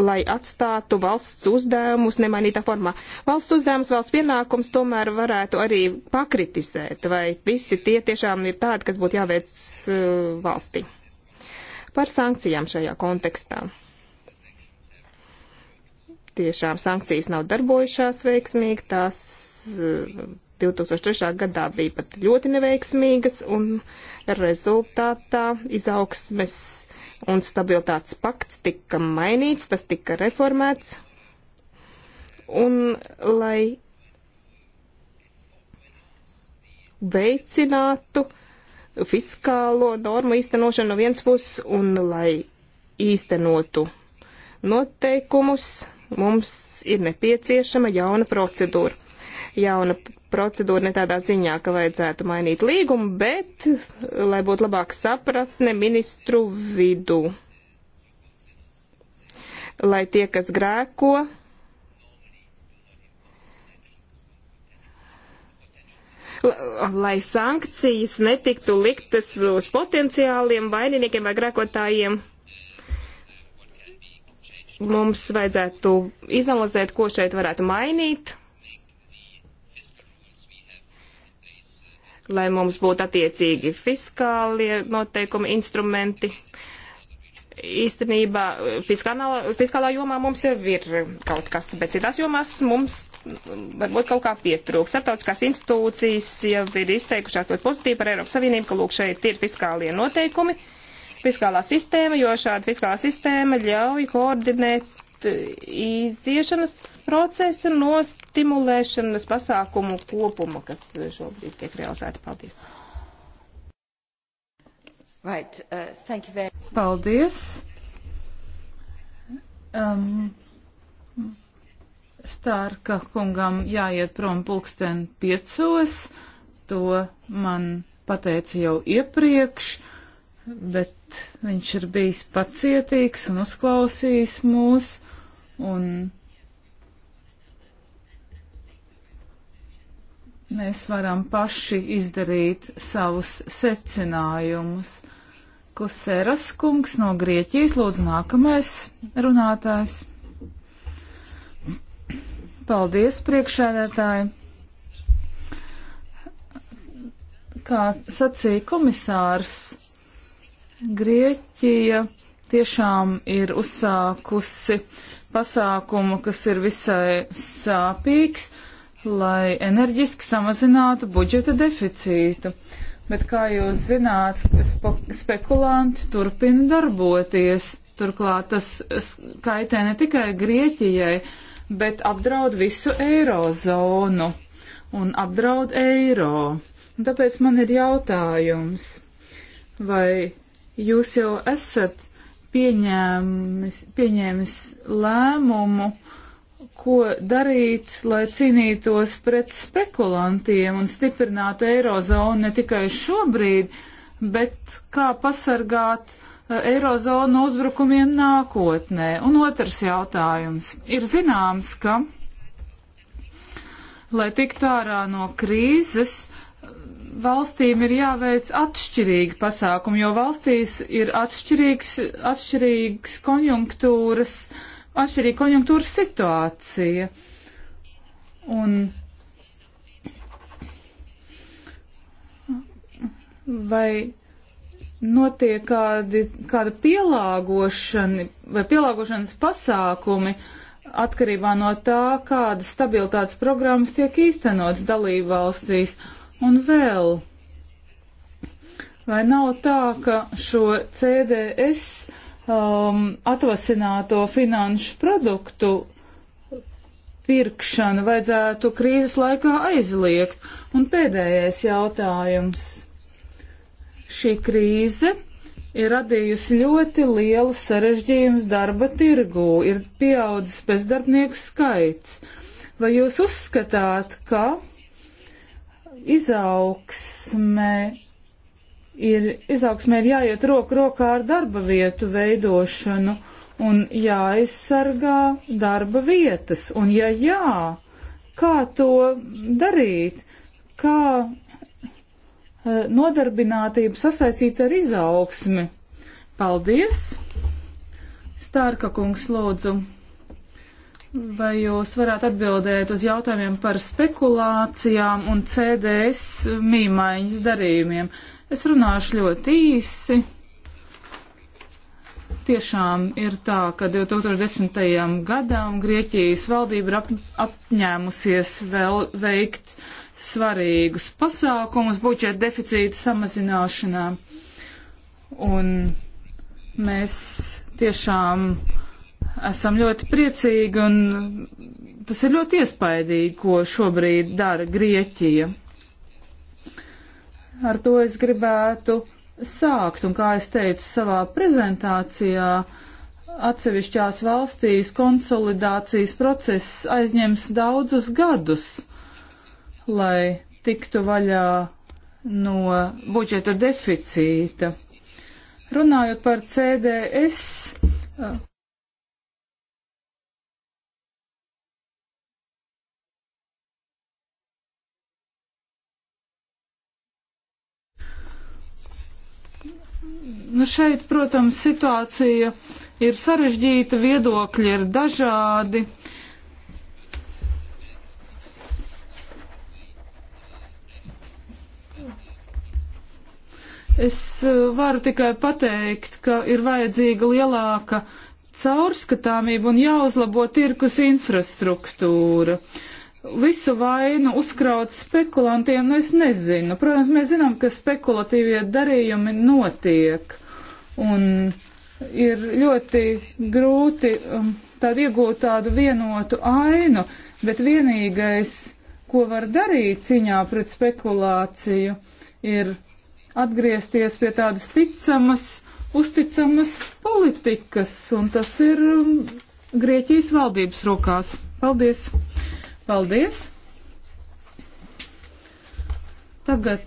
lai atstātu valsts uzdevumus nemainītā formā. Valsts uzdevums, valsts pienākums tomēr varētu arī pakritizēt, vai visi tie tiešām ir tādi, kas būtu jāveic uh, valstī. Par sankcijām šajā kontekstā tiešām sankcijas nav darbojušās veiksmīgi, tās 2003. Uh, gadā bija pat ļoti neveiksmīgas, un rezultātā izaugsmes un stabilitātes pakts tika mainīts, tas tika reformēts. Un lai veicinātu fiskālo normu īstenošanu no vienas puses un lai īstenotu noteikumus, mums ir nepieciešama jauna procedūra jauna procedūra ne tādā ziņā, ka vajadzētu mainīt līgumu, bet, lai būtu labāk sapratne ministru vidū. Lai tie, kas grēko, lai sankcijas netiktu liktas uz potenciāliem vaininiekiem vai grēkotājiem. Mums vajadzētu izanalizēt, ko šeit varētu mainīt. lai mums būtu attiecīgi fiskālie noteikumi, instrumenti. Īstenībā fiskālā, fiskālā jomā mums jau ir kaut kas, bet citās jomās mums varbūt kaut kā pietrūks. Startautiskās institūcijas jau ir izteikušās ļoti pozitīvi par Eiropas Savienību, ka lūk šeit ir fiskālie noteikumi, fiskālā sistēma, jo šāda fiskālā sistēma ļauj koordinēt iziešanas procesa no stimulēšanas pasākumu kopuma, kas šobrīd tiek realizēta. Paldies! Right, uh, thank you very much. Paldies! Um, Stārka kungam jāiet prom pulksten piecos, to man pateica jau iepriekš, bet viņš ir bijis pacietīgs un uzklausījis mūsu Un mēs varam paši izdarīt savus secinājumus. Kuseras kungs no Grieķijas lūdzu nākamais runātājs. Paldies, priekšēdētāji. Kā sacīja komisārs, Grieķija tiešām ir uzsākusi pasākumu, kas ir visai sāpīgs, lai enerģiski samazinātu budžeta deficītu. Bet, kā jūs zināt, spekulanti turpina darboties. Turklāt tas kaitē ne tikai Grieķijai, bet apdraud visu eirozonu un apdraud eiro. Un tāpēc man ir jautājums, vai jūs jau esat pieņēmis, pieņēmis lēmumu, ko darīt, lai cīnītos pret spekulantiem un stiprinātu eirozonu ne tikai šobrīd, bet kā pasargāt eh, eirozonu no uzbrukumiem nākotnē. Un otrs jautājums. Ir zināms, ka, lai tiktu ārā no krīzes, uh, valstīm ir jāveic atšķirīgi pasākumi, jo valstīs ir atšķirīgs, atšķirīgs konjunktūras, atšķirīga konjunktūras situācija. Un vai notiek kādi, kāda pielāgošana vai pielāgošanas pasākumi atkarībā no tā, kādas stabilitātes programmas tiek īstenotas dalībvalstīs. valstīs Un vēl, vai nav tā, ka šo CDS um, atvasināto finanšu produktu pirkšanu vajadzētu krīzes laikā aizliegt? Un pēdējais jautājums. Šī krīze ir radījusi ļoti lielu sarežģījumus darba tirgū, ir pieaudzis bezdarbnieku skaits. Vai jūs uzskatāt, ka izaugsme ir, izaugsme ir jāiet roku rokā ar darba vietu veidošanu un jāaizsargā darba vietas. Un ja jā, kā to darīt? Kā eh, nodarbinātību sasaistīt ar izaugsmi? Paldies! Stārka kungs lūdzu. Vai jūs varētu atbildēt uz jautājumiem par spekulācijām un CDS mīmaiņas darījumiem? Es runāšu ļoti īsi. Tiešām ir tā, ka 2010. gadam Grieķijas valdība ir ap, apņēmusies vēl veikt svarīgus pasākumus budžeta deficīta samazināšanā. Un mēs tiešām esam ļoti priecīgi un tas ir ļoti iespaidīgi, ko šobrīd dara Grieķija. Ar to es gribētu sākt, un kā es teicu savā prezentācijā, atsevišķās valstīs konsolidācijas process aizņems daudzus gadus, lai tiktu vaļā no budžeta deficīta. Runājot par CDS, Nu šeit, protams, situācija ir sarežģīta, viedokļi ir dažādi. Es eh, varu tikai pateikt, ka ir vajadzīga lielāka caurskatāmība un jāuzlabo tirkus infrastruktūra. Visu vainu uzkraut spekulantiem, nu es nezinu. Protams, mēs zinām, ka spekulatīvie darījumi notiek un ir ļoti grūti um, tādu iegūt tādu vienotu ainu, bet vienīgais, ko var darīt ciņā pret spekulāciju, ir atgriezties pie tādas ticamas, uzticamas politikas, un tas ir um, Grieķijas valdības rokās. Paldies! Paldies! Tagad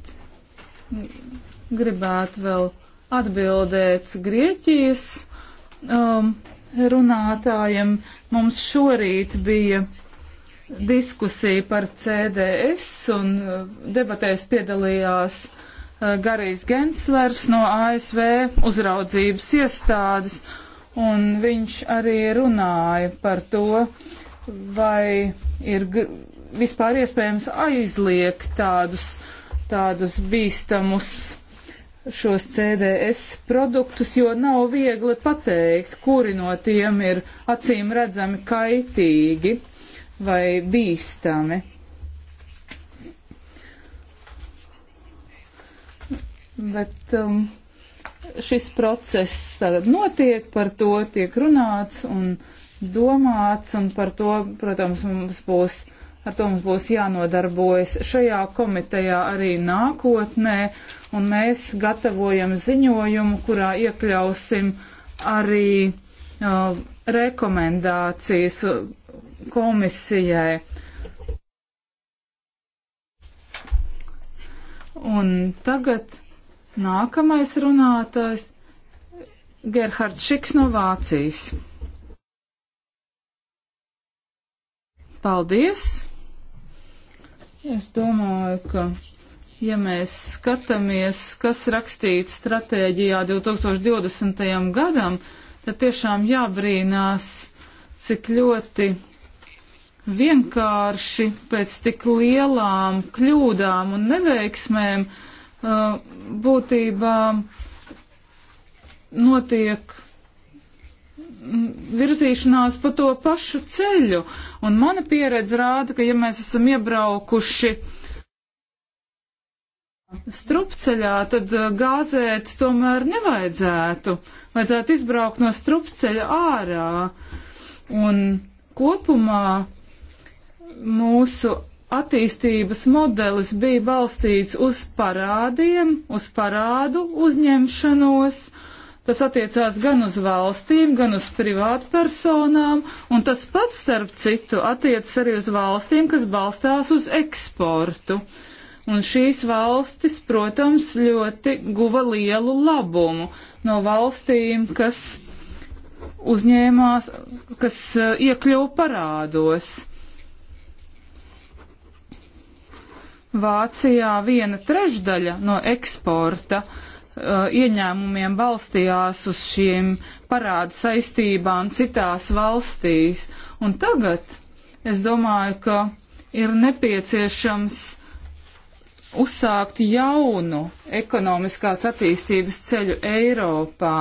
gribētu vēl atbildēt Grieķijas um, runātājiem. Mums šorīt bija diskusija par CDS un uh, debatēs piedalījās uh, Garijs Genslers no ASV uzraudzības iestādes un viņš arī runāja par to, vai ir vispār iespējams aizliegt tādus, tādus bīstamus šos CDS produktus, jo nav viegli pateikt, kuri no tiem ir acīm redzami kaitīgi vai bīstami. Bet um, šis process tagad notiek, par to tiek runāts un domāts, un par to, protams, mums būs Ar to mums būs jānodarbojas šajā komitejā arī nākotnē, un mēs gatavojam ziņojumu, kurā iekļausim arī uh, rekomendācijas uh, komisijai. Un tagad nākamais runātājs Gerhards Šiks no Vācijas. Paldies! Es domāju, ka ja mēs skatāmies, kas rakstīts stratēģijā 2020. gadam, tad tiešām jābrīnās, cik ļoti vienkārši pēc tik lielām kļūdām un neveiksmēm uh, būtībā notiek virzīšanās pa to pašu ceļu. Un mana pieredze rāda, ka ja mēs esam iebraukuši strupceļā, tad uh, gāzēt tomēr nevajadzētu. Vajadzētu izbraukt no strupceļa ārā. Un kopumā mūsu attīstības modelis bija balstīts uz parādiem, uz parādu uzņemšanos Tas attiecās gan uz valstīm, gan uz privātpersonām, un tas pats, starp citu, attiecas arī uz valstīm, kas balstās uz eksportu. Un šīs valstis, protams, ļoti guva lielu labumu no valstīm, kas uzņēmās, kas eh, iekļuva parādos. Vācijā viena trešdaļa no eksporta uh, uh, ieņēmumiem balstījās uz šīm parādu saistībām citās valstīs. Un tagad es domāju, ka ir nepieciešams uzsākt jaunu ekonomiskās attīstības ceļu Eiropā.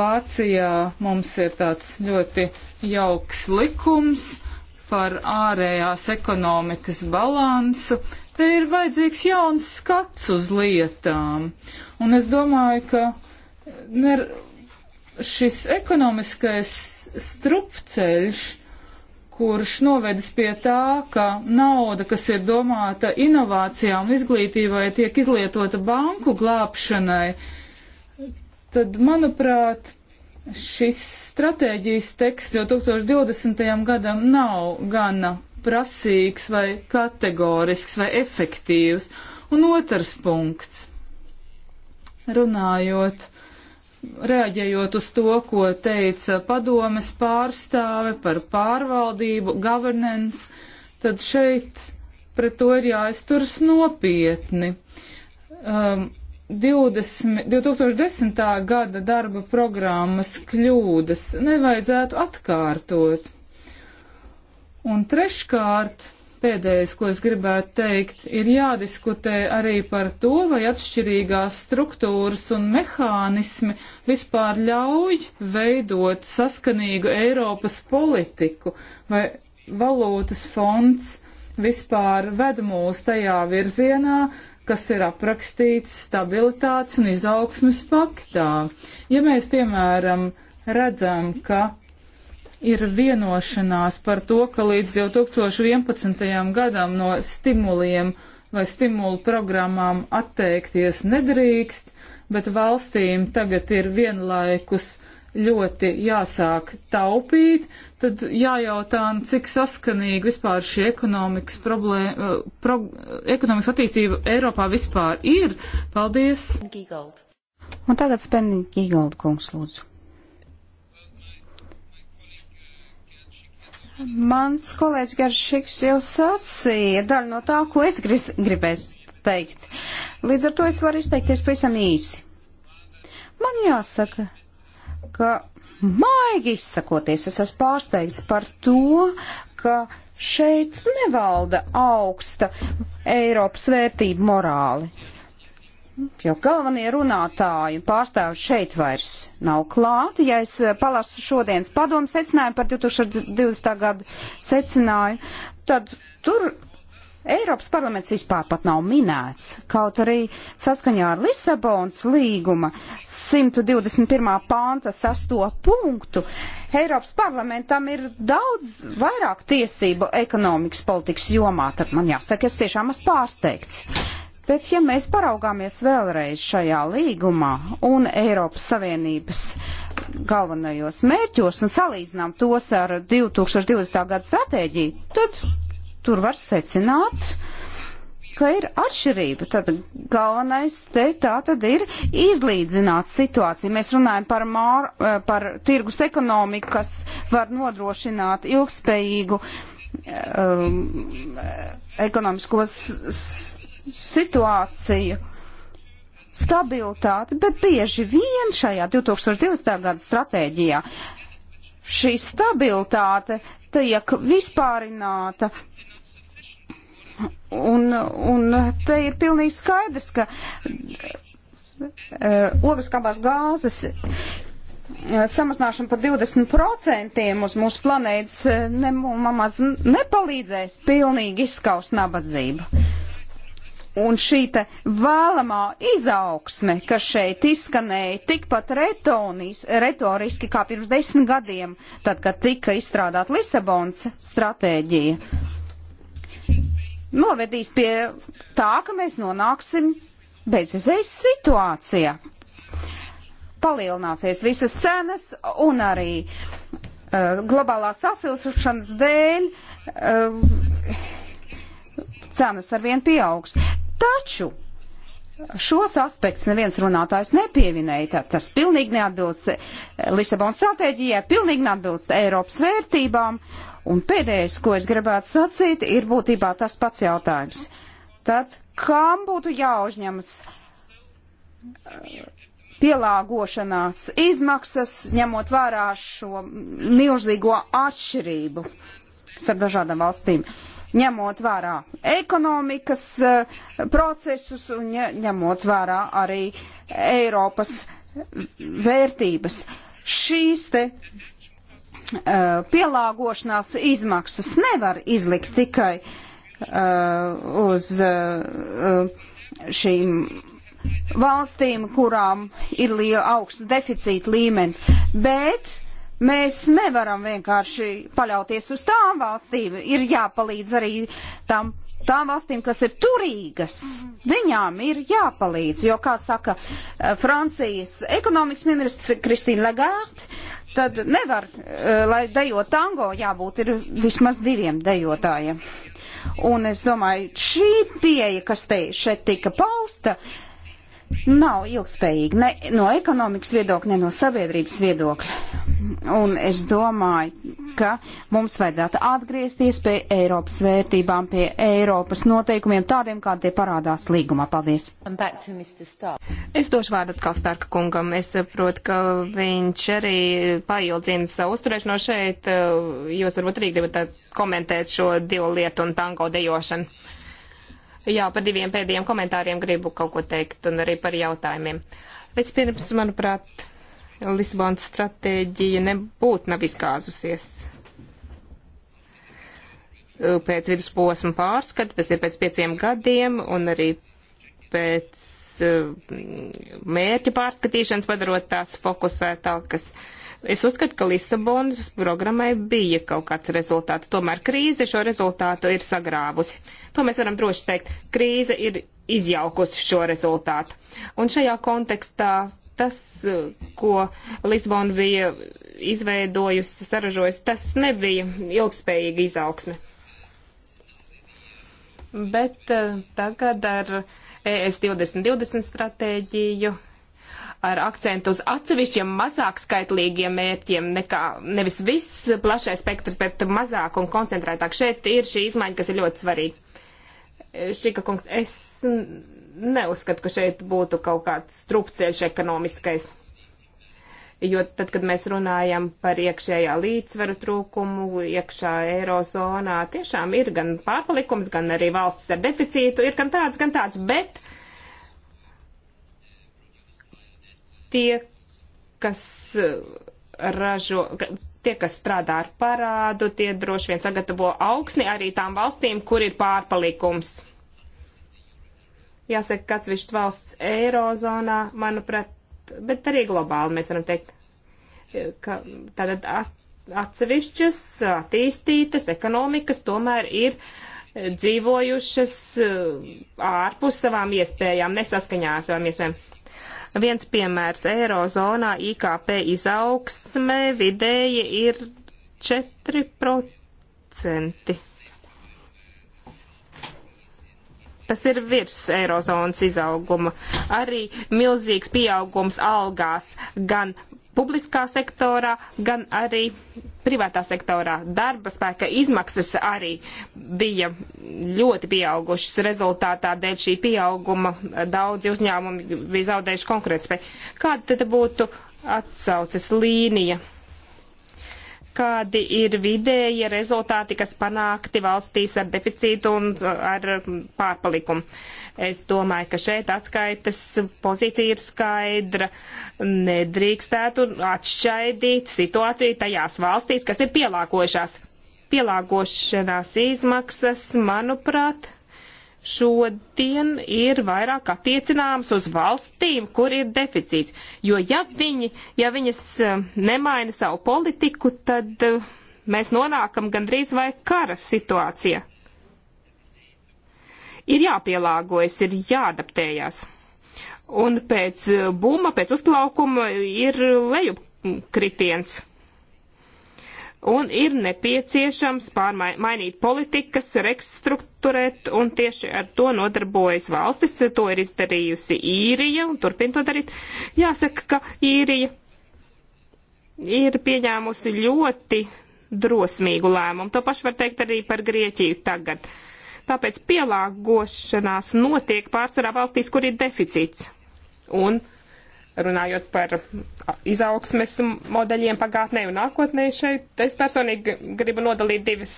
Vācijā mums ir tāds ļoti jauks likums, par ārējās ekonomikas balansu, te ir vajadzīgs jauns skats uz lietām. Un es domāju, ka ner, šis ekonomiskais strupceļš, kurš novedis pie tā, ka nauda, kas ir domāta inovācijām, izglītībai, tiek izlietota banku glābšanai, tad, manuprāt, šis stratēģijas teksts jau 2020. gadam nav gana prasīgs vai kategorisks vai efektīvs. Un otrs punkts. Runājot, reaģējot uz to, ko teica padomes pārstāve par pārvaldību, governance, tad šeit pret to ir jāizturas nopietni. Um, 20, 2010. gada darba programmas kļūdas nevajadzētu atkārtot. Un treškārt, pēdējais, ko es gribētu teikt, ir jādiskutē arī par to, vai atšķirīgās struktūras un mehānismi vispār ļauj veidot saskanīgu Eiropas politiku, vai valūtas fonds vispār ved mūs tajā virzienā, kas ir aprakstīts stabilitātes un izaugsmes paktā. Ja mēs, piemēram, redzam, ka ir vienošanās par to, ka līdz 2011. gadam no stimuliem vai stimulu programmām atteikties nedrīkst, bet valstīm tagad ir vienlaikus ļoti jāsāk taupīt, tad jājautā, nu, cik saskanīgi vispār šī ekonomikas, problēma, eh, pro, ekonomikas attīstība Eiropā vispār ir. Paldies! Gigald. Un tagad Spendiņa Gigald kungs lūdzu. Mans kolēģis Garšiks jau sacīja daļu no tā, ko es grib, gribēju teikt. Līdz ar to es varu izteikties pavisam īsi. Man jāsaka, ka maigi izsakoties, es esmu pārsteigts par to, ka šeit nevalda augsta Eiropas vērtību morāli. Jo galvenie runātāji pārstāvji šeit vairs nav klāti. Ja es palasu šodienas padomu secinājumu par 2020. gadu secinājumu, tad tur Eiropas parlaments vispār pat nav minēts, kaut arī saskaņā ar Lisabonas līguma 121. panta 6. punktu Eiropas parlamentam ir daudz vairāk tiesību ekonomikas politikas jomā, tad man jāsaka, es tiešām esmu pārsteigts. Bet ja mēs paraugāmies vēlreiz šajā līgumā un Eiropas Savienības galvenajos mērķos un salīdzinām tos ar 2020. gada stratēģiju, tad tur var secināt, ka ir atšķirība. Tad galvenais te tā tad ir izlīdzināt situāciju. Mēs runājam par, mār, eh, par tirgus ekonomiku, kas var nodrošināt ilgspējīgu um, ekonomisko situāciju stabilitāti, bet bieži vien šajā 2020. gada stratēģijā šī stabilitāte tiek vispārināta Un, un te ir pilnīgi skaidrs, ka uh, eh, ogliskābās gāzes eh, samazināšana par 20% uz mūsu planētas eh, ne, mamaz nepalīdzēs pilnīgi izskaust nabadzību. Un šī te vēlamā izaugsme, kas šeit izskanēja tikpat retonis, retoriski kā pirms desmit gadiem, tad, kad tika izstrādāta Lisabonas stratēģija, novedīs pie tā, ka mēs nonāksim bezizējas situācijā. Palielināsies visas cenas un arī uh, globālā sasilšanas dēļ uh, cenas arvien pieaugs. Taču šos aspektus neviens runātājs nepieminēja. Tā, tas pilnīgi neatbilst eh, Lisabonas stratēģijai, pilnīgi neatbilst Eiropas vērtībām Un pēdējais, ko es gribētu sacīt, ir būtībā tas pats jautājums. Tad kam būtu jāuzņemas uh, pielāgošanās izmaksas, ņemot vērā šo milzīgo atšķirību starp dažādām valstīm? ņemot vērā ekonomikas uh, procesus un ņemot vērā arī Eiropas vērtības. Šīs te Eh, pielāgošanās izmaksas nevar izlikt tikai eh, uz eh, šīm valstīm, kurām ir augsts deficīta līmenis, bet Mēs nevaram vienkārši paļauties uz tām valstīm. Ir jāpalīdz arī tam, tām valstīm, kas ir turīgas. Viņām ir jāpalīdz, jo, kā saka Francijas ekonomikas ministrs Kristīna Legārta, tad nevar, eh, lai dejo tango, jābūt ir vismaz diviem dejotājiem. Un es domāju, šī pieeja, kas te šeit tika pausta, nav ilgspējīga ne no ekonomikas viedokļa, ne no sabiedrības viedokļa. Un es domāju, ka mums vajadzētu atgriezties pie Eiropas vērtībām, pie Eiropas noteikumiem, tādiem, kādi tie parādās līgumā. Paldies! Es došu vārdu atkal Starka kungam. Es saprotu, ka viņš arī paildzina savu uzturēšanos šeit. Jūs varbūt arī gribat uh, komentēt šo divu lietu un tango dejošanu. Jā, par diviem pēdējiem komentāriem gribu kaut ko teikt un arī par jautājumiem. Vispirms, manuprāt, Lisabonas stratēģija nebūtu nav izgāzusies pēc vidusposma pārskata, tas ir pēc pieciem gadiem, un arī pēc mērķa pārskatīšanas padarot tās fokusētākas. Es uzskatu, ka Lisabonas programmai bija kaut kāds rezultāts, tomēr krīze šo rezultātu ir sagrāvusi. To mēs varam droši teikt. Krīze ir izjaukusi šo rezultātu. Un šajā kontekstā tas, ko Lisbona bija izveidojusi, saražojusi, tas nebija ilgspējīga izaugsme. Bet eh, tagad ar e ES 2020 stratēģiju, ar akcentu uz atsevišķiem mazāk skaitlīgiem mērķiem, nekā nevis viss plašais spektrs, bet mazāk un koncentrētāk. Šeit ir šī izmaiņa, kas ir ļoti svarīga. Eh, Šika kungs, es neuzskatu, ka šeit būtu kaut kāds strupceļš ekonomiskais. Jo tad, kad mēs runājam par iekšējā līdzsvaru trūkumu, iekšā eirozonā tiešām ir gan pārpalikums, gan arī valsts ar deficītu, ir gan tāds, gan tāds, bet tie, kas ražo, tie, kas strādā ar parādu, tie droši vien sagatavo augsni arī tām valstīm, kur ir pārpalikums Jāsaka, ka atsevišķas valsts eirozonā, manuprāt, bet arī globāli mēs varam teikt, ka tātad atsevišķas attīstītas ekonomikas tomēr ir dzīvojušas uh, ārpus savām iespējām, nesaskaņā ar savām iespējām. Viens piemērs Eirozonā IKP izaugsme vidēji ir 4%. Tas ir virs eirozonas izauguma. Arī milzīgs pieaugums algās gan publiskā sektorā, gan arī privātā sektorā. Darba spēka izmaksas arī bija ļoti pieaugušas. Rezultātā dēļ šī pieauguma daudzi uzņēmumi bija zaudējuši konkurētspēju. Kāda tad būtu atsauces līnija? kādi ir vidēji rezultāti, kas panākti valstīs ar deficītu un ar pārpalikumu. Es domāju, ka šeit atskaitas pozīcija ir skaidra. Nedrīkstētu atšķaidīt situāciju tajās valstīs, kas ir pielāgojušās. Pielāgošanās izmaksas, manuprāt, šodien ir vairāk attiecināms uz valstīm, kur ir deficīts. Jo ja, viņi, ja viņas eh, nemaina savu politiku, tad eh, mēs nonākam gandrīz vai kara situācija. Ir jāpielāgojas, ir jāadaptējās. Un pēc eh, buma, pēc uzplaukuma ir lejupkritiens un ir nepieciešams pārmainīt politikas, rekstruktūrēt, un tieši ar to nodarbojas valstis. To ir izdarījusi īrija un turpin to darīt. Jāsaka, ka īrija ir pieņēmusi ļoti drosmīgu lēmumu. To pašu var teikt arī par Grieķiju tagad. Tāpēc pielāgošanās notiek pārsvarā valstīs, kur ir deficīts. Un uh, runājot par izaugsmes modeļiem pagātnē un nākotnē šeit, es personīgi gribu nodalīt divas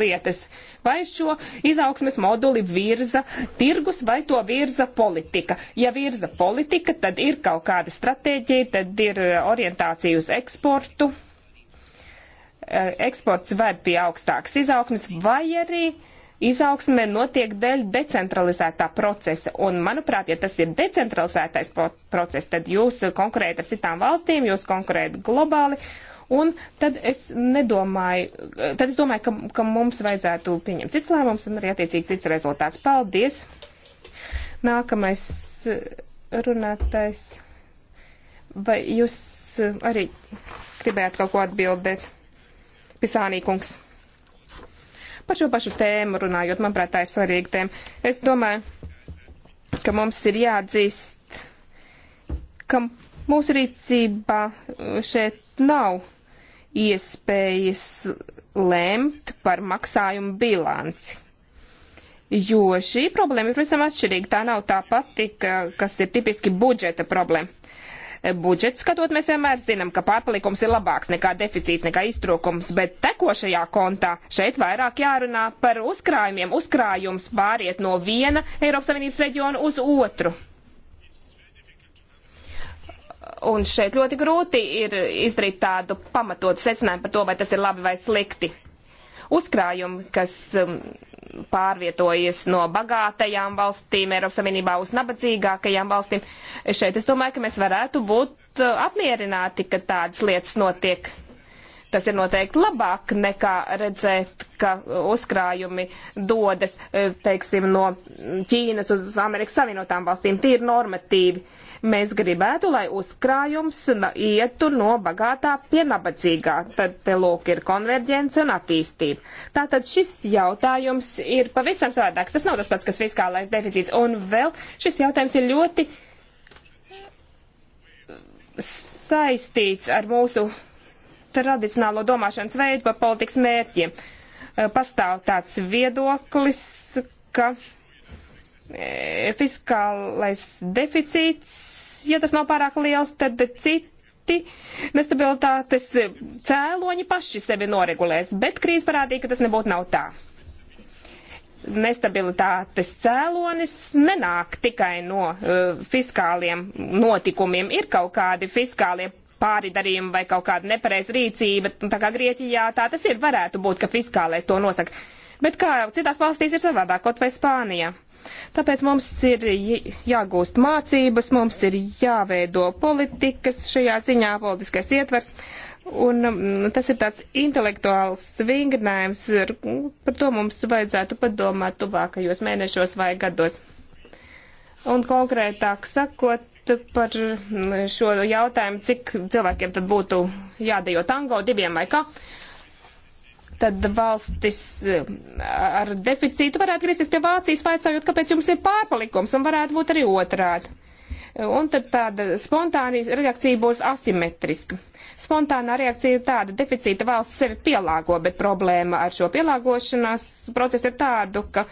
lietas. Vai šo izaugsmes moduli virza tirgus vai to virza politika? Ja virza politika, tad ir kaut kāda stratēģija, tad ir orientācija uz eksportu. Eksports ved pie augstākas izaugsmes vai arī uh, izaugsme notiek dēļ decentralizētā procesa. Un, manuprāt, ja tas ir decentralizētais process, tad jūs konkurējat ar citām valstīm, jūs konkurējat globāli. Un tad es nedomāju, tad es domāju, ka, ka mums vajadzētu pieņemt cits lēmums un arī attiecīgi cits rezultāts. Paldies! Nākamais eh, runātais. Vai jūs eh, arī gribējāt kaut ko atbildēt? Pisānī kungs. Par šo pašu tēmu runājot, manuprāt, tā ir svarīga tēma. Es domāju, ka mums ir jāatzīst, ka mūsu rīcībā šeit nav iespējas lemt par maksājumu bilanci. Jo šī problēma ir pavisam atšķirīga. Tā nav tā pati, ka, kas ir tipiski budžeta problēma budžets skatot, mēs vienmēr zinām, ka pārpalikums ir labāks nekā deficīts, nekā iztrūkums, bet tekošajā kontā šeit vairāk jārunā par uzkrājumiem. Uzkrājums pāriet no viena Eiropas Savienības reģiona uz otru. Un šeit ļoti grūti ir izdarīt tādu pamatotu secinājumu par to, vai tas ir labi vai slikti. Uzkrājumi, kas um, pārvietojies no bagātajām valstīm Eiropas Savienībā uz nabadzīgākajām valstīm. Šeit es domāju, ka mēs varētu būt uh, apmierināti, ka tādas lietas notiek. Tas ir noteikti labāk nekā redzēt, ka uzkrājumi dodas, uh, teiksim, no Ķīnas uz Amerikas Savienotām valstīm. Tie ir normatīvi. Uh, Mēs gribētu, lai uzkrājums ietu no bagātā pie nabadzīgā. Tad te lūk ir konverģence un attīstība. Tātad šis jautājums ir pavisam savādāks. Tas nav tas pats, kas fiskālais deficīts. Un vēl šis jautājums ir ļoti saistīts ar mūsu tradicionālo domāšanas veidu par politikas mērķiem. Pastāv tāds viedoklis, ka Eh, fiskālais deficīts, ja tas nav pārāk liels, tad citi nestabilitātes cēloņi paši sevi noregulēs, bet krīze parādīja, ka tas nebūtu nav tā. Nestabilitātes cēlonis nenāk tikai no uh, fiskāliem notikumiem. Ir kaut kādi fiskālie pāridarījumi vai kaut kāda nepareiza rīcība. Nu, tā kā Grieķijā tā tas ir, varētu būt, ka fiskālais to nosaka. Bet kā jau citās valstīs ir savādāk, kaut vai Spānijā. Uh, Tāpēc mums ir jāgūst mācības, mums ir jāveido politikas šajā ziņā, politiskais ietvers. Un mm, tas ir tāds intelektuāls vingrinājums, par to mums vajadzētu padomāt tuvākajos mēnešos vai gados. Un konkrētāk sakot, par mm, šo jautājumu, cik cilvēkiem tad būtu jādejo tango, diviem vai kā. Uh, tad valstis eh, ar deficītu varētu griezties pie Vācijas, vaicājot, kāpēc jums ir pārpalikums, un varētu būt arī otrādi. Un tad tāda spontāna reakcija būs asimetriska. Spontāna reakcija ir tāda, deficīta valsts sevi pielāgo, bet problēma ar šo pielāgošanās procesu ir tādu, ka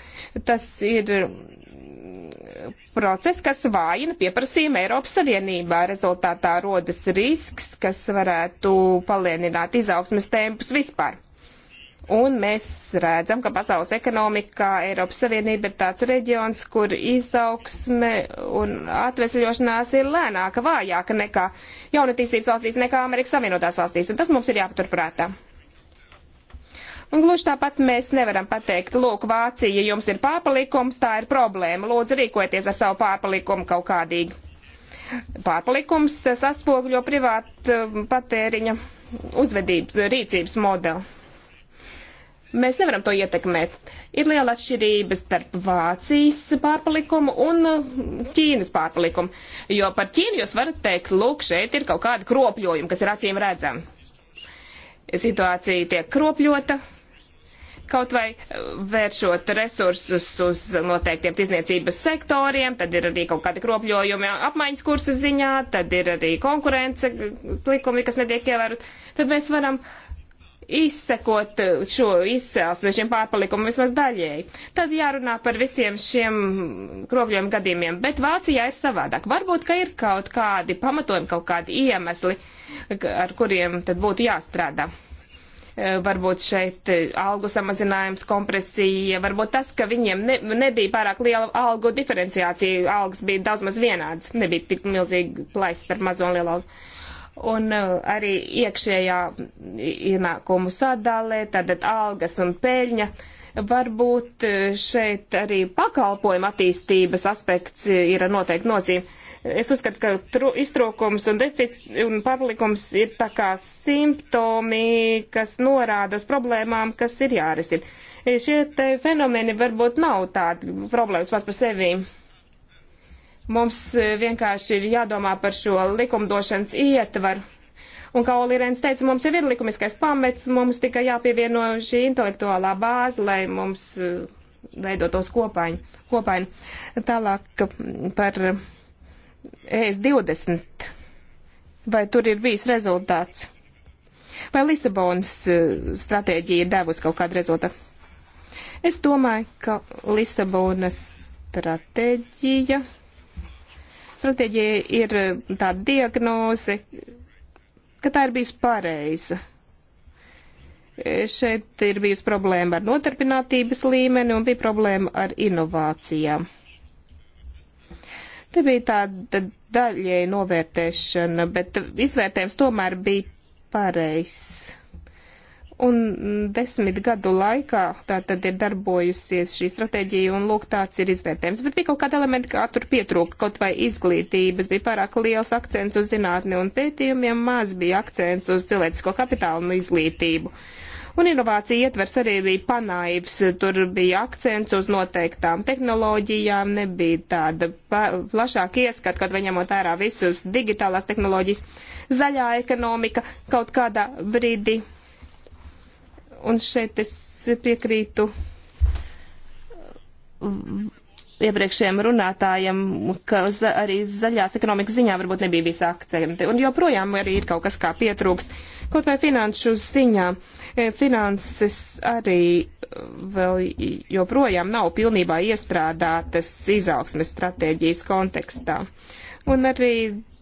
tas ir process, kas vājina pieprasījumu Eiropas Savienībā. Rezultātā rodas risks, kas varētu palienināt izaugsmes tempus vispār. Un mēs redzam, ka pasaules ekonomikā Eiropas Savienība ir tāds reģions, kur izaugsme un atvesļošanās ir lēnāka, vājāka nekā jaunatīstības valstīs, nekā Amerikas Savienotās valstīs. Un tas mums ir jāpaturprātā. Un gluži tāpat mēs nevaram pateikt, lūk, Vācija, jums ir pārpalikums, tā ir problēma, lūdzu rīkojieties ar savu pārpalikumu kaut kādīgi. Pārpalikums tas atspoguļo privātu um, patēriņa uzvedības, rīcības modeli Mēs nevaram to ietekmēt. Ir liela atšķirība starp Vācijas pārpalikumu un uh, Ķīnas pārpalikumu. Jo par Ķīnu jūs varat teikt, lūk, šeit ir kaut kāda kropļojuma, kas ir acīm redzama. Situācija tiek kropļota, kaut vai uh, vēršot resursus uz noteiktiem tirzniecības sektoriem, tad ir arī kaut kādi kropļojumi apmaiņas kursa ziņā, tad ir arī konkurence uh, likumi, kas netiek ievērot. Tad mēs varam izsekot eh, šo izcelsmi šiem pārpalikumiem vismaz daļēji. Tad jārunā par visiem šiem kropļiem gadījumiem, bet Vācijā ir savādāk. Varbūt, ka ir kaut kādi pamatojumi, kaut kādi iemesli, ar kuriem tad būtu jāstrādā. Eh, varbūt šeit eh, algu samazinājums, kompresija, varbūt tas, ka viņiem ne, nebija pārāk liela algu diferenciācija, algas bija daudz maz vienādas, nebija tik milzīgi plaisa starp mazo un lielu algu un eh, arī iekšējā ienākumu sadalē, tātad algas un peļņa. Varbūt eh, šeit arī pakalpojuma attīstības aspekts eh, ir noteikti nozīme. Es uzskatu, ka tru, iztrūkums un, defic, un pārlikums ir tā kā simptomi, kas norāda uz problēmām, kas ir jārisina. Šie fenomeni varbūt nav tādi problēmas pats par sevi Mums e, vienkārši ir jādomā par šo likumdošanas ietvaru. Un kā Olirēns teica, mums jau ir likumiskais pamats, mums tikai jāpievieno šī intelektuālā bāze, lai mums e, veidotos kopaini. kopaini. Tālāk par e ES20. Vai tur ir bijis rezultāts? Vai Lisabonas stratēģija ir devusi kaut kādu rezultātu? Es domāju, ka Lisabonas stratēģija stratēģija ir eh, tāda diagnoze, ka tā ir bijusi pareiza. E, šeit ir bijusi problēma ar notarpinātības līmeni un bija problēma ar inovācijām. Te bija tāda daļēji novērtēšana, bet izvērtējums tomēr bija pareizs. Un desmit gadu laikā tā tad ir darbojusies šī stratēģija, un lūk, tāds ir izvērtējums. Bet bija kaut kāda elementa, kā tur pietrūka, kaut vai izglītības, bija pārāk liels akcents uz zinātni un pētījumiem, maz bija akcents uz cilvēcisko kapitālu un izglītību. Un inovācija ietvers arī bija panājības, tur bija akcents uz noteiktām tehnoloģijām, nebija tāda plašāka ieskata, kaut vai ņemot ērā visus digitālās tehnoloģijas, zaļā ekonomika kaut kādā brīdī Un šeit es piekrītu um, iepriekšējiem runātājiem, ka za, arī zaļās ekonomikas ziņā varbūt nebija visi akcenti. Un joprojām arī ir kaut kas, kā pietrūkst. Kaut vai finanšu ziņā. E, finanses arī e, vēl joprojām nav pilnībā iestrādātas izaugsmes stratēģijas kontekstā. Un arī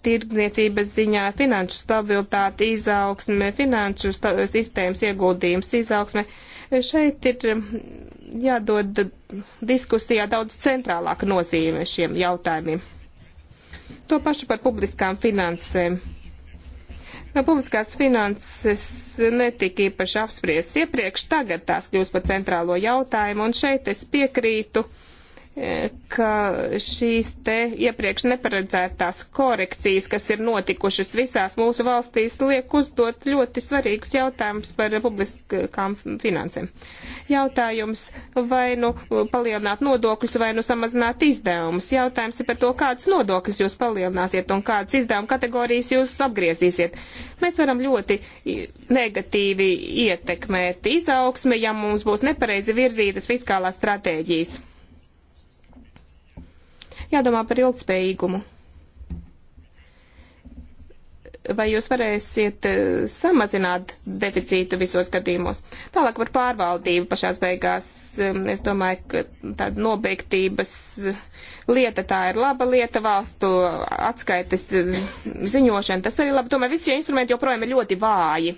tirdzniecības ziņā, finanšu stabilitāte, izaugsme, finanšu sistēmas ieguldījums, izaugsme. Šeit ir mm, jādod diskusijā daudz centrālāka nozīme šiem jautājumiem. To pašu par publiskām finansēm. No publiskās finanses netika īpaši apspriestas iepriekš, tagad tās kļūst par centrālo jautājumu, un šeit es piekrītu uh, ka šīs te iepriekš neparedzētās korekcijas, kas ir notikušas visās mūsu valstīs, liek uzdot ļoti svarīgus jautājumus par publiskām finansēm. Jautājums vai nu palielināt nodokļus, vai nu samazināt izdevumus. Jautājums ir par to, kādas nodokļus jūs palielināsiet un kādas izdevuma kategorijas jūs apgriezīsiet. Mēs varam ļoti negatīvi ietekmēt izaugsmi, ja mums būs nepareizi virzītas fiskālās stratēģijas Jādomā par ilgspējīgumu. Vai jūs varēsiet eh, samazināt deficītu visos gadījumos? Tālāk par pārvaldību pašās beigās. Es domāju, ka tāda nobeigtības eh, lieta, tā ir laba lieta valstu atskaites eh, ziņošana. Tas arī labi. Tomēr visi šie instrumenti joprojām ir ļoti vāji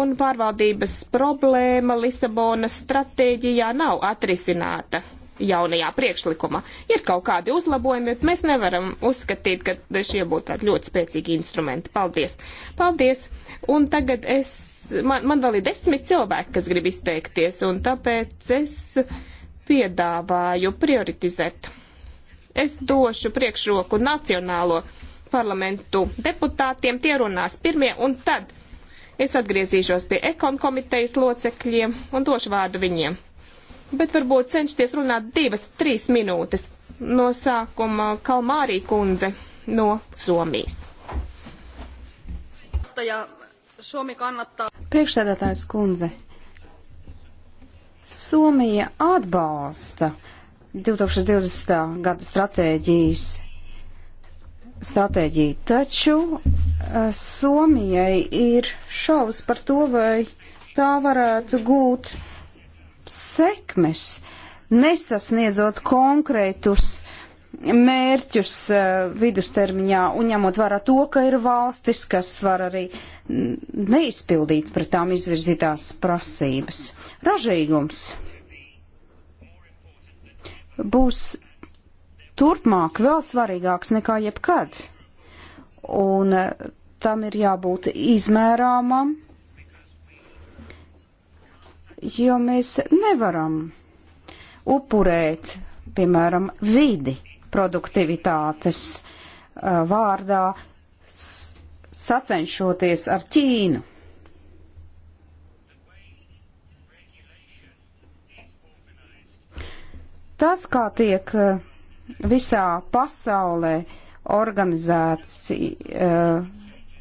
un pārvaldības problēma Lisabonas stratēģijā nav atrisināta jaunajā priekšlikumā. Ir kaut kādi uzlabojumi, bet mēs nevaram uzskatīt, ka šie būtu tādi ļoti spēcīgi instrumenti. Paldies! Paldies! Un tagad es, man, man vēl ir desmit cilvēki, kas grib izteikties, un tāpēc es piedāvāju prioritizēt. Es došu priekšroku nacionālo parlamentu deputātiem, tie runās pirmie, un tad es atgriezīšos pie ekon komitejas locekļiem un došu vārdu viņiem bet varbūt cenšties runāt divas, trīs minūtes. No sākuma Kalmārī kundze no Somijas. Priekšsēdētājs kundze, Somija atbalsta 2020. gada stratēģijas stratēģiju, taču eh, Somijai ir šaubas par to, vai tā varētu gūt uh, sekmes, nesasniedzot konkrētus mērķus eh, vidustermiņā un ņemot vērā to, ka ir valstis, kas var arī neizpildīt pret tām izvirzītās prasības. Ražīgums būs turpmāk vēl svarīgāks nekā jebkad. Un eh, tam ir jābūt izmērāmam jo mēs nevaram upurēt, piemēram, vidi produktivitātes uh, vārdā, sacenšoties ar Ķīnu. Tas, kā tiek uh, visā pasaulē organizēti uh,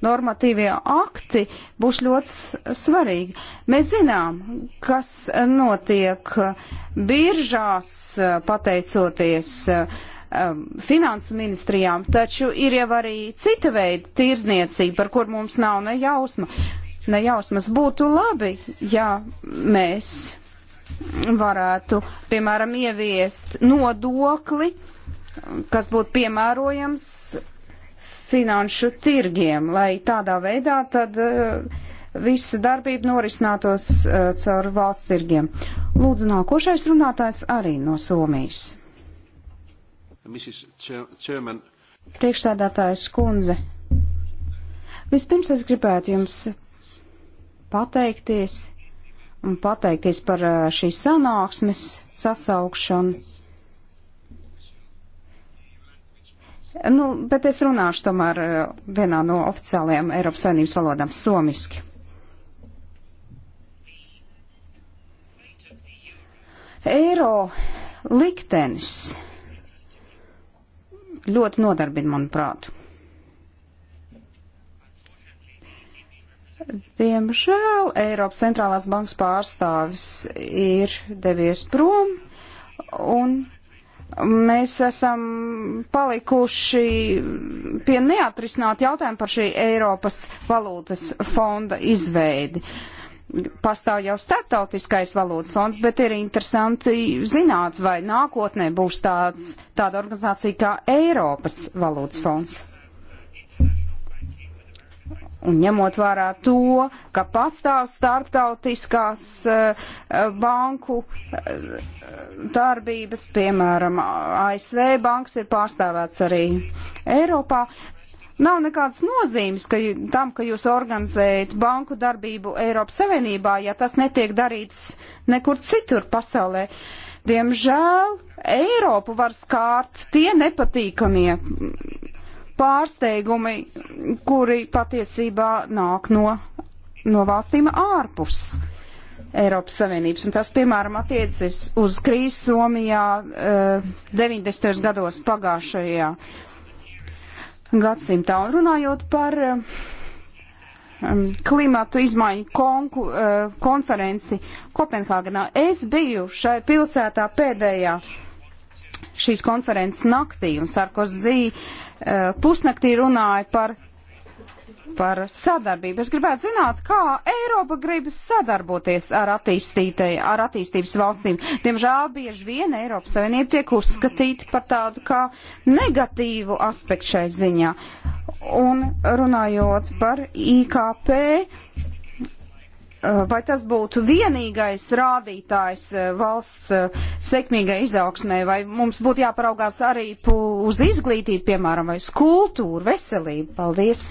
normatīvie akti būs ļoti svarīgi. Mēs zinām, kas notiek biržās pateicoties um, finansu ministrijām, taču ir jau arī cita veida tirzniecība, par kur mums nav ne jausma. Ne jausmas būtu labi, ja mēs varētu, piemēram, ieviest nodokli, kas būtu piemērojams finanšu tirgiem, lai tādā veidā tad eh, visa darbība norisinātos eh, caur valsts tirgiem. Lūdzu, nākošais runātājs arī no Somijas. Priekšsēdētājs kundze, vispirms es gribētu jums pateikties un pateikties par eh, šīs sanāksmes sasaukšanu Nu, bet es runāšu tomēr eh, vienā no oficiālajām Eiropas Savienības valodām - somiski. Eiro liktenis ļoti nodarbina, manuprāt. Diemžēl Eiropas centrālās bankas pārstāvis ir devies prom un Mēs esam palikuši pie neatrisināt jautājumu par šī Eiropas valūtas fonda izveidi. Pastāv jau starptautiskais valūtas fonds, bet ir interesanti zināt, vai nākotnē būs tāds, tāda organizācija kā Eiropas valūtas fonds. Un ņemot vērā to, ka pastāv starptautiskās uh, banku uh, darbības, piemēram, ASV bankas ir pārstāvēts arī Eiropā. Nav nekādas nozīmes ka, tam, ka jūs organizējat banku darbību Eiropas Savienībā, ja tas netiek darīts nekur citur pasaulē. Diemžēl Eiropu var skārt tie nepatīkamie pārsteigumi, kuri patiesībā nāk no, no valstīm ārpus. Uh, Eiropas Savienības. Un tas, piemēram, attiecas uz krīzi Somijā uh, eh, 90. gados pagājušajā gadsimtā. Un runājot par eh, um, klimatu izmaiņu konku, uh, konferenci Kopenhāgenā, es biju šai pilsētā pēdējā šīs konferences naktī, un Sarkozī uh, pusnaktī runāja par par sadarbību. Es gribētu zināt, kā Eiropa gribas sadarboties ar, ar attīstības valstīm. Diemžēl bieži vien Eiropas Savienība tiek uzskatīta par tādu kā negatīvu aspektu šai ziņā. Un runājot par IKP, eh, vai tas būtu vienīgais rādītājs eh, valsts eh, sekmīgai izaugsmē, vai mums būtu jāparaugās arī uz izglītību, piemēram, vai uz kultūru, veselību? Paldies!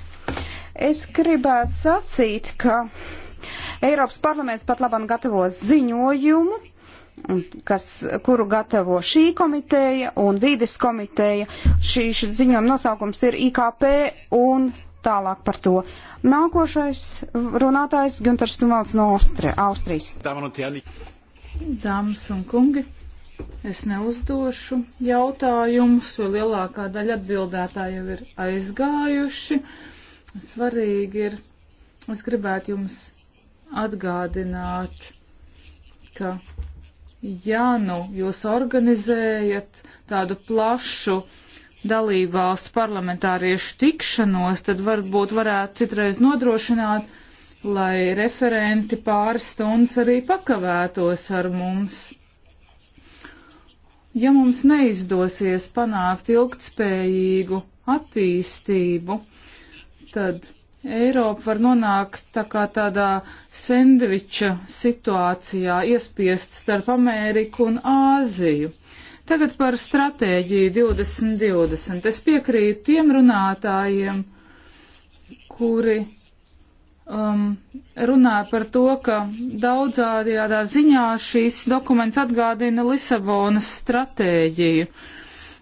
Es gribētu sacīt, ka Eiropas parlaments pat labam gatavo ziņojumu, kas, kuru gatavo šī komiteja un vīdes komiteja. Šī, šī ziņojuma nosaukums ir IKP un tālāk par to. Nākošais runātājs Gunters Tumals no Austri Austrijas. Dāmas un kungi, es neuzdošu jautājumus, jo lielākā daļa atbildētāji jau ir aizgājuši. Uh, svarīgi ir, es gribētu jums atgādināt, ka ja nu jūs organizējat tādu plašu dalībvalstu parlamentāriešu tikšanos, tad varbūt varētu citreiz nodrošināt, lai referenti pāris stundas arī pakavētos ar mums. Ja mums neizdosies panākt ilgtspējīgu attīstību, tad Eiropa var nonākt tā kā tādā sendviča situācijā, iespiest starp Ameriku un Āziju. Tagad par stratēģiju 2020. Es piekrītu tiem runātājiem, kuri um, runāja par to, ka daudzādajā ziņā šīs dokuments atgādina Lisabonas stratēģiju. Uh,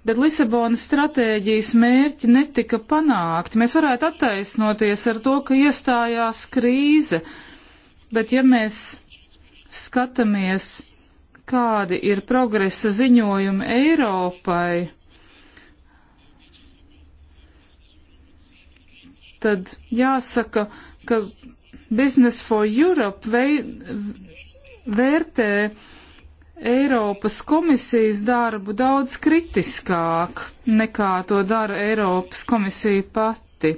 bet Lisabonas stratēģijas mērķi netika panākti. Mēs varētu attaisnoties ar to, ka iestājās krīze, bet ja mēs skatāmies, kādi ir progresa ziņojumi Eiropai, tad jāsaka, ka Business for Europe vei, vērtē Eiropas komisijas darbu daudz kritiskāk nekā to dara Eiropas komisija pati.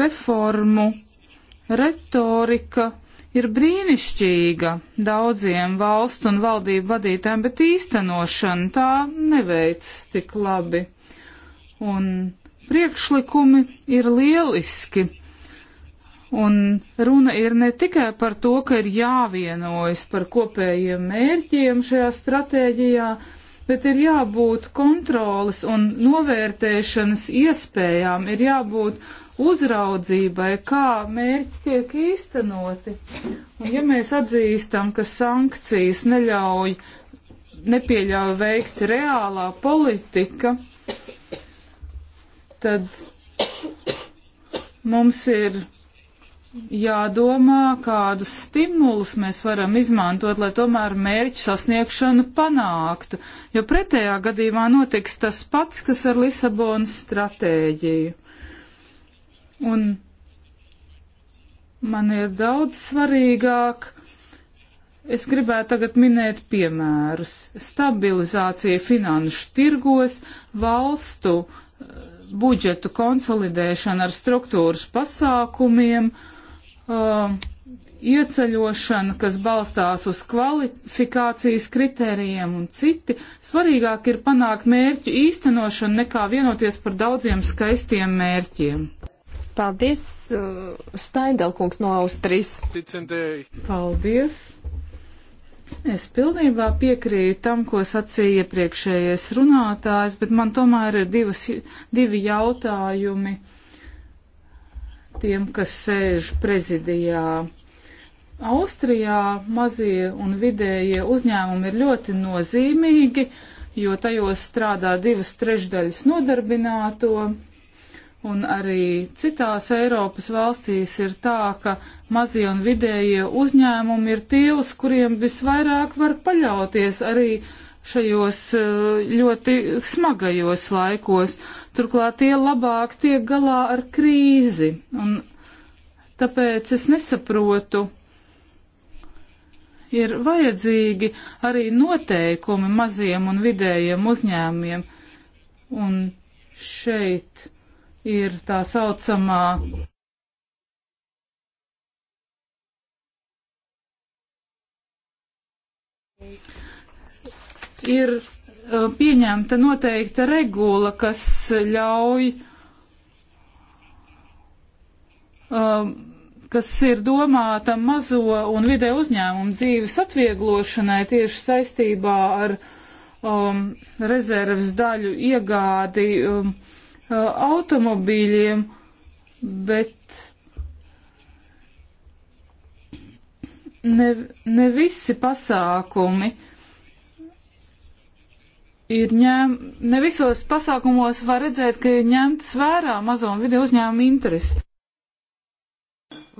Reformu retorika ir brīnišķīga daudziem valstu un valdību vadītājiem, bet īstenošana tā neveicas tik labi. Un priekšlikumi ir lieliski Un runa ir ne tikai par to, ka ir jāvienojas par kopējiem mērķiem šajā stratēģijā, bet ir jābūt kontrolas un novērtēšanas iespējām, ir jābūt uzraudzībai, kā mērķi tiek īstenoti. Un ja mēs atzīstam, ka sankcijas neļauj, nepieļauj veikt reālā politika, tad mums ir jādomā, kādus stimulus mēs varam izmantot, lai tomēr mērķu sasniegšanu panāktu, jo pretējā gadījumā notiks tas pats, kas ar Lisabonas stratēģiju. Un man ir daudz svarīgāk, es gribētu tagad minēt piemērus - stabilizācija finanšu tirgos, valstu eh, budžetu konsolidēšana ar struktūras pasākumiem, uh, uh, ieceļošana, kas balstās uz kvalifikācijas kritērijiem un citi, svarīgāk ir panākt mērķu īstenošanu nekā vienoties par daudziem skaistiem mērķiem. Paldies, uh, Steindelkungs no Austrijas. Paldies. Es pilnībā piekrītu tam, ko sacīja iepriekšējais runātājs, bet man tomēr ir divas, divi jautājumi. Uh, tiem, kas sēž prezidijā. Austrijā mazie un vidējie uzņēmumi ir ļoti nozīmīgi, jo tajos strādā divas trešdaļas nodarbināto, un arī citās Eiropas valstīs ir tā, ka mazie un vidējie uzņēmumi ir tie, uz kuriem visvairāk var paļauties arī šajos eh, ļoti smagajos laikos. Turklāt tie labāk tiek galā ar krīzi. Un tāpēc es nesaprotu, ir vajadzīgi arī noteikumi maziem un vidējiem uzņēmiem. Un šeit ir tā saucamā. Thank you ir uh, pieņemta noteikta regula, kas ļauj, um, kas ir domāta mazo un vidē uzņēmumu dzīves atvieglošanai tieši saistībā ar um, rezerves daļu iegādi um, uh, automobīļiem, bet ne, ne visi pasākumi uh, ir ņem, ne visos pasākumos var redzēt, ka ir ņemts vērā mazo un video uzņēmumu interesi.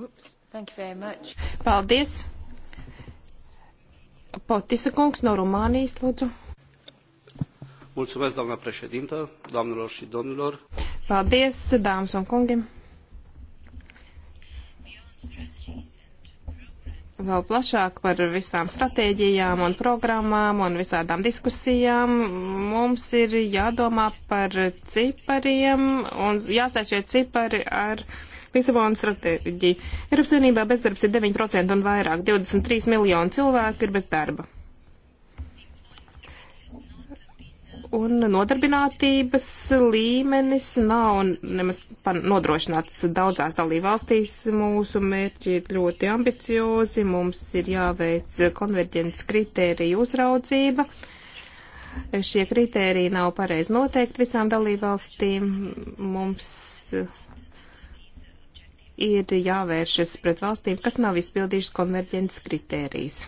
Ups, Paldies! Potisa kungs no Rumānijas, lūdzu. Mulțumesc, doamna președintă, doamnelor și domnilor. Paldies, dāmas un kungi vēl plašāk par visām stratēģijām un programmām un visādām diskusijām, mums ir jādomā par cipariem un jāsēž šie cipari ar Lisabonas stratēģiju. Eiropas Savienībā bezdarbs ir 9% un vairāk, 23 miljoni cilvēku ir bez darba. un nodarbinātības līmenis nav nemaz nodrošināts daudzās dalībvalstīs. Mūsu mērķi ir ļoti ambiciozi, mums ir jāveic konverģents kritēriju uzraudzība. Šie kritēriji nav pareizi noteikti visām dalībvalstīm. Mums ir jāvēršas pret valstīm, kas nav izpildījušas konverģents kritērijas.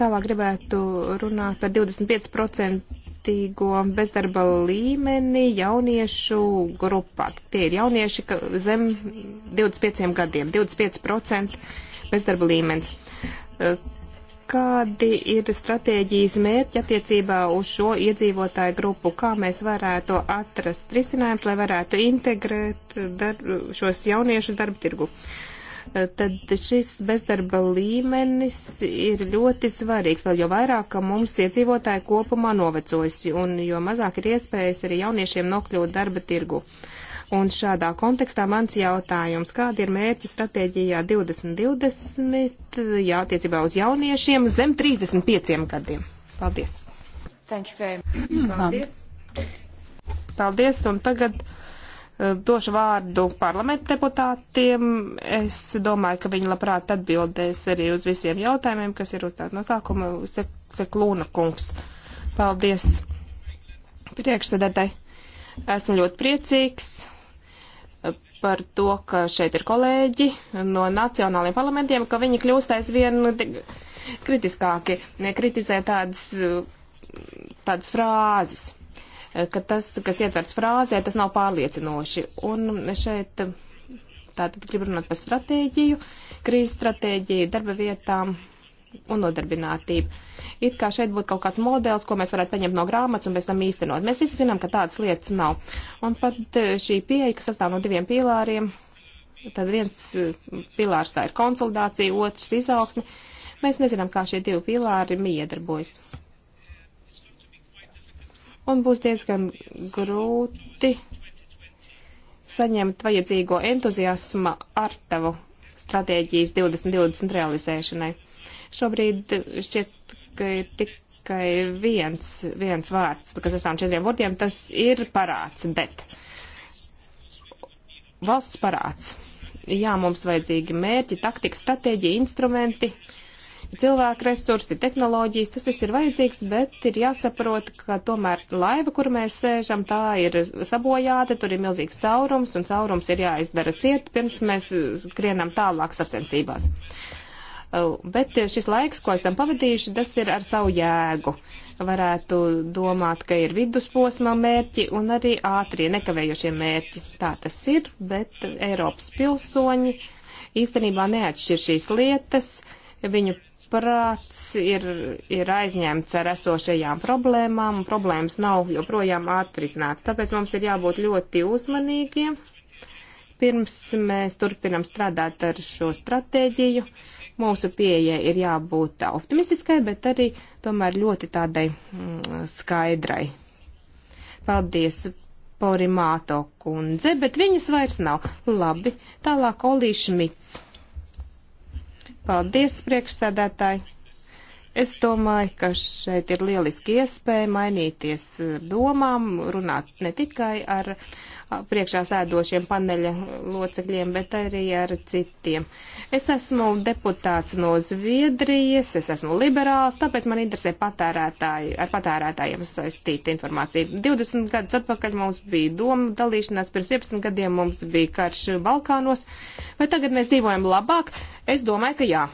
Tālāk gribētu runāt par 25% bezdarba līmeni jauniešu grupā. Tie ir jaunieši zem 25 gadiem, 25% bezdarba līmenis kādi ir stratēģijas mērķi attiecībā uz šo iedzīvotāju grupu, kā mēs varētu atrast risinājums, lai varētu integrēt darb, šos jauniešus darba tirgu tad šis bezdarba līmenis ir ļoti svarīgs, vēl jo vairāk, ka mums iedzīvotāji kopumā novecojas un jo mazāk ir iespējas arī jauniešiem nokļūt darba tirgu. Un šādā kontekstā mans jautājums, kāda ir mērķa stratēģijā 2020, jā, attiecībā uz jauniešiem zem 35 gadiem? Paldies! Paldies! Paldies, un tagad Eh, došu vārdu parlamentu deputātiem. Es domāju, ka viņi labprāt atbildēs arī uz visiem jautājumiem, kas ir uzdot no sākuma. Seklūna kungs. Paldies priekšsēdētāji. Esmu ļoti priecīgs eh, par to, ka šeit ir kolēģi no nacionāliem parlamentiem, ka viņi kļūst aizvien nu, kritiskāki, nekritizē tādas, eh, tādas frāzes. Eh, ka tas, kas ietverts frāzē, tas nav pārliecinoši. Un šeit eh, tātad grib runāt par stratēģiju, krīzes stratēģiju, darba vietām un nodarbinātību. It kā šeit būtu kaut kāds modelis, ko mēs varētu paņemt no grāmatas un pēc tam īstenot. Mēs visi zinām, ka tādas lietas nav. Un pat eh, šī pieeja, kas sastāv no diviem pīlāriem, tad viens pīlārs tā ir konsolidācija, otrs izaugsme. Mēs nezinām, kā šie divi pīlāri miedarbojas un būs diezgan grūti saņemt vajadzīgo entuziasma artavu stratēģijas 2020 realizēšanai. Šobrīd šķiet, ka ir tikai viens, viens vārds, kas esam četriem vārdiem, tas ir parāds, bet valsts parāds. Jā, mums vajadzīgi mērķi, taktika, stratēģija, instrumenti, uh, cilvēku resursi, tehnoloģijas, tas viss ir vajadzīgs, bet ir jāsaprot, ka tomēr laiva, kur mēs sēžam, tā ir sabojāta, tur ir milzīgs caurums, un caurums ir jāizdara ciet, pirms mēs skrienam tālāk sacensībās. Bet šis laiks, ko esam pavadījuši, tas ir ar savu jēgu. Varētu domāt, ka ir vidusposma mērķi un arī ātrie nekavējošie mērķi. Tā tas ir, bet Eiropas pilsoņi īstenībā neatšķir šīs lietas. Uh, Viņu prāts ir, ir aizņemts ar esošajām problēmām, un problēmas nav joprojām atrisināts. Tāpēc mums ir jābūt ļoti uzmanīgiem. Pirms mēs turpinam strādāt ar šo stratēģiju, mūsu pieeja ir jābūt optimistiskai, bet arī tomēr ļoti tādai mm, skaidrai. Paldies! Porimāto kundze, bet viņas vairs nav. Labi, tālāk Olī Šmits. Paldies, priekšsēdētāji! Es domāju, ka šeit ir lieliski iespēja mainīties eh, domām, runāt ne tikai ar priekšā sēdošiem paneļa locekļiem, bet arī ar citiem. Es esmu deputāts no Zviedrijas, es esmu liberāls, tāpēc man interesē patērētāji, ar patērētājiem saistīta informācija. 20 gadus atpakaļ mums bija doma dalīšanās, pirms 11 gadiem mums bija karš Balkānos, vai tagad mēs dzīvojam labāk? Es domāju, ka jā.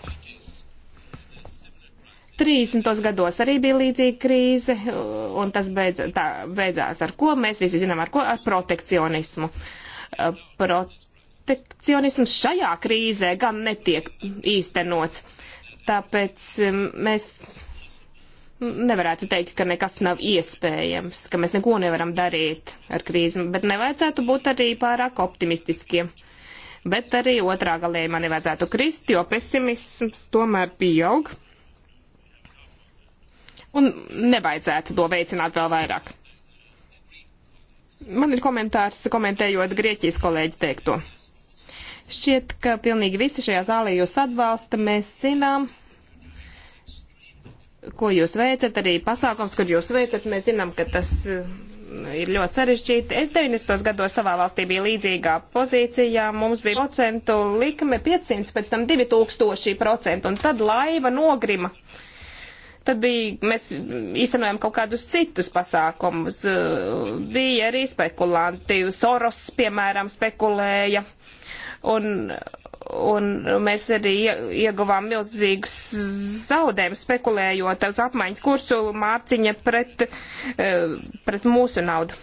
30. gados arī bija līdzīga krīze, un tas beidz, tā, beidzās ar ko? Mēs visi zinām, ar ko? Ar protekcionismu. Eh, protekcionisms šajā krīzē gan netiek īstenots, tāpēc mēs nevarētu teikt, ka nekas nav iespējams, ka mēs neko nevaram darīt ar krīzi, bet nevajadzētu būt arī pārāk optimistiskiem. Bet arī otrā galējumā nevajadzētu krist, jo pesimisms tomēr pieaug un nebaidzētu to veicināt vēl vairāk. Man ir komentārs, komentējot Grieķijas kolēģi teikto. Šķiet, ka pilnīgi visi šajā zālē jūs atbalsta, mēs zinām, ko jūs veicat, arī pasākums, kur jūs veicat, mēs zinām, ka tas uh, ir ļoti sarežģīti. Es 90. gados savā valstī biju līdzīgā pozīcijā, mums bija procentu likme 500, pēc tam 2000 procentu, un tad laiva nogrima. Uh, Tad bija, mēs īstenojām kaut kādus citus pasākumus. Bija arī spekulanti. Soros, piemēram, spekulēja. Un, un mēs arī ieguvām milzīgus zaudējumus spekulējot uz apmaiņas kursu mārciņa pret, eh, pret mūsu naudu.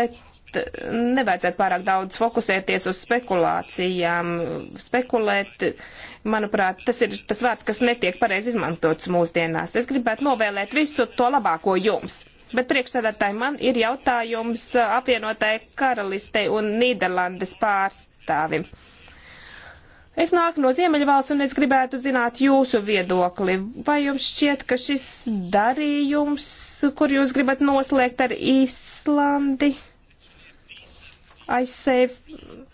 Bet Eh, nevajadzētu pārāk daudz fokusēties uz spekulācijām. Spekulēt, manuprāt, tas ir tas vārds, kas netiek pareizi izmantots mūsdienās. Es gribētu novēlēt visu to labāko jums. Bet priekšsēdētāji man ir jautājums apvienotāji karalistei un Nīderlandes pārstāvim. Es nāku no Ziemeļvalsts un es gribētu zināt jūsu viedokli. Vai jums šķiet, ka šis darījums, kur jūs gribat noslēgt ar Īslandi, aizsēju.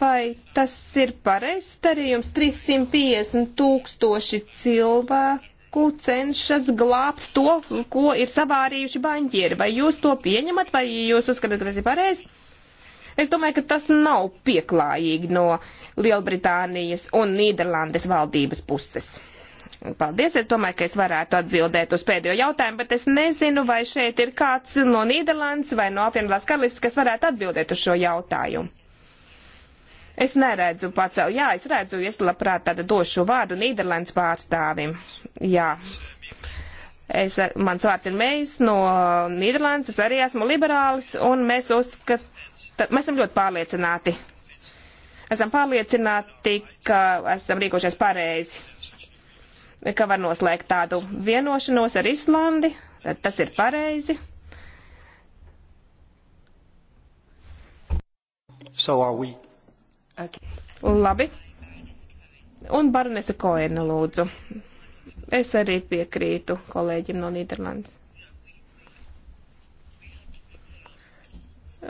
Vai tas ir pareizs darījums? 350 tūkstoši cilvēku cenšas glābt to, ko ir savārījuši baņķieri. Vai jūs to pieņemat, vai jūs uzskatāt, ka tas ir pareizi? Es domāju, ka tas nav pieklājīgi no Lielbritānijas un Nīderlandes valdības puses. Paldies, es domāju, ka es varētu atbildēt uz pēdējo jautājumu, bet es nezinu, vai šeit ir kāds no Nīderlandes vai no apvienotās karalistes, kas varētu atbildēt uz šo jautājumu. Es neredzu pacelu. Jā, es redzu, es labprāt tad došu vārdu Nīderlandes pārstāvim. Jā. Es, mans vārds ir Mejs no Nīderlandes, es arī esmu liberālis, un mēs uzskatām, mēs esam ļoti pārliecināti. Esam pārliecināti, ka esam rīkošies pareizi ka var noslēgt tādu vienošanos ar Islandi, tad tas ir pareizi. So are we. Okay. Labi. Un Baronesa Koena lūdzu. Es arī piekrītu kolēģim no Nīderlandes.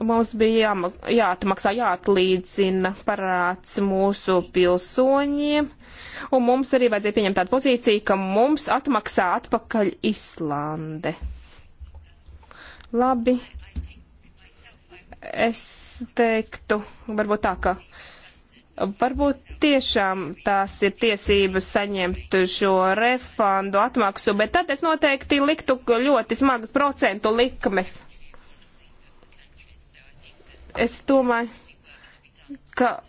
mums bija jāma, jāatmaksā, jāatlīdzina parāds mūsu pilsoņiem, un mums arī vajadzēja pieņemt tādu pozīciju, ka mums atmaksā atpakaļ Islande. Labi, es teiktu, varbūt tā, ka. Varbūt tiešām tās ir tiesības saņemt šo refundu atmaksu, bet tad es noteikti liktu ļoti smagas procentu likmes. Es domāju, ka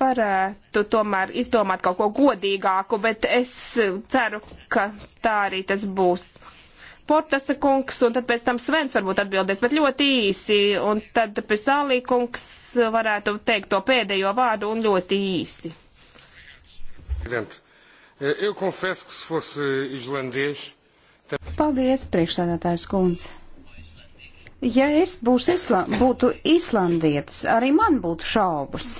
varētu tomēr izdomāt kaut ko godīgāku, bet es ceru, ka tā arī tas būs. Portas kungs, un tad pēc tam Svens varbūt atbildēs, bet ļoti īsi, un tad Pisālī kungs varētu teikt to pēdējo vārdu un ļoti īsi. Eh, Paldies, priekšstādātājs kundze. Ja es isla, būtu islandietis, arī man būtu šaubas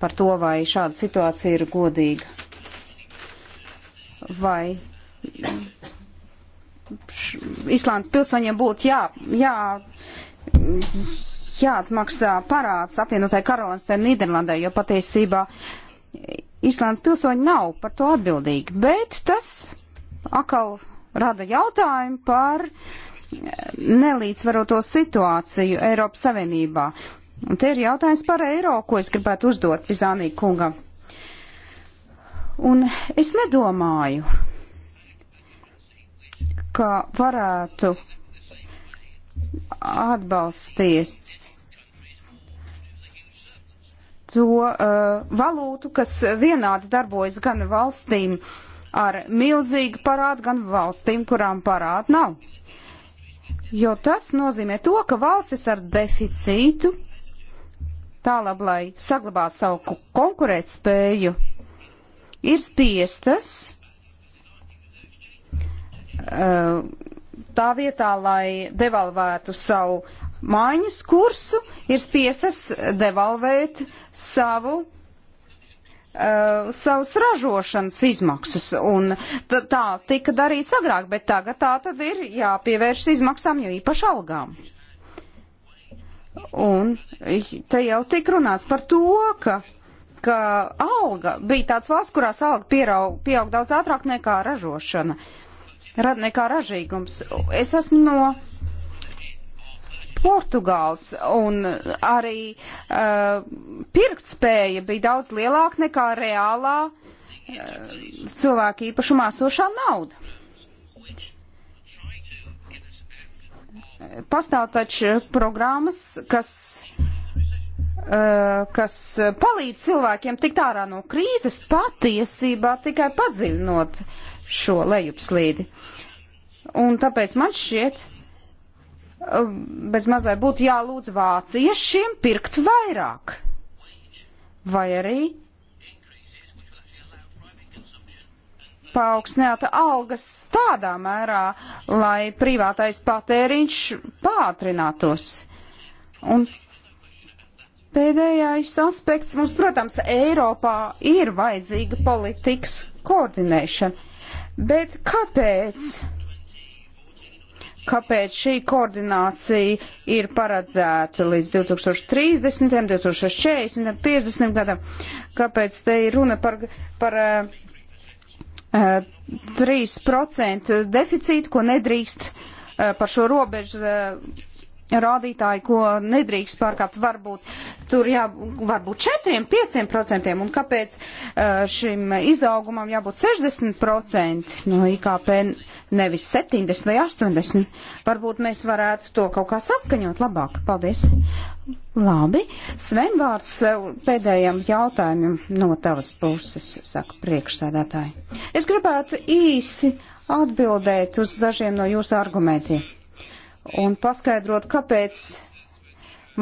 par to, vai šāda situācija ir godīga. Vai Islandes pilsoņiem būtu jā, jā, jāatmaksā parāds apvienotai karalistē Nīderlandē, jo patiesībā Islandes pilsoņi nav par to atbildīgi. Bet tas akal rada jautājumu par uh, nelīdzvaroto situāciju Eiropas Savienībā. Un te ir jautājums par eiro, ko es gribētu uzdot Pizānī kungam. Un es nedomāju, ka varētu atbalsties to uh, valūtu, kas vienādi darbojas gan valstīm ar milzīgu parādu, gan valstīm, kurām parādu nav jo tas nozīmē to, ka valstis ar deficītu tālāk, lai saglabātu savu konkurētspēju, ir spiestas uh, tā vietā, lai devalvētu savu mājas kursu, ir spiestas devalvēt savu Uh, savas ražošanas izmaksas, un tā tika darīts agrāk, bet tagad tā tad ir jāpievērš izmaksām, jo īpaši algām. Un te jau tik runāts par to, ka, ka alga bija tāds valsts, kurās alga pieraug, pieaug daudz ātrāk nekā ražošana, nekā ražīgums. Es esmu no Portugāls un arī uh, pirktspēja bija daudz lielāka nekā reālā uh, cilvēka īpašumā sošā nauda. Pastāv taču programmas, kas, uh, kas palīdz cilvēkiem tikt ārā no krīzes, patiesībā tikai padziļinot šo lejupslīdi. Un tāpēc man šķiet, Ehm, bez mazai būtu jālūdz vāciešiem pirkt vairāk. Vai arī paaugstināta algas tādā mērā, lai privātais patēriņš pātrinātos. Un pēdējais aspekts mums, protams, Eiropā ir vajadzīga politikas koordinēšana. Bet kāpēc? kāpēc šī koordinācija ir paredzēta līdz 2030, 2040, 50 gadam, kāpēc te ir runa par, par uh, eh, 3% eh, deficītu, ko nedrīkst uh, par šo robežu uh, rādītāji, ko nedrīkst pārkāpt, varbūt tur jā, varbūt 4-5%, un kāpēc šim izaugumam jābūt 60% no IKP, nevis 70 vai 80. Varbūt mēs varētu to kaut kā saskaņot labāk. Paldies! Labi, Sven vārds pēdējam jautājumam no tavas puses, saka priekšsēdētāji. Es gribētu īsi atbildēt uz dažiem no jūsu argumentiem un paskaidrot, kāpēc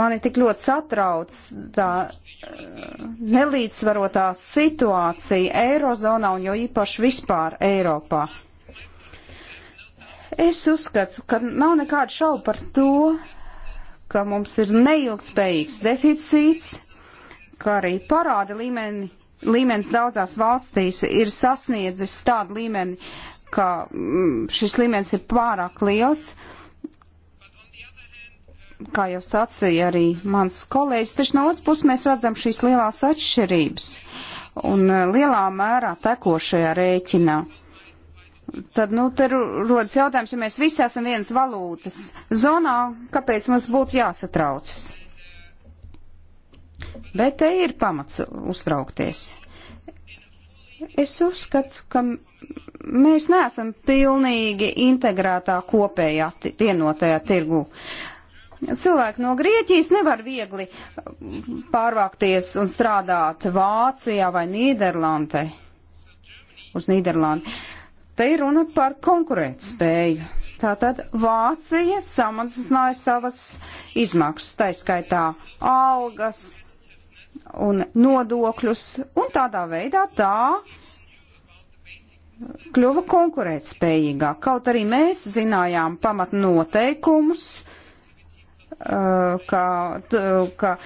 mani tik ļoti satrauc tā eh, nelīdzsvarotā situācija Eirozonā un jo īpaši vispār Eiropā. Es uzskatu, ka nav nekādu šaubu par to, ka mums ir neilgspējīgs deficīts, ka arī parāda līmeni, līmenis daudzās valstīs ir sasniedzis tādu līmeni, ka mm, šis līmenis ir pārāk liels. Uh, kā jau sacīja arī mans kolēģis, taču no otras puses mēs redzam šīs lielās atšķirības un e, lielā mērā tekošajā rēķinā. Tad, nu, te rodas jautājums, ja mēs visi esam vienas valūtas zonā, kāpēc mums būtu jāsatraucas? Bet te ir pamats uztraukties. Es uzskatu, ka mēs neesam pilnīgi integrētā kopējā vienotajā tirgu. Uh, Cilvēki no Grieķijas nevar viegli pārvākties un strādāt Vācijā vai Nīderlandē. Uz Nīderlandi. Te ir runa par konkurētspēju. Tātad Vācija samazināja savas izmaksas, taiskaitā algas un nodokļus, un tādā veidā tā kļuva konkurētspējīgāk. Kaut arī mēs zinājām pamatnoteikumus, noteikumus, Eh, ka, ka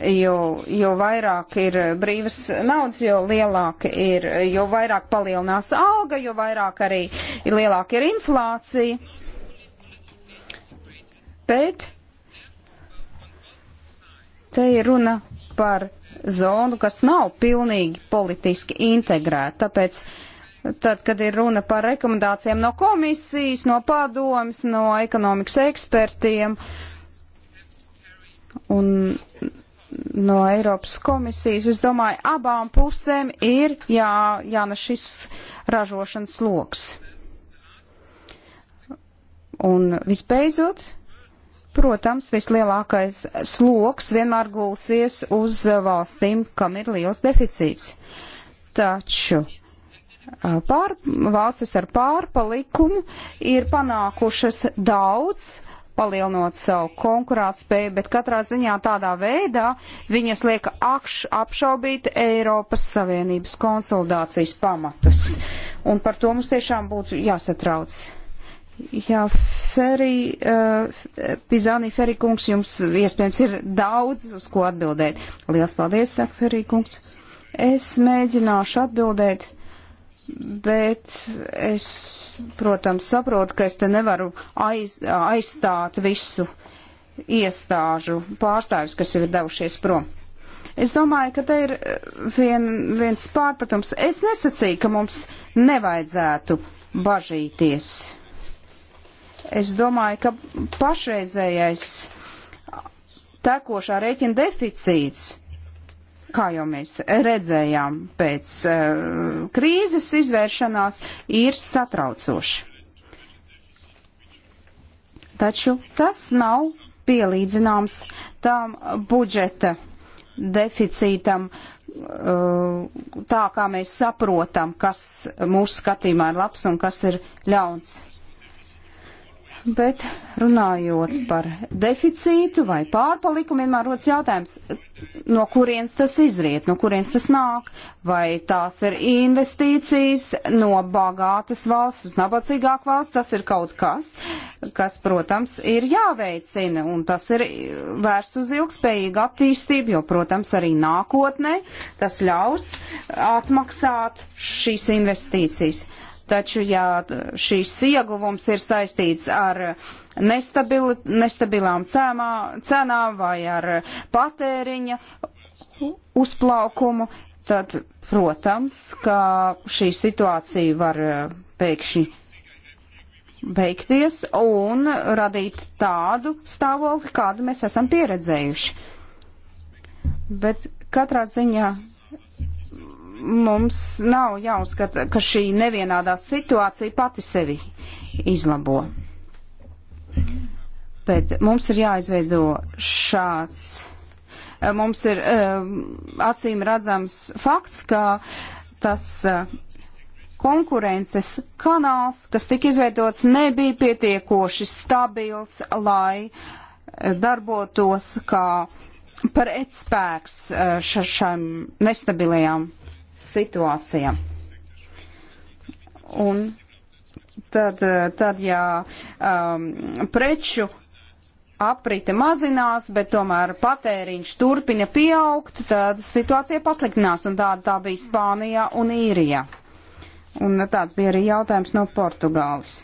jo, jo vairāk ir brīvas naudas, jo lielāka ir, jo vairāk palielinās alga, jo vairāk arī ir lielāka ir inflācija. Bet te ir runa par zonu, kas nav pilnīgi politiski integrēta. Tāpēc, tad, kad ir runa par rekomendācijām no komisijas, no padomas, no ekonomikas ekspertiem, uh, un no Eiropas komisijas. Es domāju, abām pusēm ir jā, jānes šis ražošanas loks. Un visbeidzot, protams, vislielākais sloks vienmēr gulsies uz valstīm, kam ir liels deficīts. Taču pār, valstis ar pārpalikumu ir panākušas daudz palielinot savu konkurētspēju, bet katrā ziņā tādā veidā viņas liek akš, apšaubīt Eiropas Savienības konsolidācijas pamatus. Un par to mums tiešām būtu jāsatrauc. Jā, Ferī, uh, eh, Pizāni Ferī kungs, jums iespējams ir daudz uz ko atbildēt. Lielas paldies, saka Ferī kungs. Es mēģināšu atbildēt bet es, protams, saprotu, ka es te nevaru aiz, aizstāt visu iestāžu pārstāvis, kas jau ir devušies prom. Es domāju, ka te ir eh, vien, viens pārpratums. Es nesacīju, ka mums nevajadzētu bažīties. Es domāju, ka pašreizējais tekošā rēķina deficīts kā jau mēs redzējām pēc uh, krīzes izvēršanās, ir satraucoši. Taču tas nav pielīdzināms tām budžeta deficītam, uh, tā kā mēs saprotam, kas mūsu skatījumā ir labs un kas ir ļauns. Bet runājot par deficītu vai pārpalikumu, vienmēr rodas jautājums, no kurienes tas izriet, no kurienes tas nāk, vai tās ir investīcijas no bagātas valsts uz nabadzīgāku valsts, tas ir kaut kas, kas, protams, ir jāveicina, un tas ir vērsts uz ilgspējīgu attīstību, jo, protams, arī nākotnē tas ļaus atmaksāt šīs investīcijas. Taču, ja šīs ieguvums ir saistīts ar nestabili, nestabilām cēmā, cenām vai ar patēriņa uzplaukumu, tad, protams, ka šī situācija var eh, pēkšņi beigties un radīt tādu stāvokli, kādu mēs esam pieredzējuši. Bet katrā ziņā mums nav jāuzskata, ka šī nevienādā situācija pati sevi izlabo. Bet mums ir jāizveido šāds. Eh, mums ir eh, acīm redzams fakts, ka tas eh, konkurences kanāls, kas tika izveidots, nebija pietiekoši stabils, lai darbotos kā pretspēks šām nestabilajām situācijā. Un tad, tad ja um, preču aprite mazinās, bet tomēr patēriņš turpina pieaugt, tad situācija pasliktinās, un tāda tā bija Spānijā un Īrijā. Un tāds bija arī jautājums no Portugāles.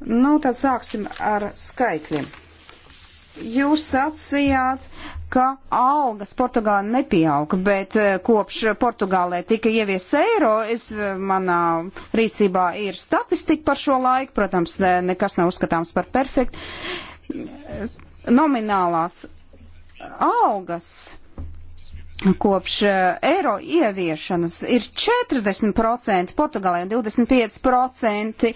Nu, tad sāksim ar skaitļiem. Jūs sacījāt, ka algas Portugālē nepieauga, bet eh, kopš Portugālē tika ieviests eiro, es, eh, manā rīcībā ir statistika par šo laiku, protams, nekas nav uzskatāms par perfektu. Nominālās algas Kopš eh, eiro ieviešanas ir 40% Portugālē un 25%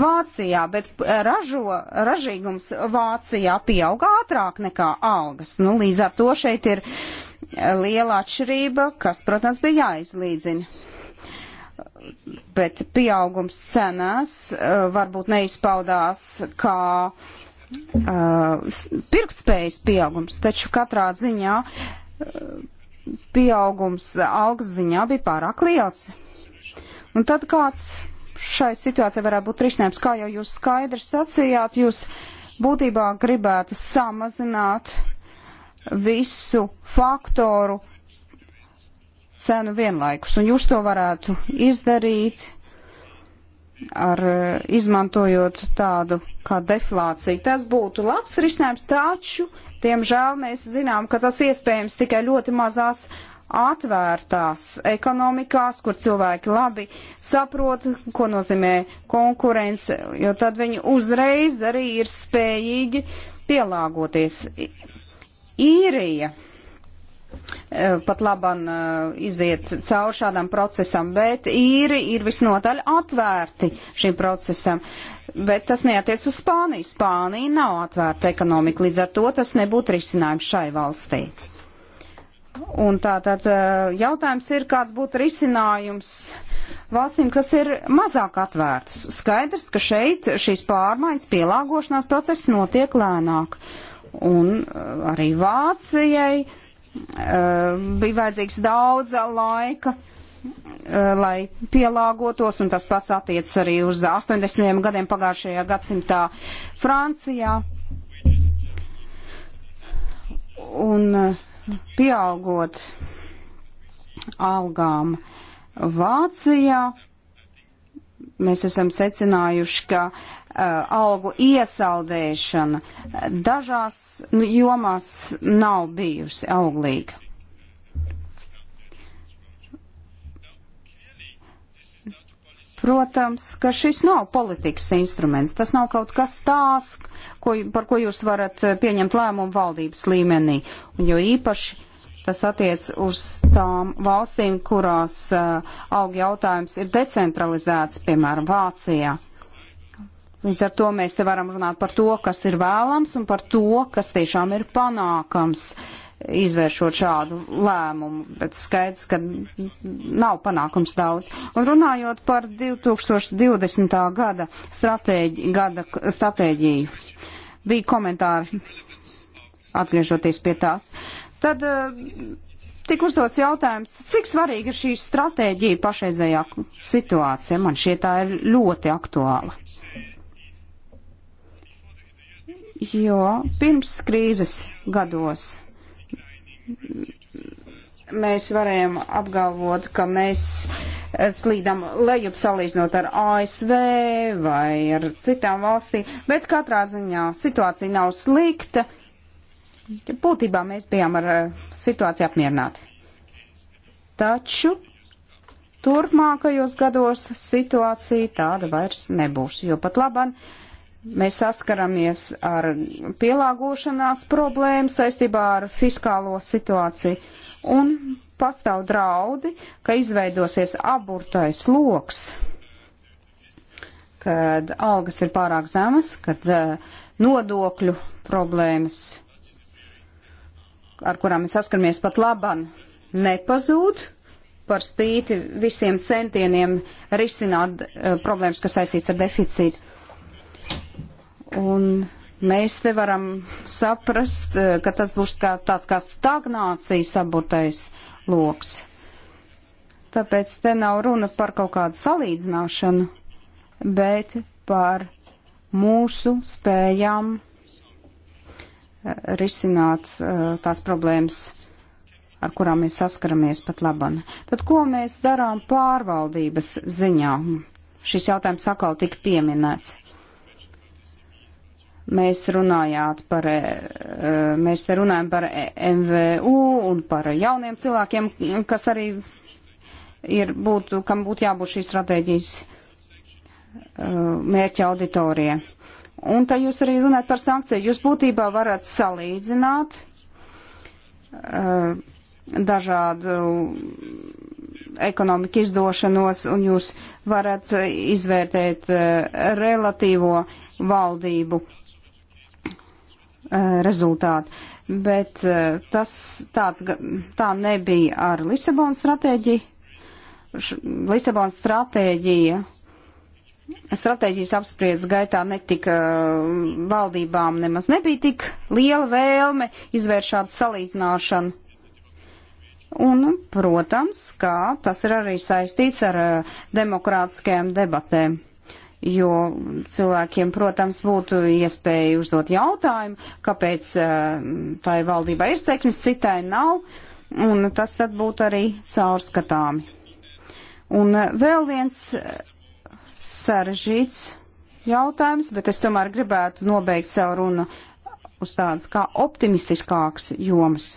Vācijā, bet eh, ražo, ražīgums Vācijā pieauga ātrāk nekā algas. Nu, līdz ar to šeit ir eh, liela atšķirība, kas, protams, bija jāizlīdzina bet pieaugums cenās varbūt neizpaudās kā uh, pirktspējas pieaugums, taču katrā ziņā uh, pieaugums algas ziņā bija pārāk liels. Un tad kāds šai situācijai varētu būt risinājums, kā jau jūs skaidri sacījāt, jūs būtībā gribētu samazināt visu faktoru cenu vienlaikus, un jūs to varētu izdarīt ar eh, izmantojot tādu kā deflāciju. Tas būtu labs risinājums, taču, diemžēl, mēs zinām, ka tas iespējams tikai ļoti mazās atvērtās ekonomikās, kur cilvēki labi saprot, ko nozīmē konkurence, jo tad viņi uzreiz arī ir spējīgi pielāgoties. Īrija Eh, pat labam eh, iziet cauri šādam procesam, bet īri ir visnotaļ atvērti šim procesam. Bet tas neatiec uz Spāniju. Spānija nav atvērta ekonomika, līdz ar to tas nebūtu risinājums šai valstī. Un tātad eh, jautājums ir, kāds būtu risinājums valstīm, kas ir mazāk atvērtas. Skaidrs, ka šeit šīs pārmaiņas pielāgošanās process notiek lēnāk. Un arī Vācijai Eh, bija vajadzīgs daudz laika, eh, lai pielāgotos, un tas pats attiec arī uz 80. gadiem pagājušajā gadsimtā Francijā. Un eh, pieaugot algām Vācijā, mēs esam secinājuši, ka uh, Uh, algu iesaldēšana dažās nu, jomās nav bijusi auglīga. Protams, ka šis nav politikas instruments, tas nav kaut kas tās, ko, par ko jūs varat uh, pieņemt lēmumu valdības līmenī, un jo īpaši tas attiec uz tām valstīm, kurās uh, algu jautājums ir decentralizēts, piemēram, Vācijā. Līdz ar to mēs te varam runāt par to, kas ir vēlams un par to, kas tiešām ir panākams, izvēršot šādu lēmumu, bet skaidrs, ka nav panākums daudz. Un runājot par 2020. gada stratēģi, gada stratēģiju, bija komentāri, atgriežoties pie tās. Tad eh, tika uzdots jautājums, cik svarīga ir šī stratēģija pašreizējā situācija. Man šie tā ir ļoti aktuāla jo pirms krīzes gados mēs varējām apgalvot, ka mēs slīdam lejup salīdzinot ar ASV vai ar citām valstīm, bet katrā ziņā situācija nav slikta. Būtībā mēs bijām ar eh, situāciju apmierināti. Taču turpmākajos gados situācija tāda vairs nebūs, jo pat labāk Mēs saskaramies ar pielāgošanās problēmu saistībā ar fiskālo situāciju un pastāv draudi, ka izveidosies aburtais loks, kad algas ir pārāk zemas, kad eh, nodokļu problēmas, ar kurām mēs saskaramies pat laban, nepazūd, par spīti visiem centieniem risināt uh, problēmas, kas saistīts ar deficītu. Un mēs te varam saprast, eh, ka tas būs kā tāds kā stagnācijas saburtais loks. Tāpēc te nav runa par kaut kādu salīdzināšanu, bet par mūsu spējām eh, risināt eh, tās problēmas, ar kurām mēs saskaramies pat laban. Tad ko mēs darām pārvaldības ziņā? Šis jautājums atkal tika pieminēts Mēs runājāt par, e, e, mēs te runājam par e, MVU un par jauniem cilvēkiem, kas arī ir būtu, kam būtu jābūt šīs stratēģijas mērķa auditorija. Un tā jūs arī runājat par sankciju. Jūs būtībā varat salīdzināt uh, dažādu ekonomiku izdošanos, un jūs varat izvērtēt uh, relatīvo valdību Eh, rezultāti. Bet eh, tas tāds, tā nebija ar Lisabonas stratēģiju. Lisabonas stratēģija stratēģijas apspriedzes gaitā netika eh, valdībām nemaz nebija tik liela vēlme izvērst šādu salīdzināšanu. Un, nu, protams, kā tas ir arī saistīts ar demokrātiskajām debatēm jo cilvēkiem, protams, būtu iespēja uzdot jautājumu, kāpēc eh, tai valdībā ir sekmes, citai nav, un tas tad būtu arī caurskatāmi. Un eh, vēl viens eh, sarežģīts jautājums, bet es tomēr gribētu nobeigt savu runu uz tādas kā optimistiskākas jomas.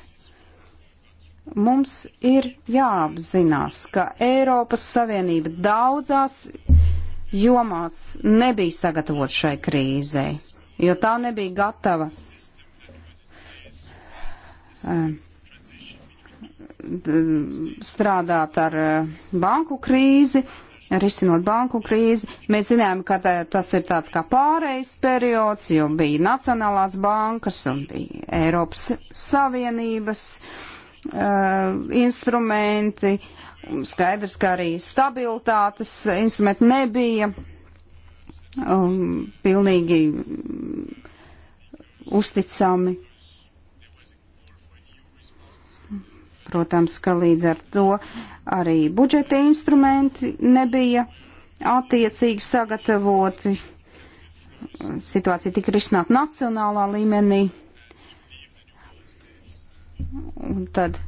Mums ir jāapzinās, ka Eiropas Savienība daudzās jomās nebija sagatavot šai krīzei, jo tā nebija gatava. Eh, strādāt ar eh, banku krīzi, risinot banku krīzi. Mēs zinām, ka tā, tas ir tāds kā pārejas periods, jo bija Nacionālās bankas un bija Eiropas Savienības uh, instrumenti, Skaidrs, ka arī stabilitātes instrumenti nebija um, pilnīgi uzticami. Protams, ka līdz ar to arī budžeta instrumenti nebija attiecīgi sagatavoti. Situācija tika risināta nacionālā līmenī. Un tad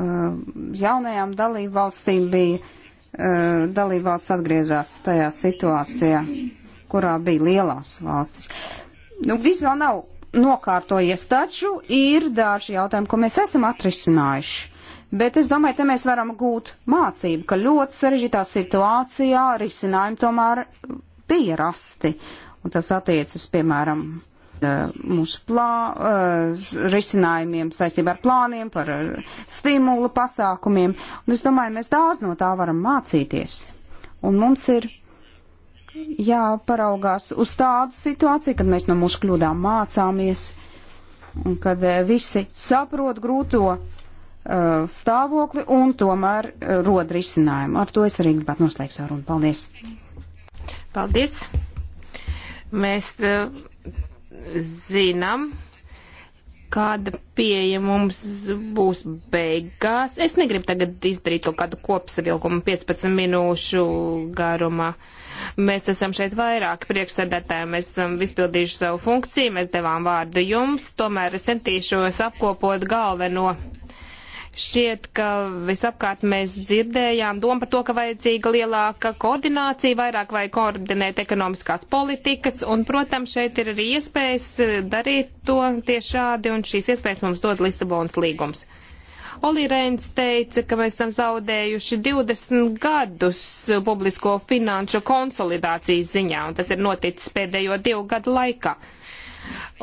Uh, jaunajām dalību valstīm bija, uh, dalību valsts atgriezās tajā situācijā, kurā bija lielās valstis. Nu, viss vēl nav nokārtojies, taču ir daži jautājumi, ko mēs esam atrisinājuši. Bet es domāju, te mēs varam gūt mācību, ka ļoti sarežģītā situācijā risinājumi tomēr bija rasti. Un tas attiecas, piemēram, Eh, mūsu plā, eh, risinājumiem saistībā ar plāniem, par eh, stimulu pasākumiem. Un es domāju, mēs daudz no tā varam mācīties. Un mums ir jāparaugās uz tādu situāciju, kad mēs no mūsu kļūdām mācāmies un kad visi saprot grūto uh, stāvokli un tomēr uh, rod risinājumu. Ar to es arī gribētu noslēgt savu runu. Paldies! Paldies! Mēs uh, zinām, kāda pieeja mums būs beigās. Es negribu tagad izdarīt kaut kādu kopsavilkumu 15 minūšu garumā. Mēs esam šeit vairāk priekšsēdētāji, mēs esam izpildījuši savu funkciju, mēs devām vārdu jums, tomēr es centīšos apkopot galveno. No Šķiet, ka visapkārt mēs dzirdējām domu par to, ka vajadzīga lielāka koordinācija, vairāk vai koordinēt ekonomiskās politikas, un, protams, šeit ir arī iespējas darīt to tieši šādi, un šīs iespējas mums dod Lisabonas līgums. Oli Rēns teica, ka mēs esam zaudējuši 20 gadus publisko finanšu konsolidācijas ziņā, un tas ir noticis pēdējo divu gadu laikā.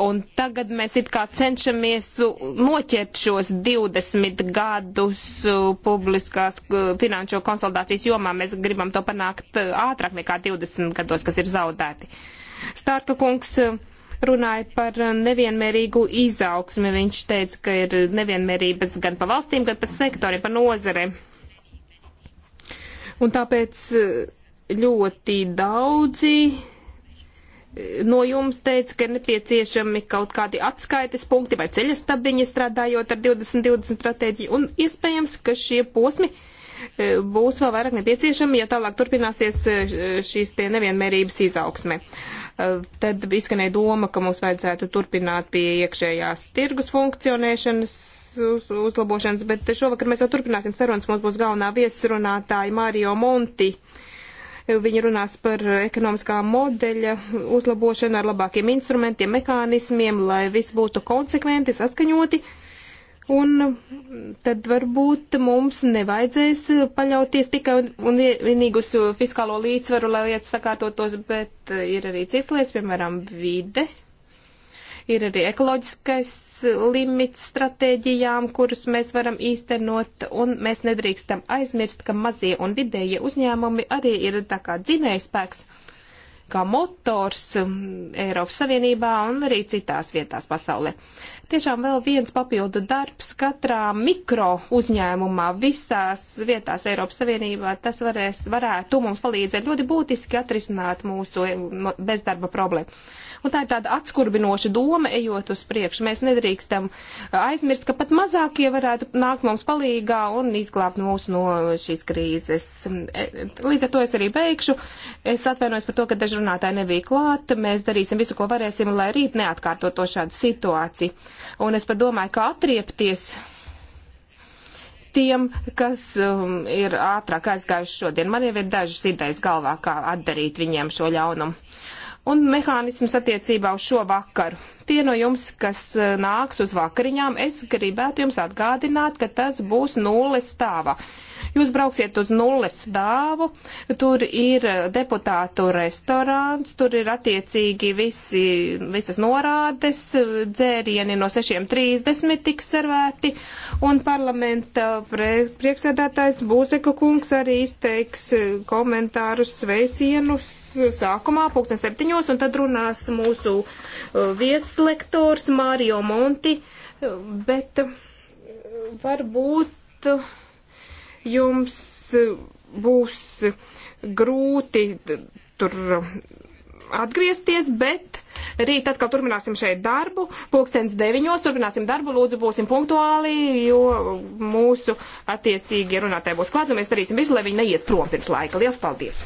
Un tagad mēs it kā cenšamies noķert šos 20 gadus uh, publiskās uh, finanšu konsolidācijas jomā. Mēs gribam to panākt uh, ātrāk nekā 20 gados, kas ir zaudēti. Stārka kungs runāja par nevienmērīgu izaugsmi. Viņš teica, ka ir nevienmērības gan pa valstīm, gan pa sektoriem, pa nozare. Un tāpēc ļoti daudzi no jums teica, ka ir nepieciešami kaut kādi atskaites punkti vai ceļastabiņi strādājot ar 2020 stratēģiju, un iespējams, ka šie posmi e, būs vēl vairāk nepieciešami, ja tālāk turpināsies e, šīs tie nevienmērības izaugsme. E, tad izskanēja doma, ka mums vajadzētu turpināt pie iekšējās tirgus funkcionēšanas uz, uzlabošanas, bet šovakar mēs jau turpināsim sarunas. Mums būs galvenā viesrunātāja Mario Monti. Uh, Viņi runās par ekonomiskā modeļa uzlabošanu ar labākiem instrumentiem, mehānismiem, lai viss būtu konsekventi, saskaņoti. Un tad varbūt mums nevajadzēs paļauties tikai un vienīgi uz fiskālo līdzsvaru, lai lietas sakārtotos, bet ir arī cits lietas, piemēram, vide, ir arī ekoloģiskais limits stratēģijām, kuras mēs varam īstenot, un mēs nedrīkstam aizmirst, ka mazie un vidējie uzņēmumi arī ir tā kā dzinējspēks, kā motors um, Eiropas Savienībā un arī citās vietās pasaulē. Tiešām vēl viens papildu darbs katrā mikro uzņēmumā visās vietās Eiropas Savienībā, tas varēs, varētu mums palīdzēt ļoti būtiski atrisināt mūsu um, bezdarba problēmu Un tā ir tāda atskurbinoša doma, ejot uz priekšu. Mēs nedrīkstam aizmirst, ka pat mazākie varētu nākt mums palīgā un izglābt mūs no šīs krīzes. E, līdz ar to es arī beigšu. Es atvainojos par to, ka daži runātāji nebija klāt. Mēs darīsim visu, ko varēsim, lai rīt neatkārto to šādu situāciju. Un es pat domāju, kā atriepties tiem, kas um, ir ātrāk aizgājuši šodien. Man jau ir dažas idejas galvā, kā atdarīt viņiem šo ļaunumu un mehānisms attiecībā uz šo vakaru. Tie no jums, kas e, nāks uz vakariņām, es gribētu jums atgādināt, ka tas būs nulles stāvā. Jūs brauksiet uz nulles dāvu, tur ir deputātu restorāns, tur ir attiecīgi visi, visas norādes, dzērieni no 6.30 tiks servēti, un parlamenta priekšsēdētājs Būzeka kungs arī izteiks komentārus sveicienus sākumā, pulksten septiņos, un tad runās mūsu uh, vieslektors Mārio Monti, uh, bet uh, varbūt jums būs grūti tur atgriezties, bet rīt atkal turpināsim šeit darbu. Pūkstens deviņos turpināsim darbu, lūdzu būsim punktuāli, jo mūsu attiecīgi runātāji būs klāt, un mēs darīsim visu, lai viņi neiet prom pirms laika. Lielas paldies!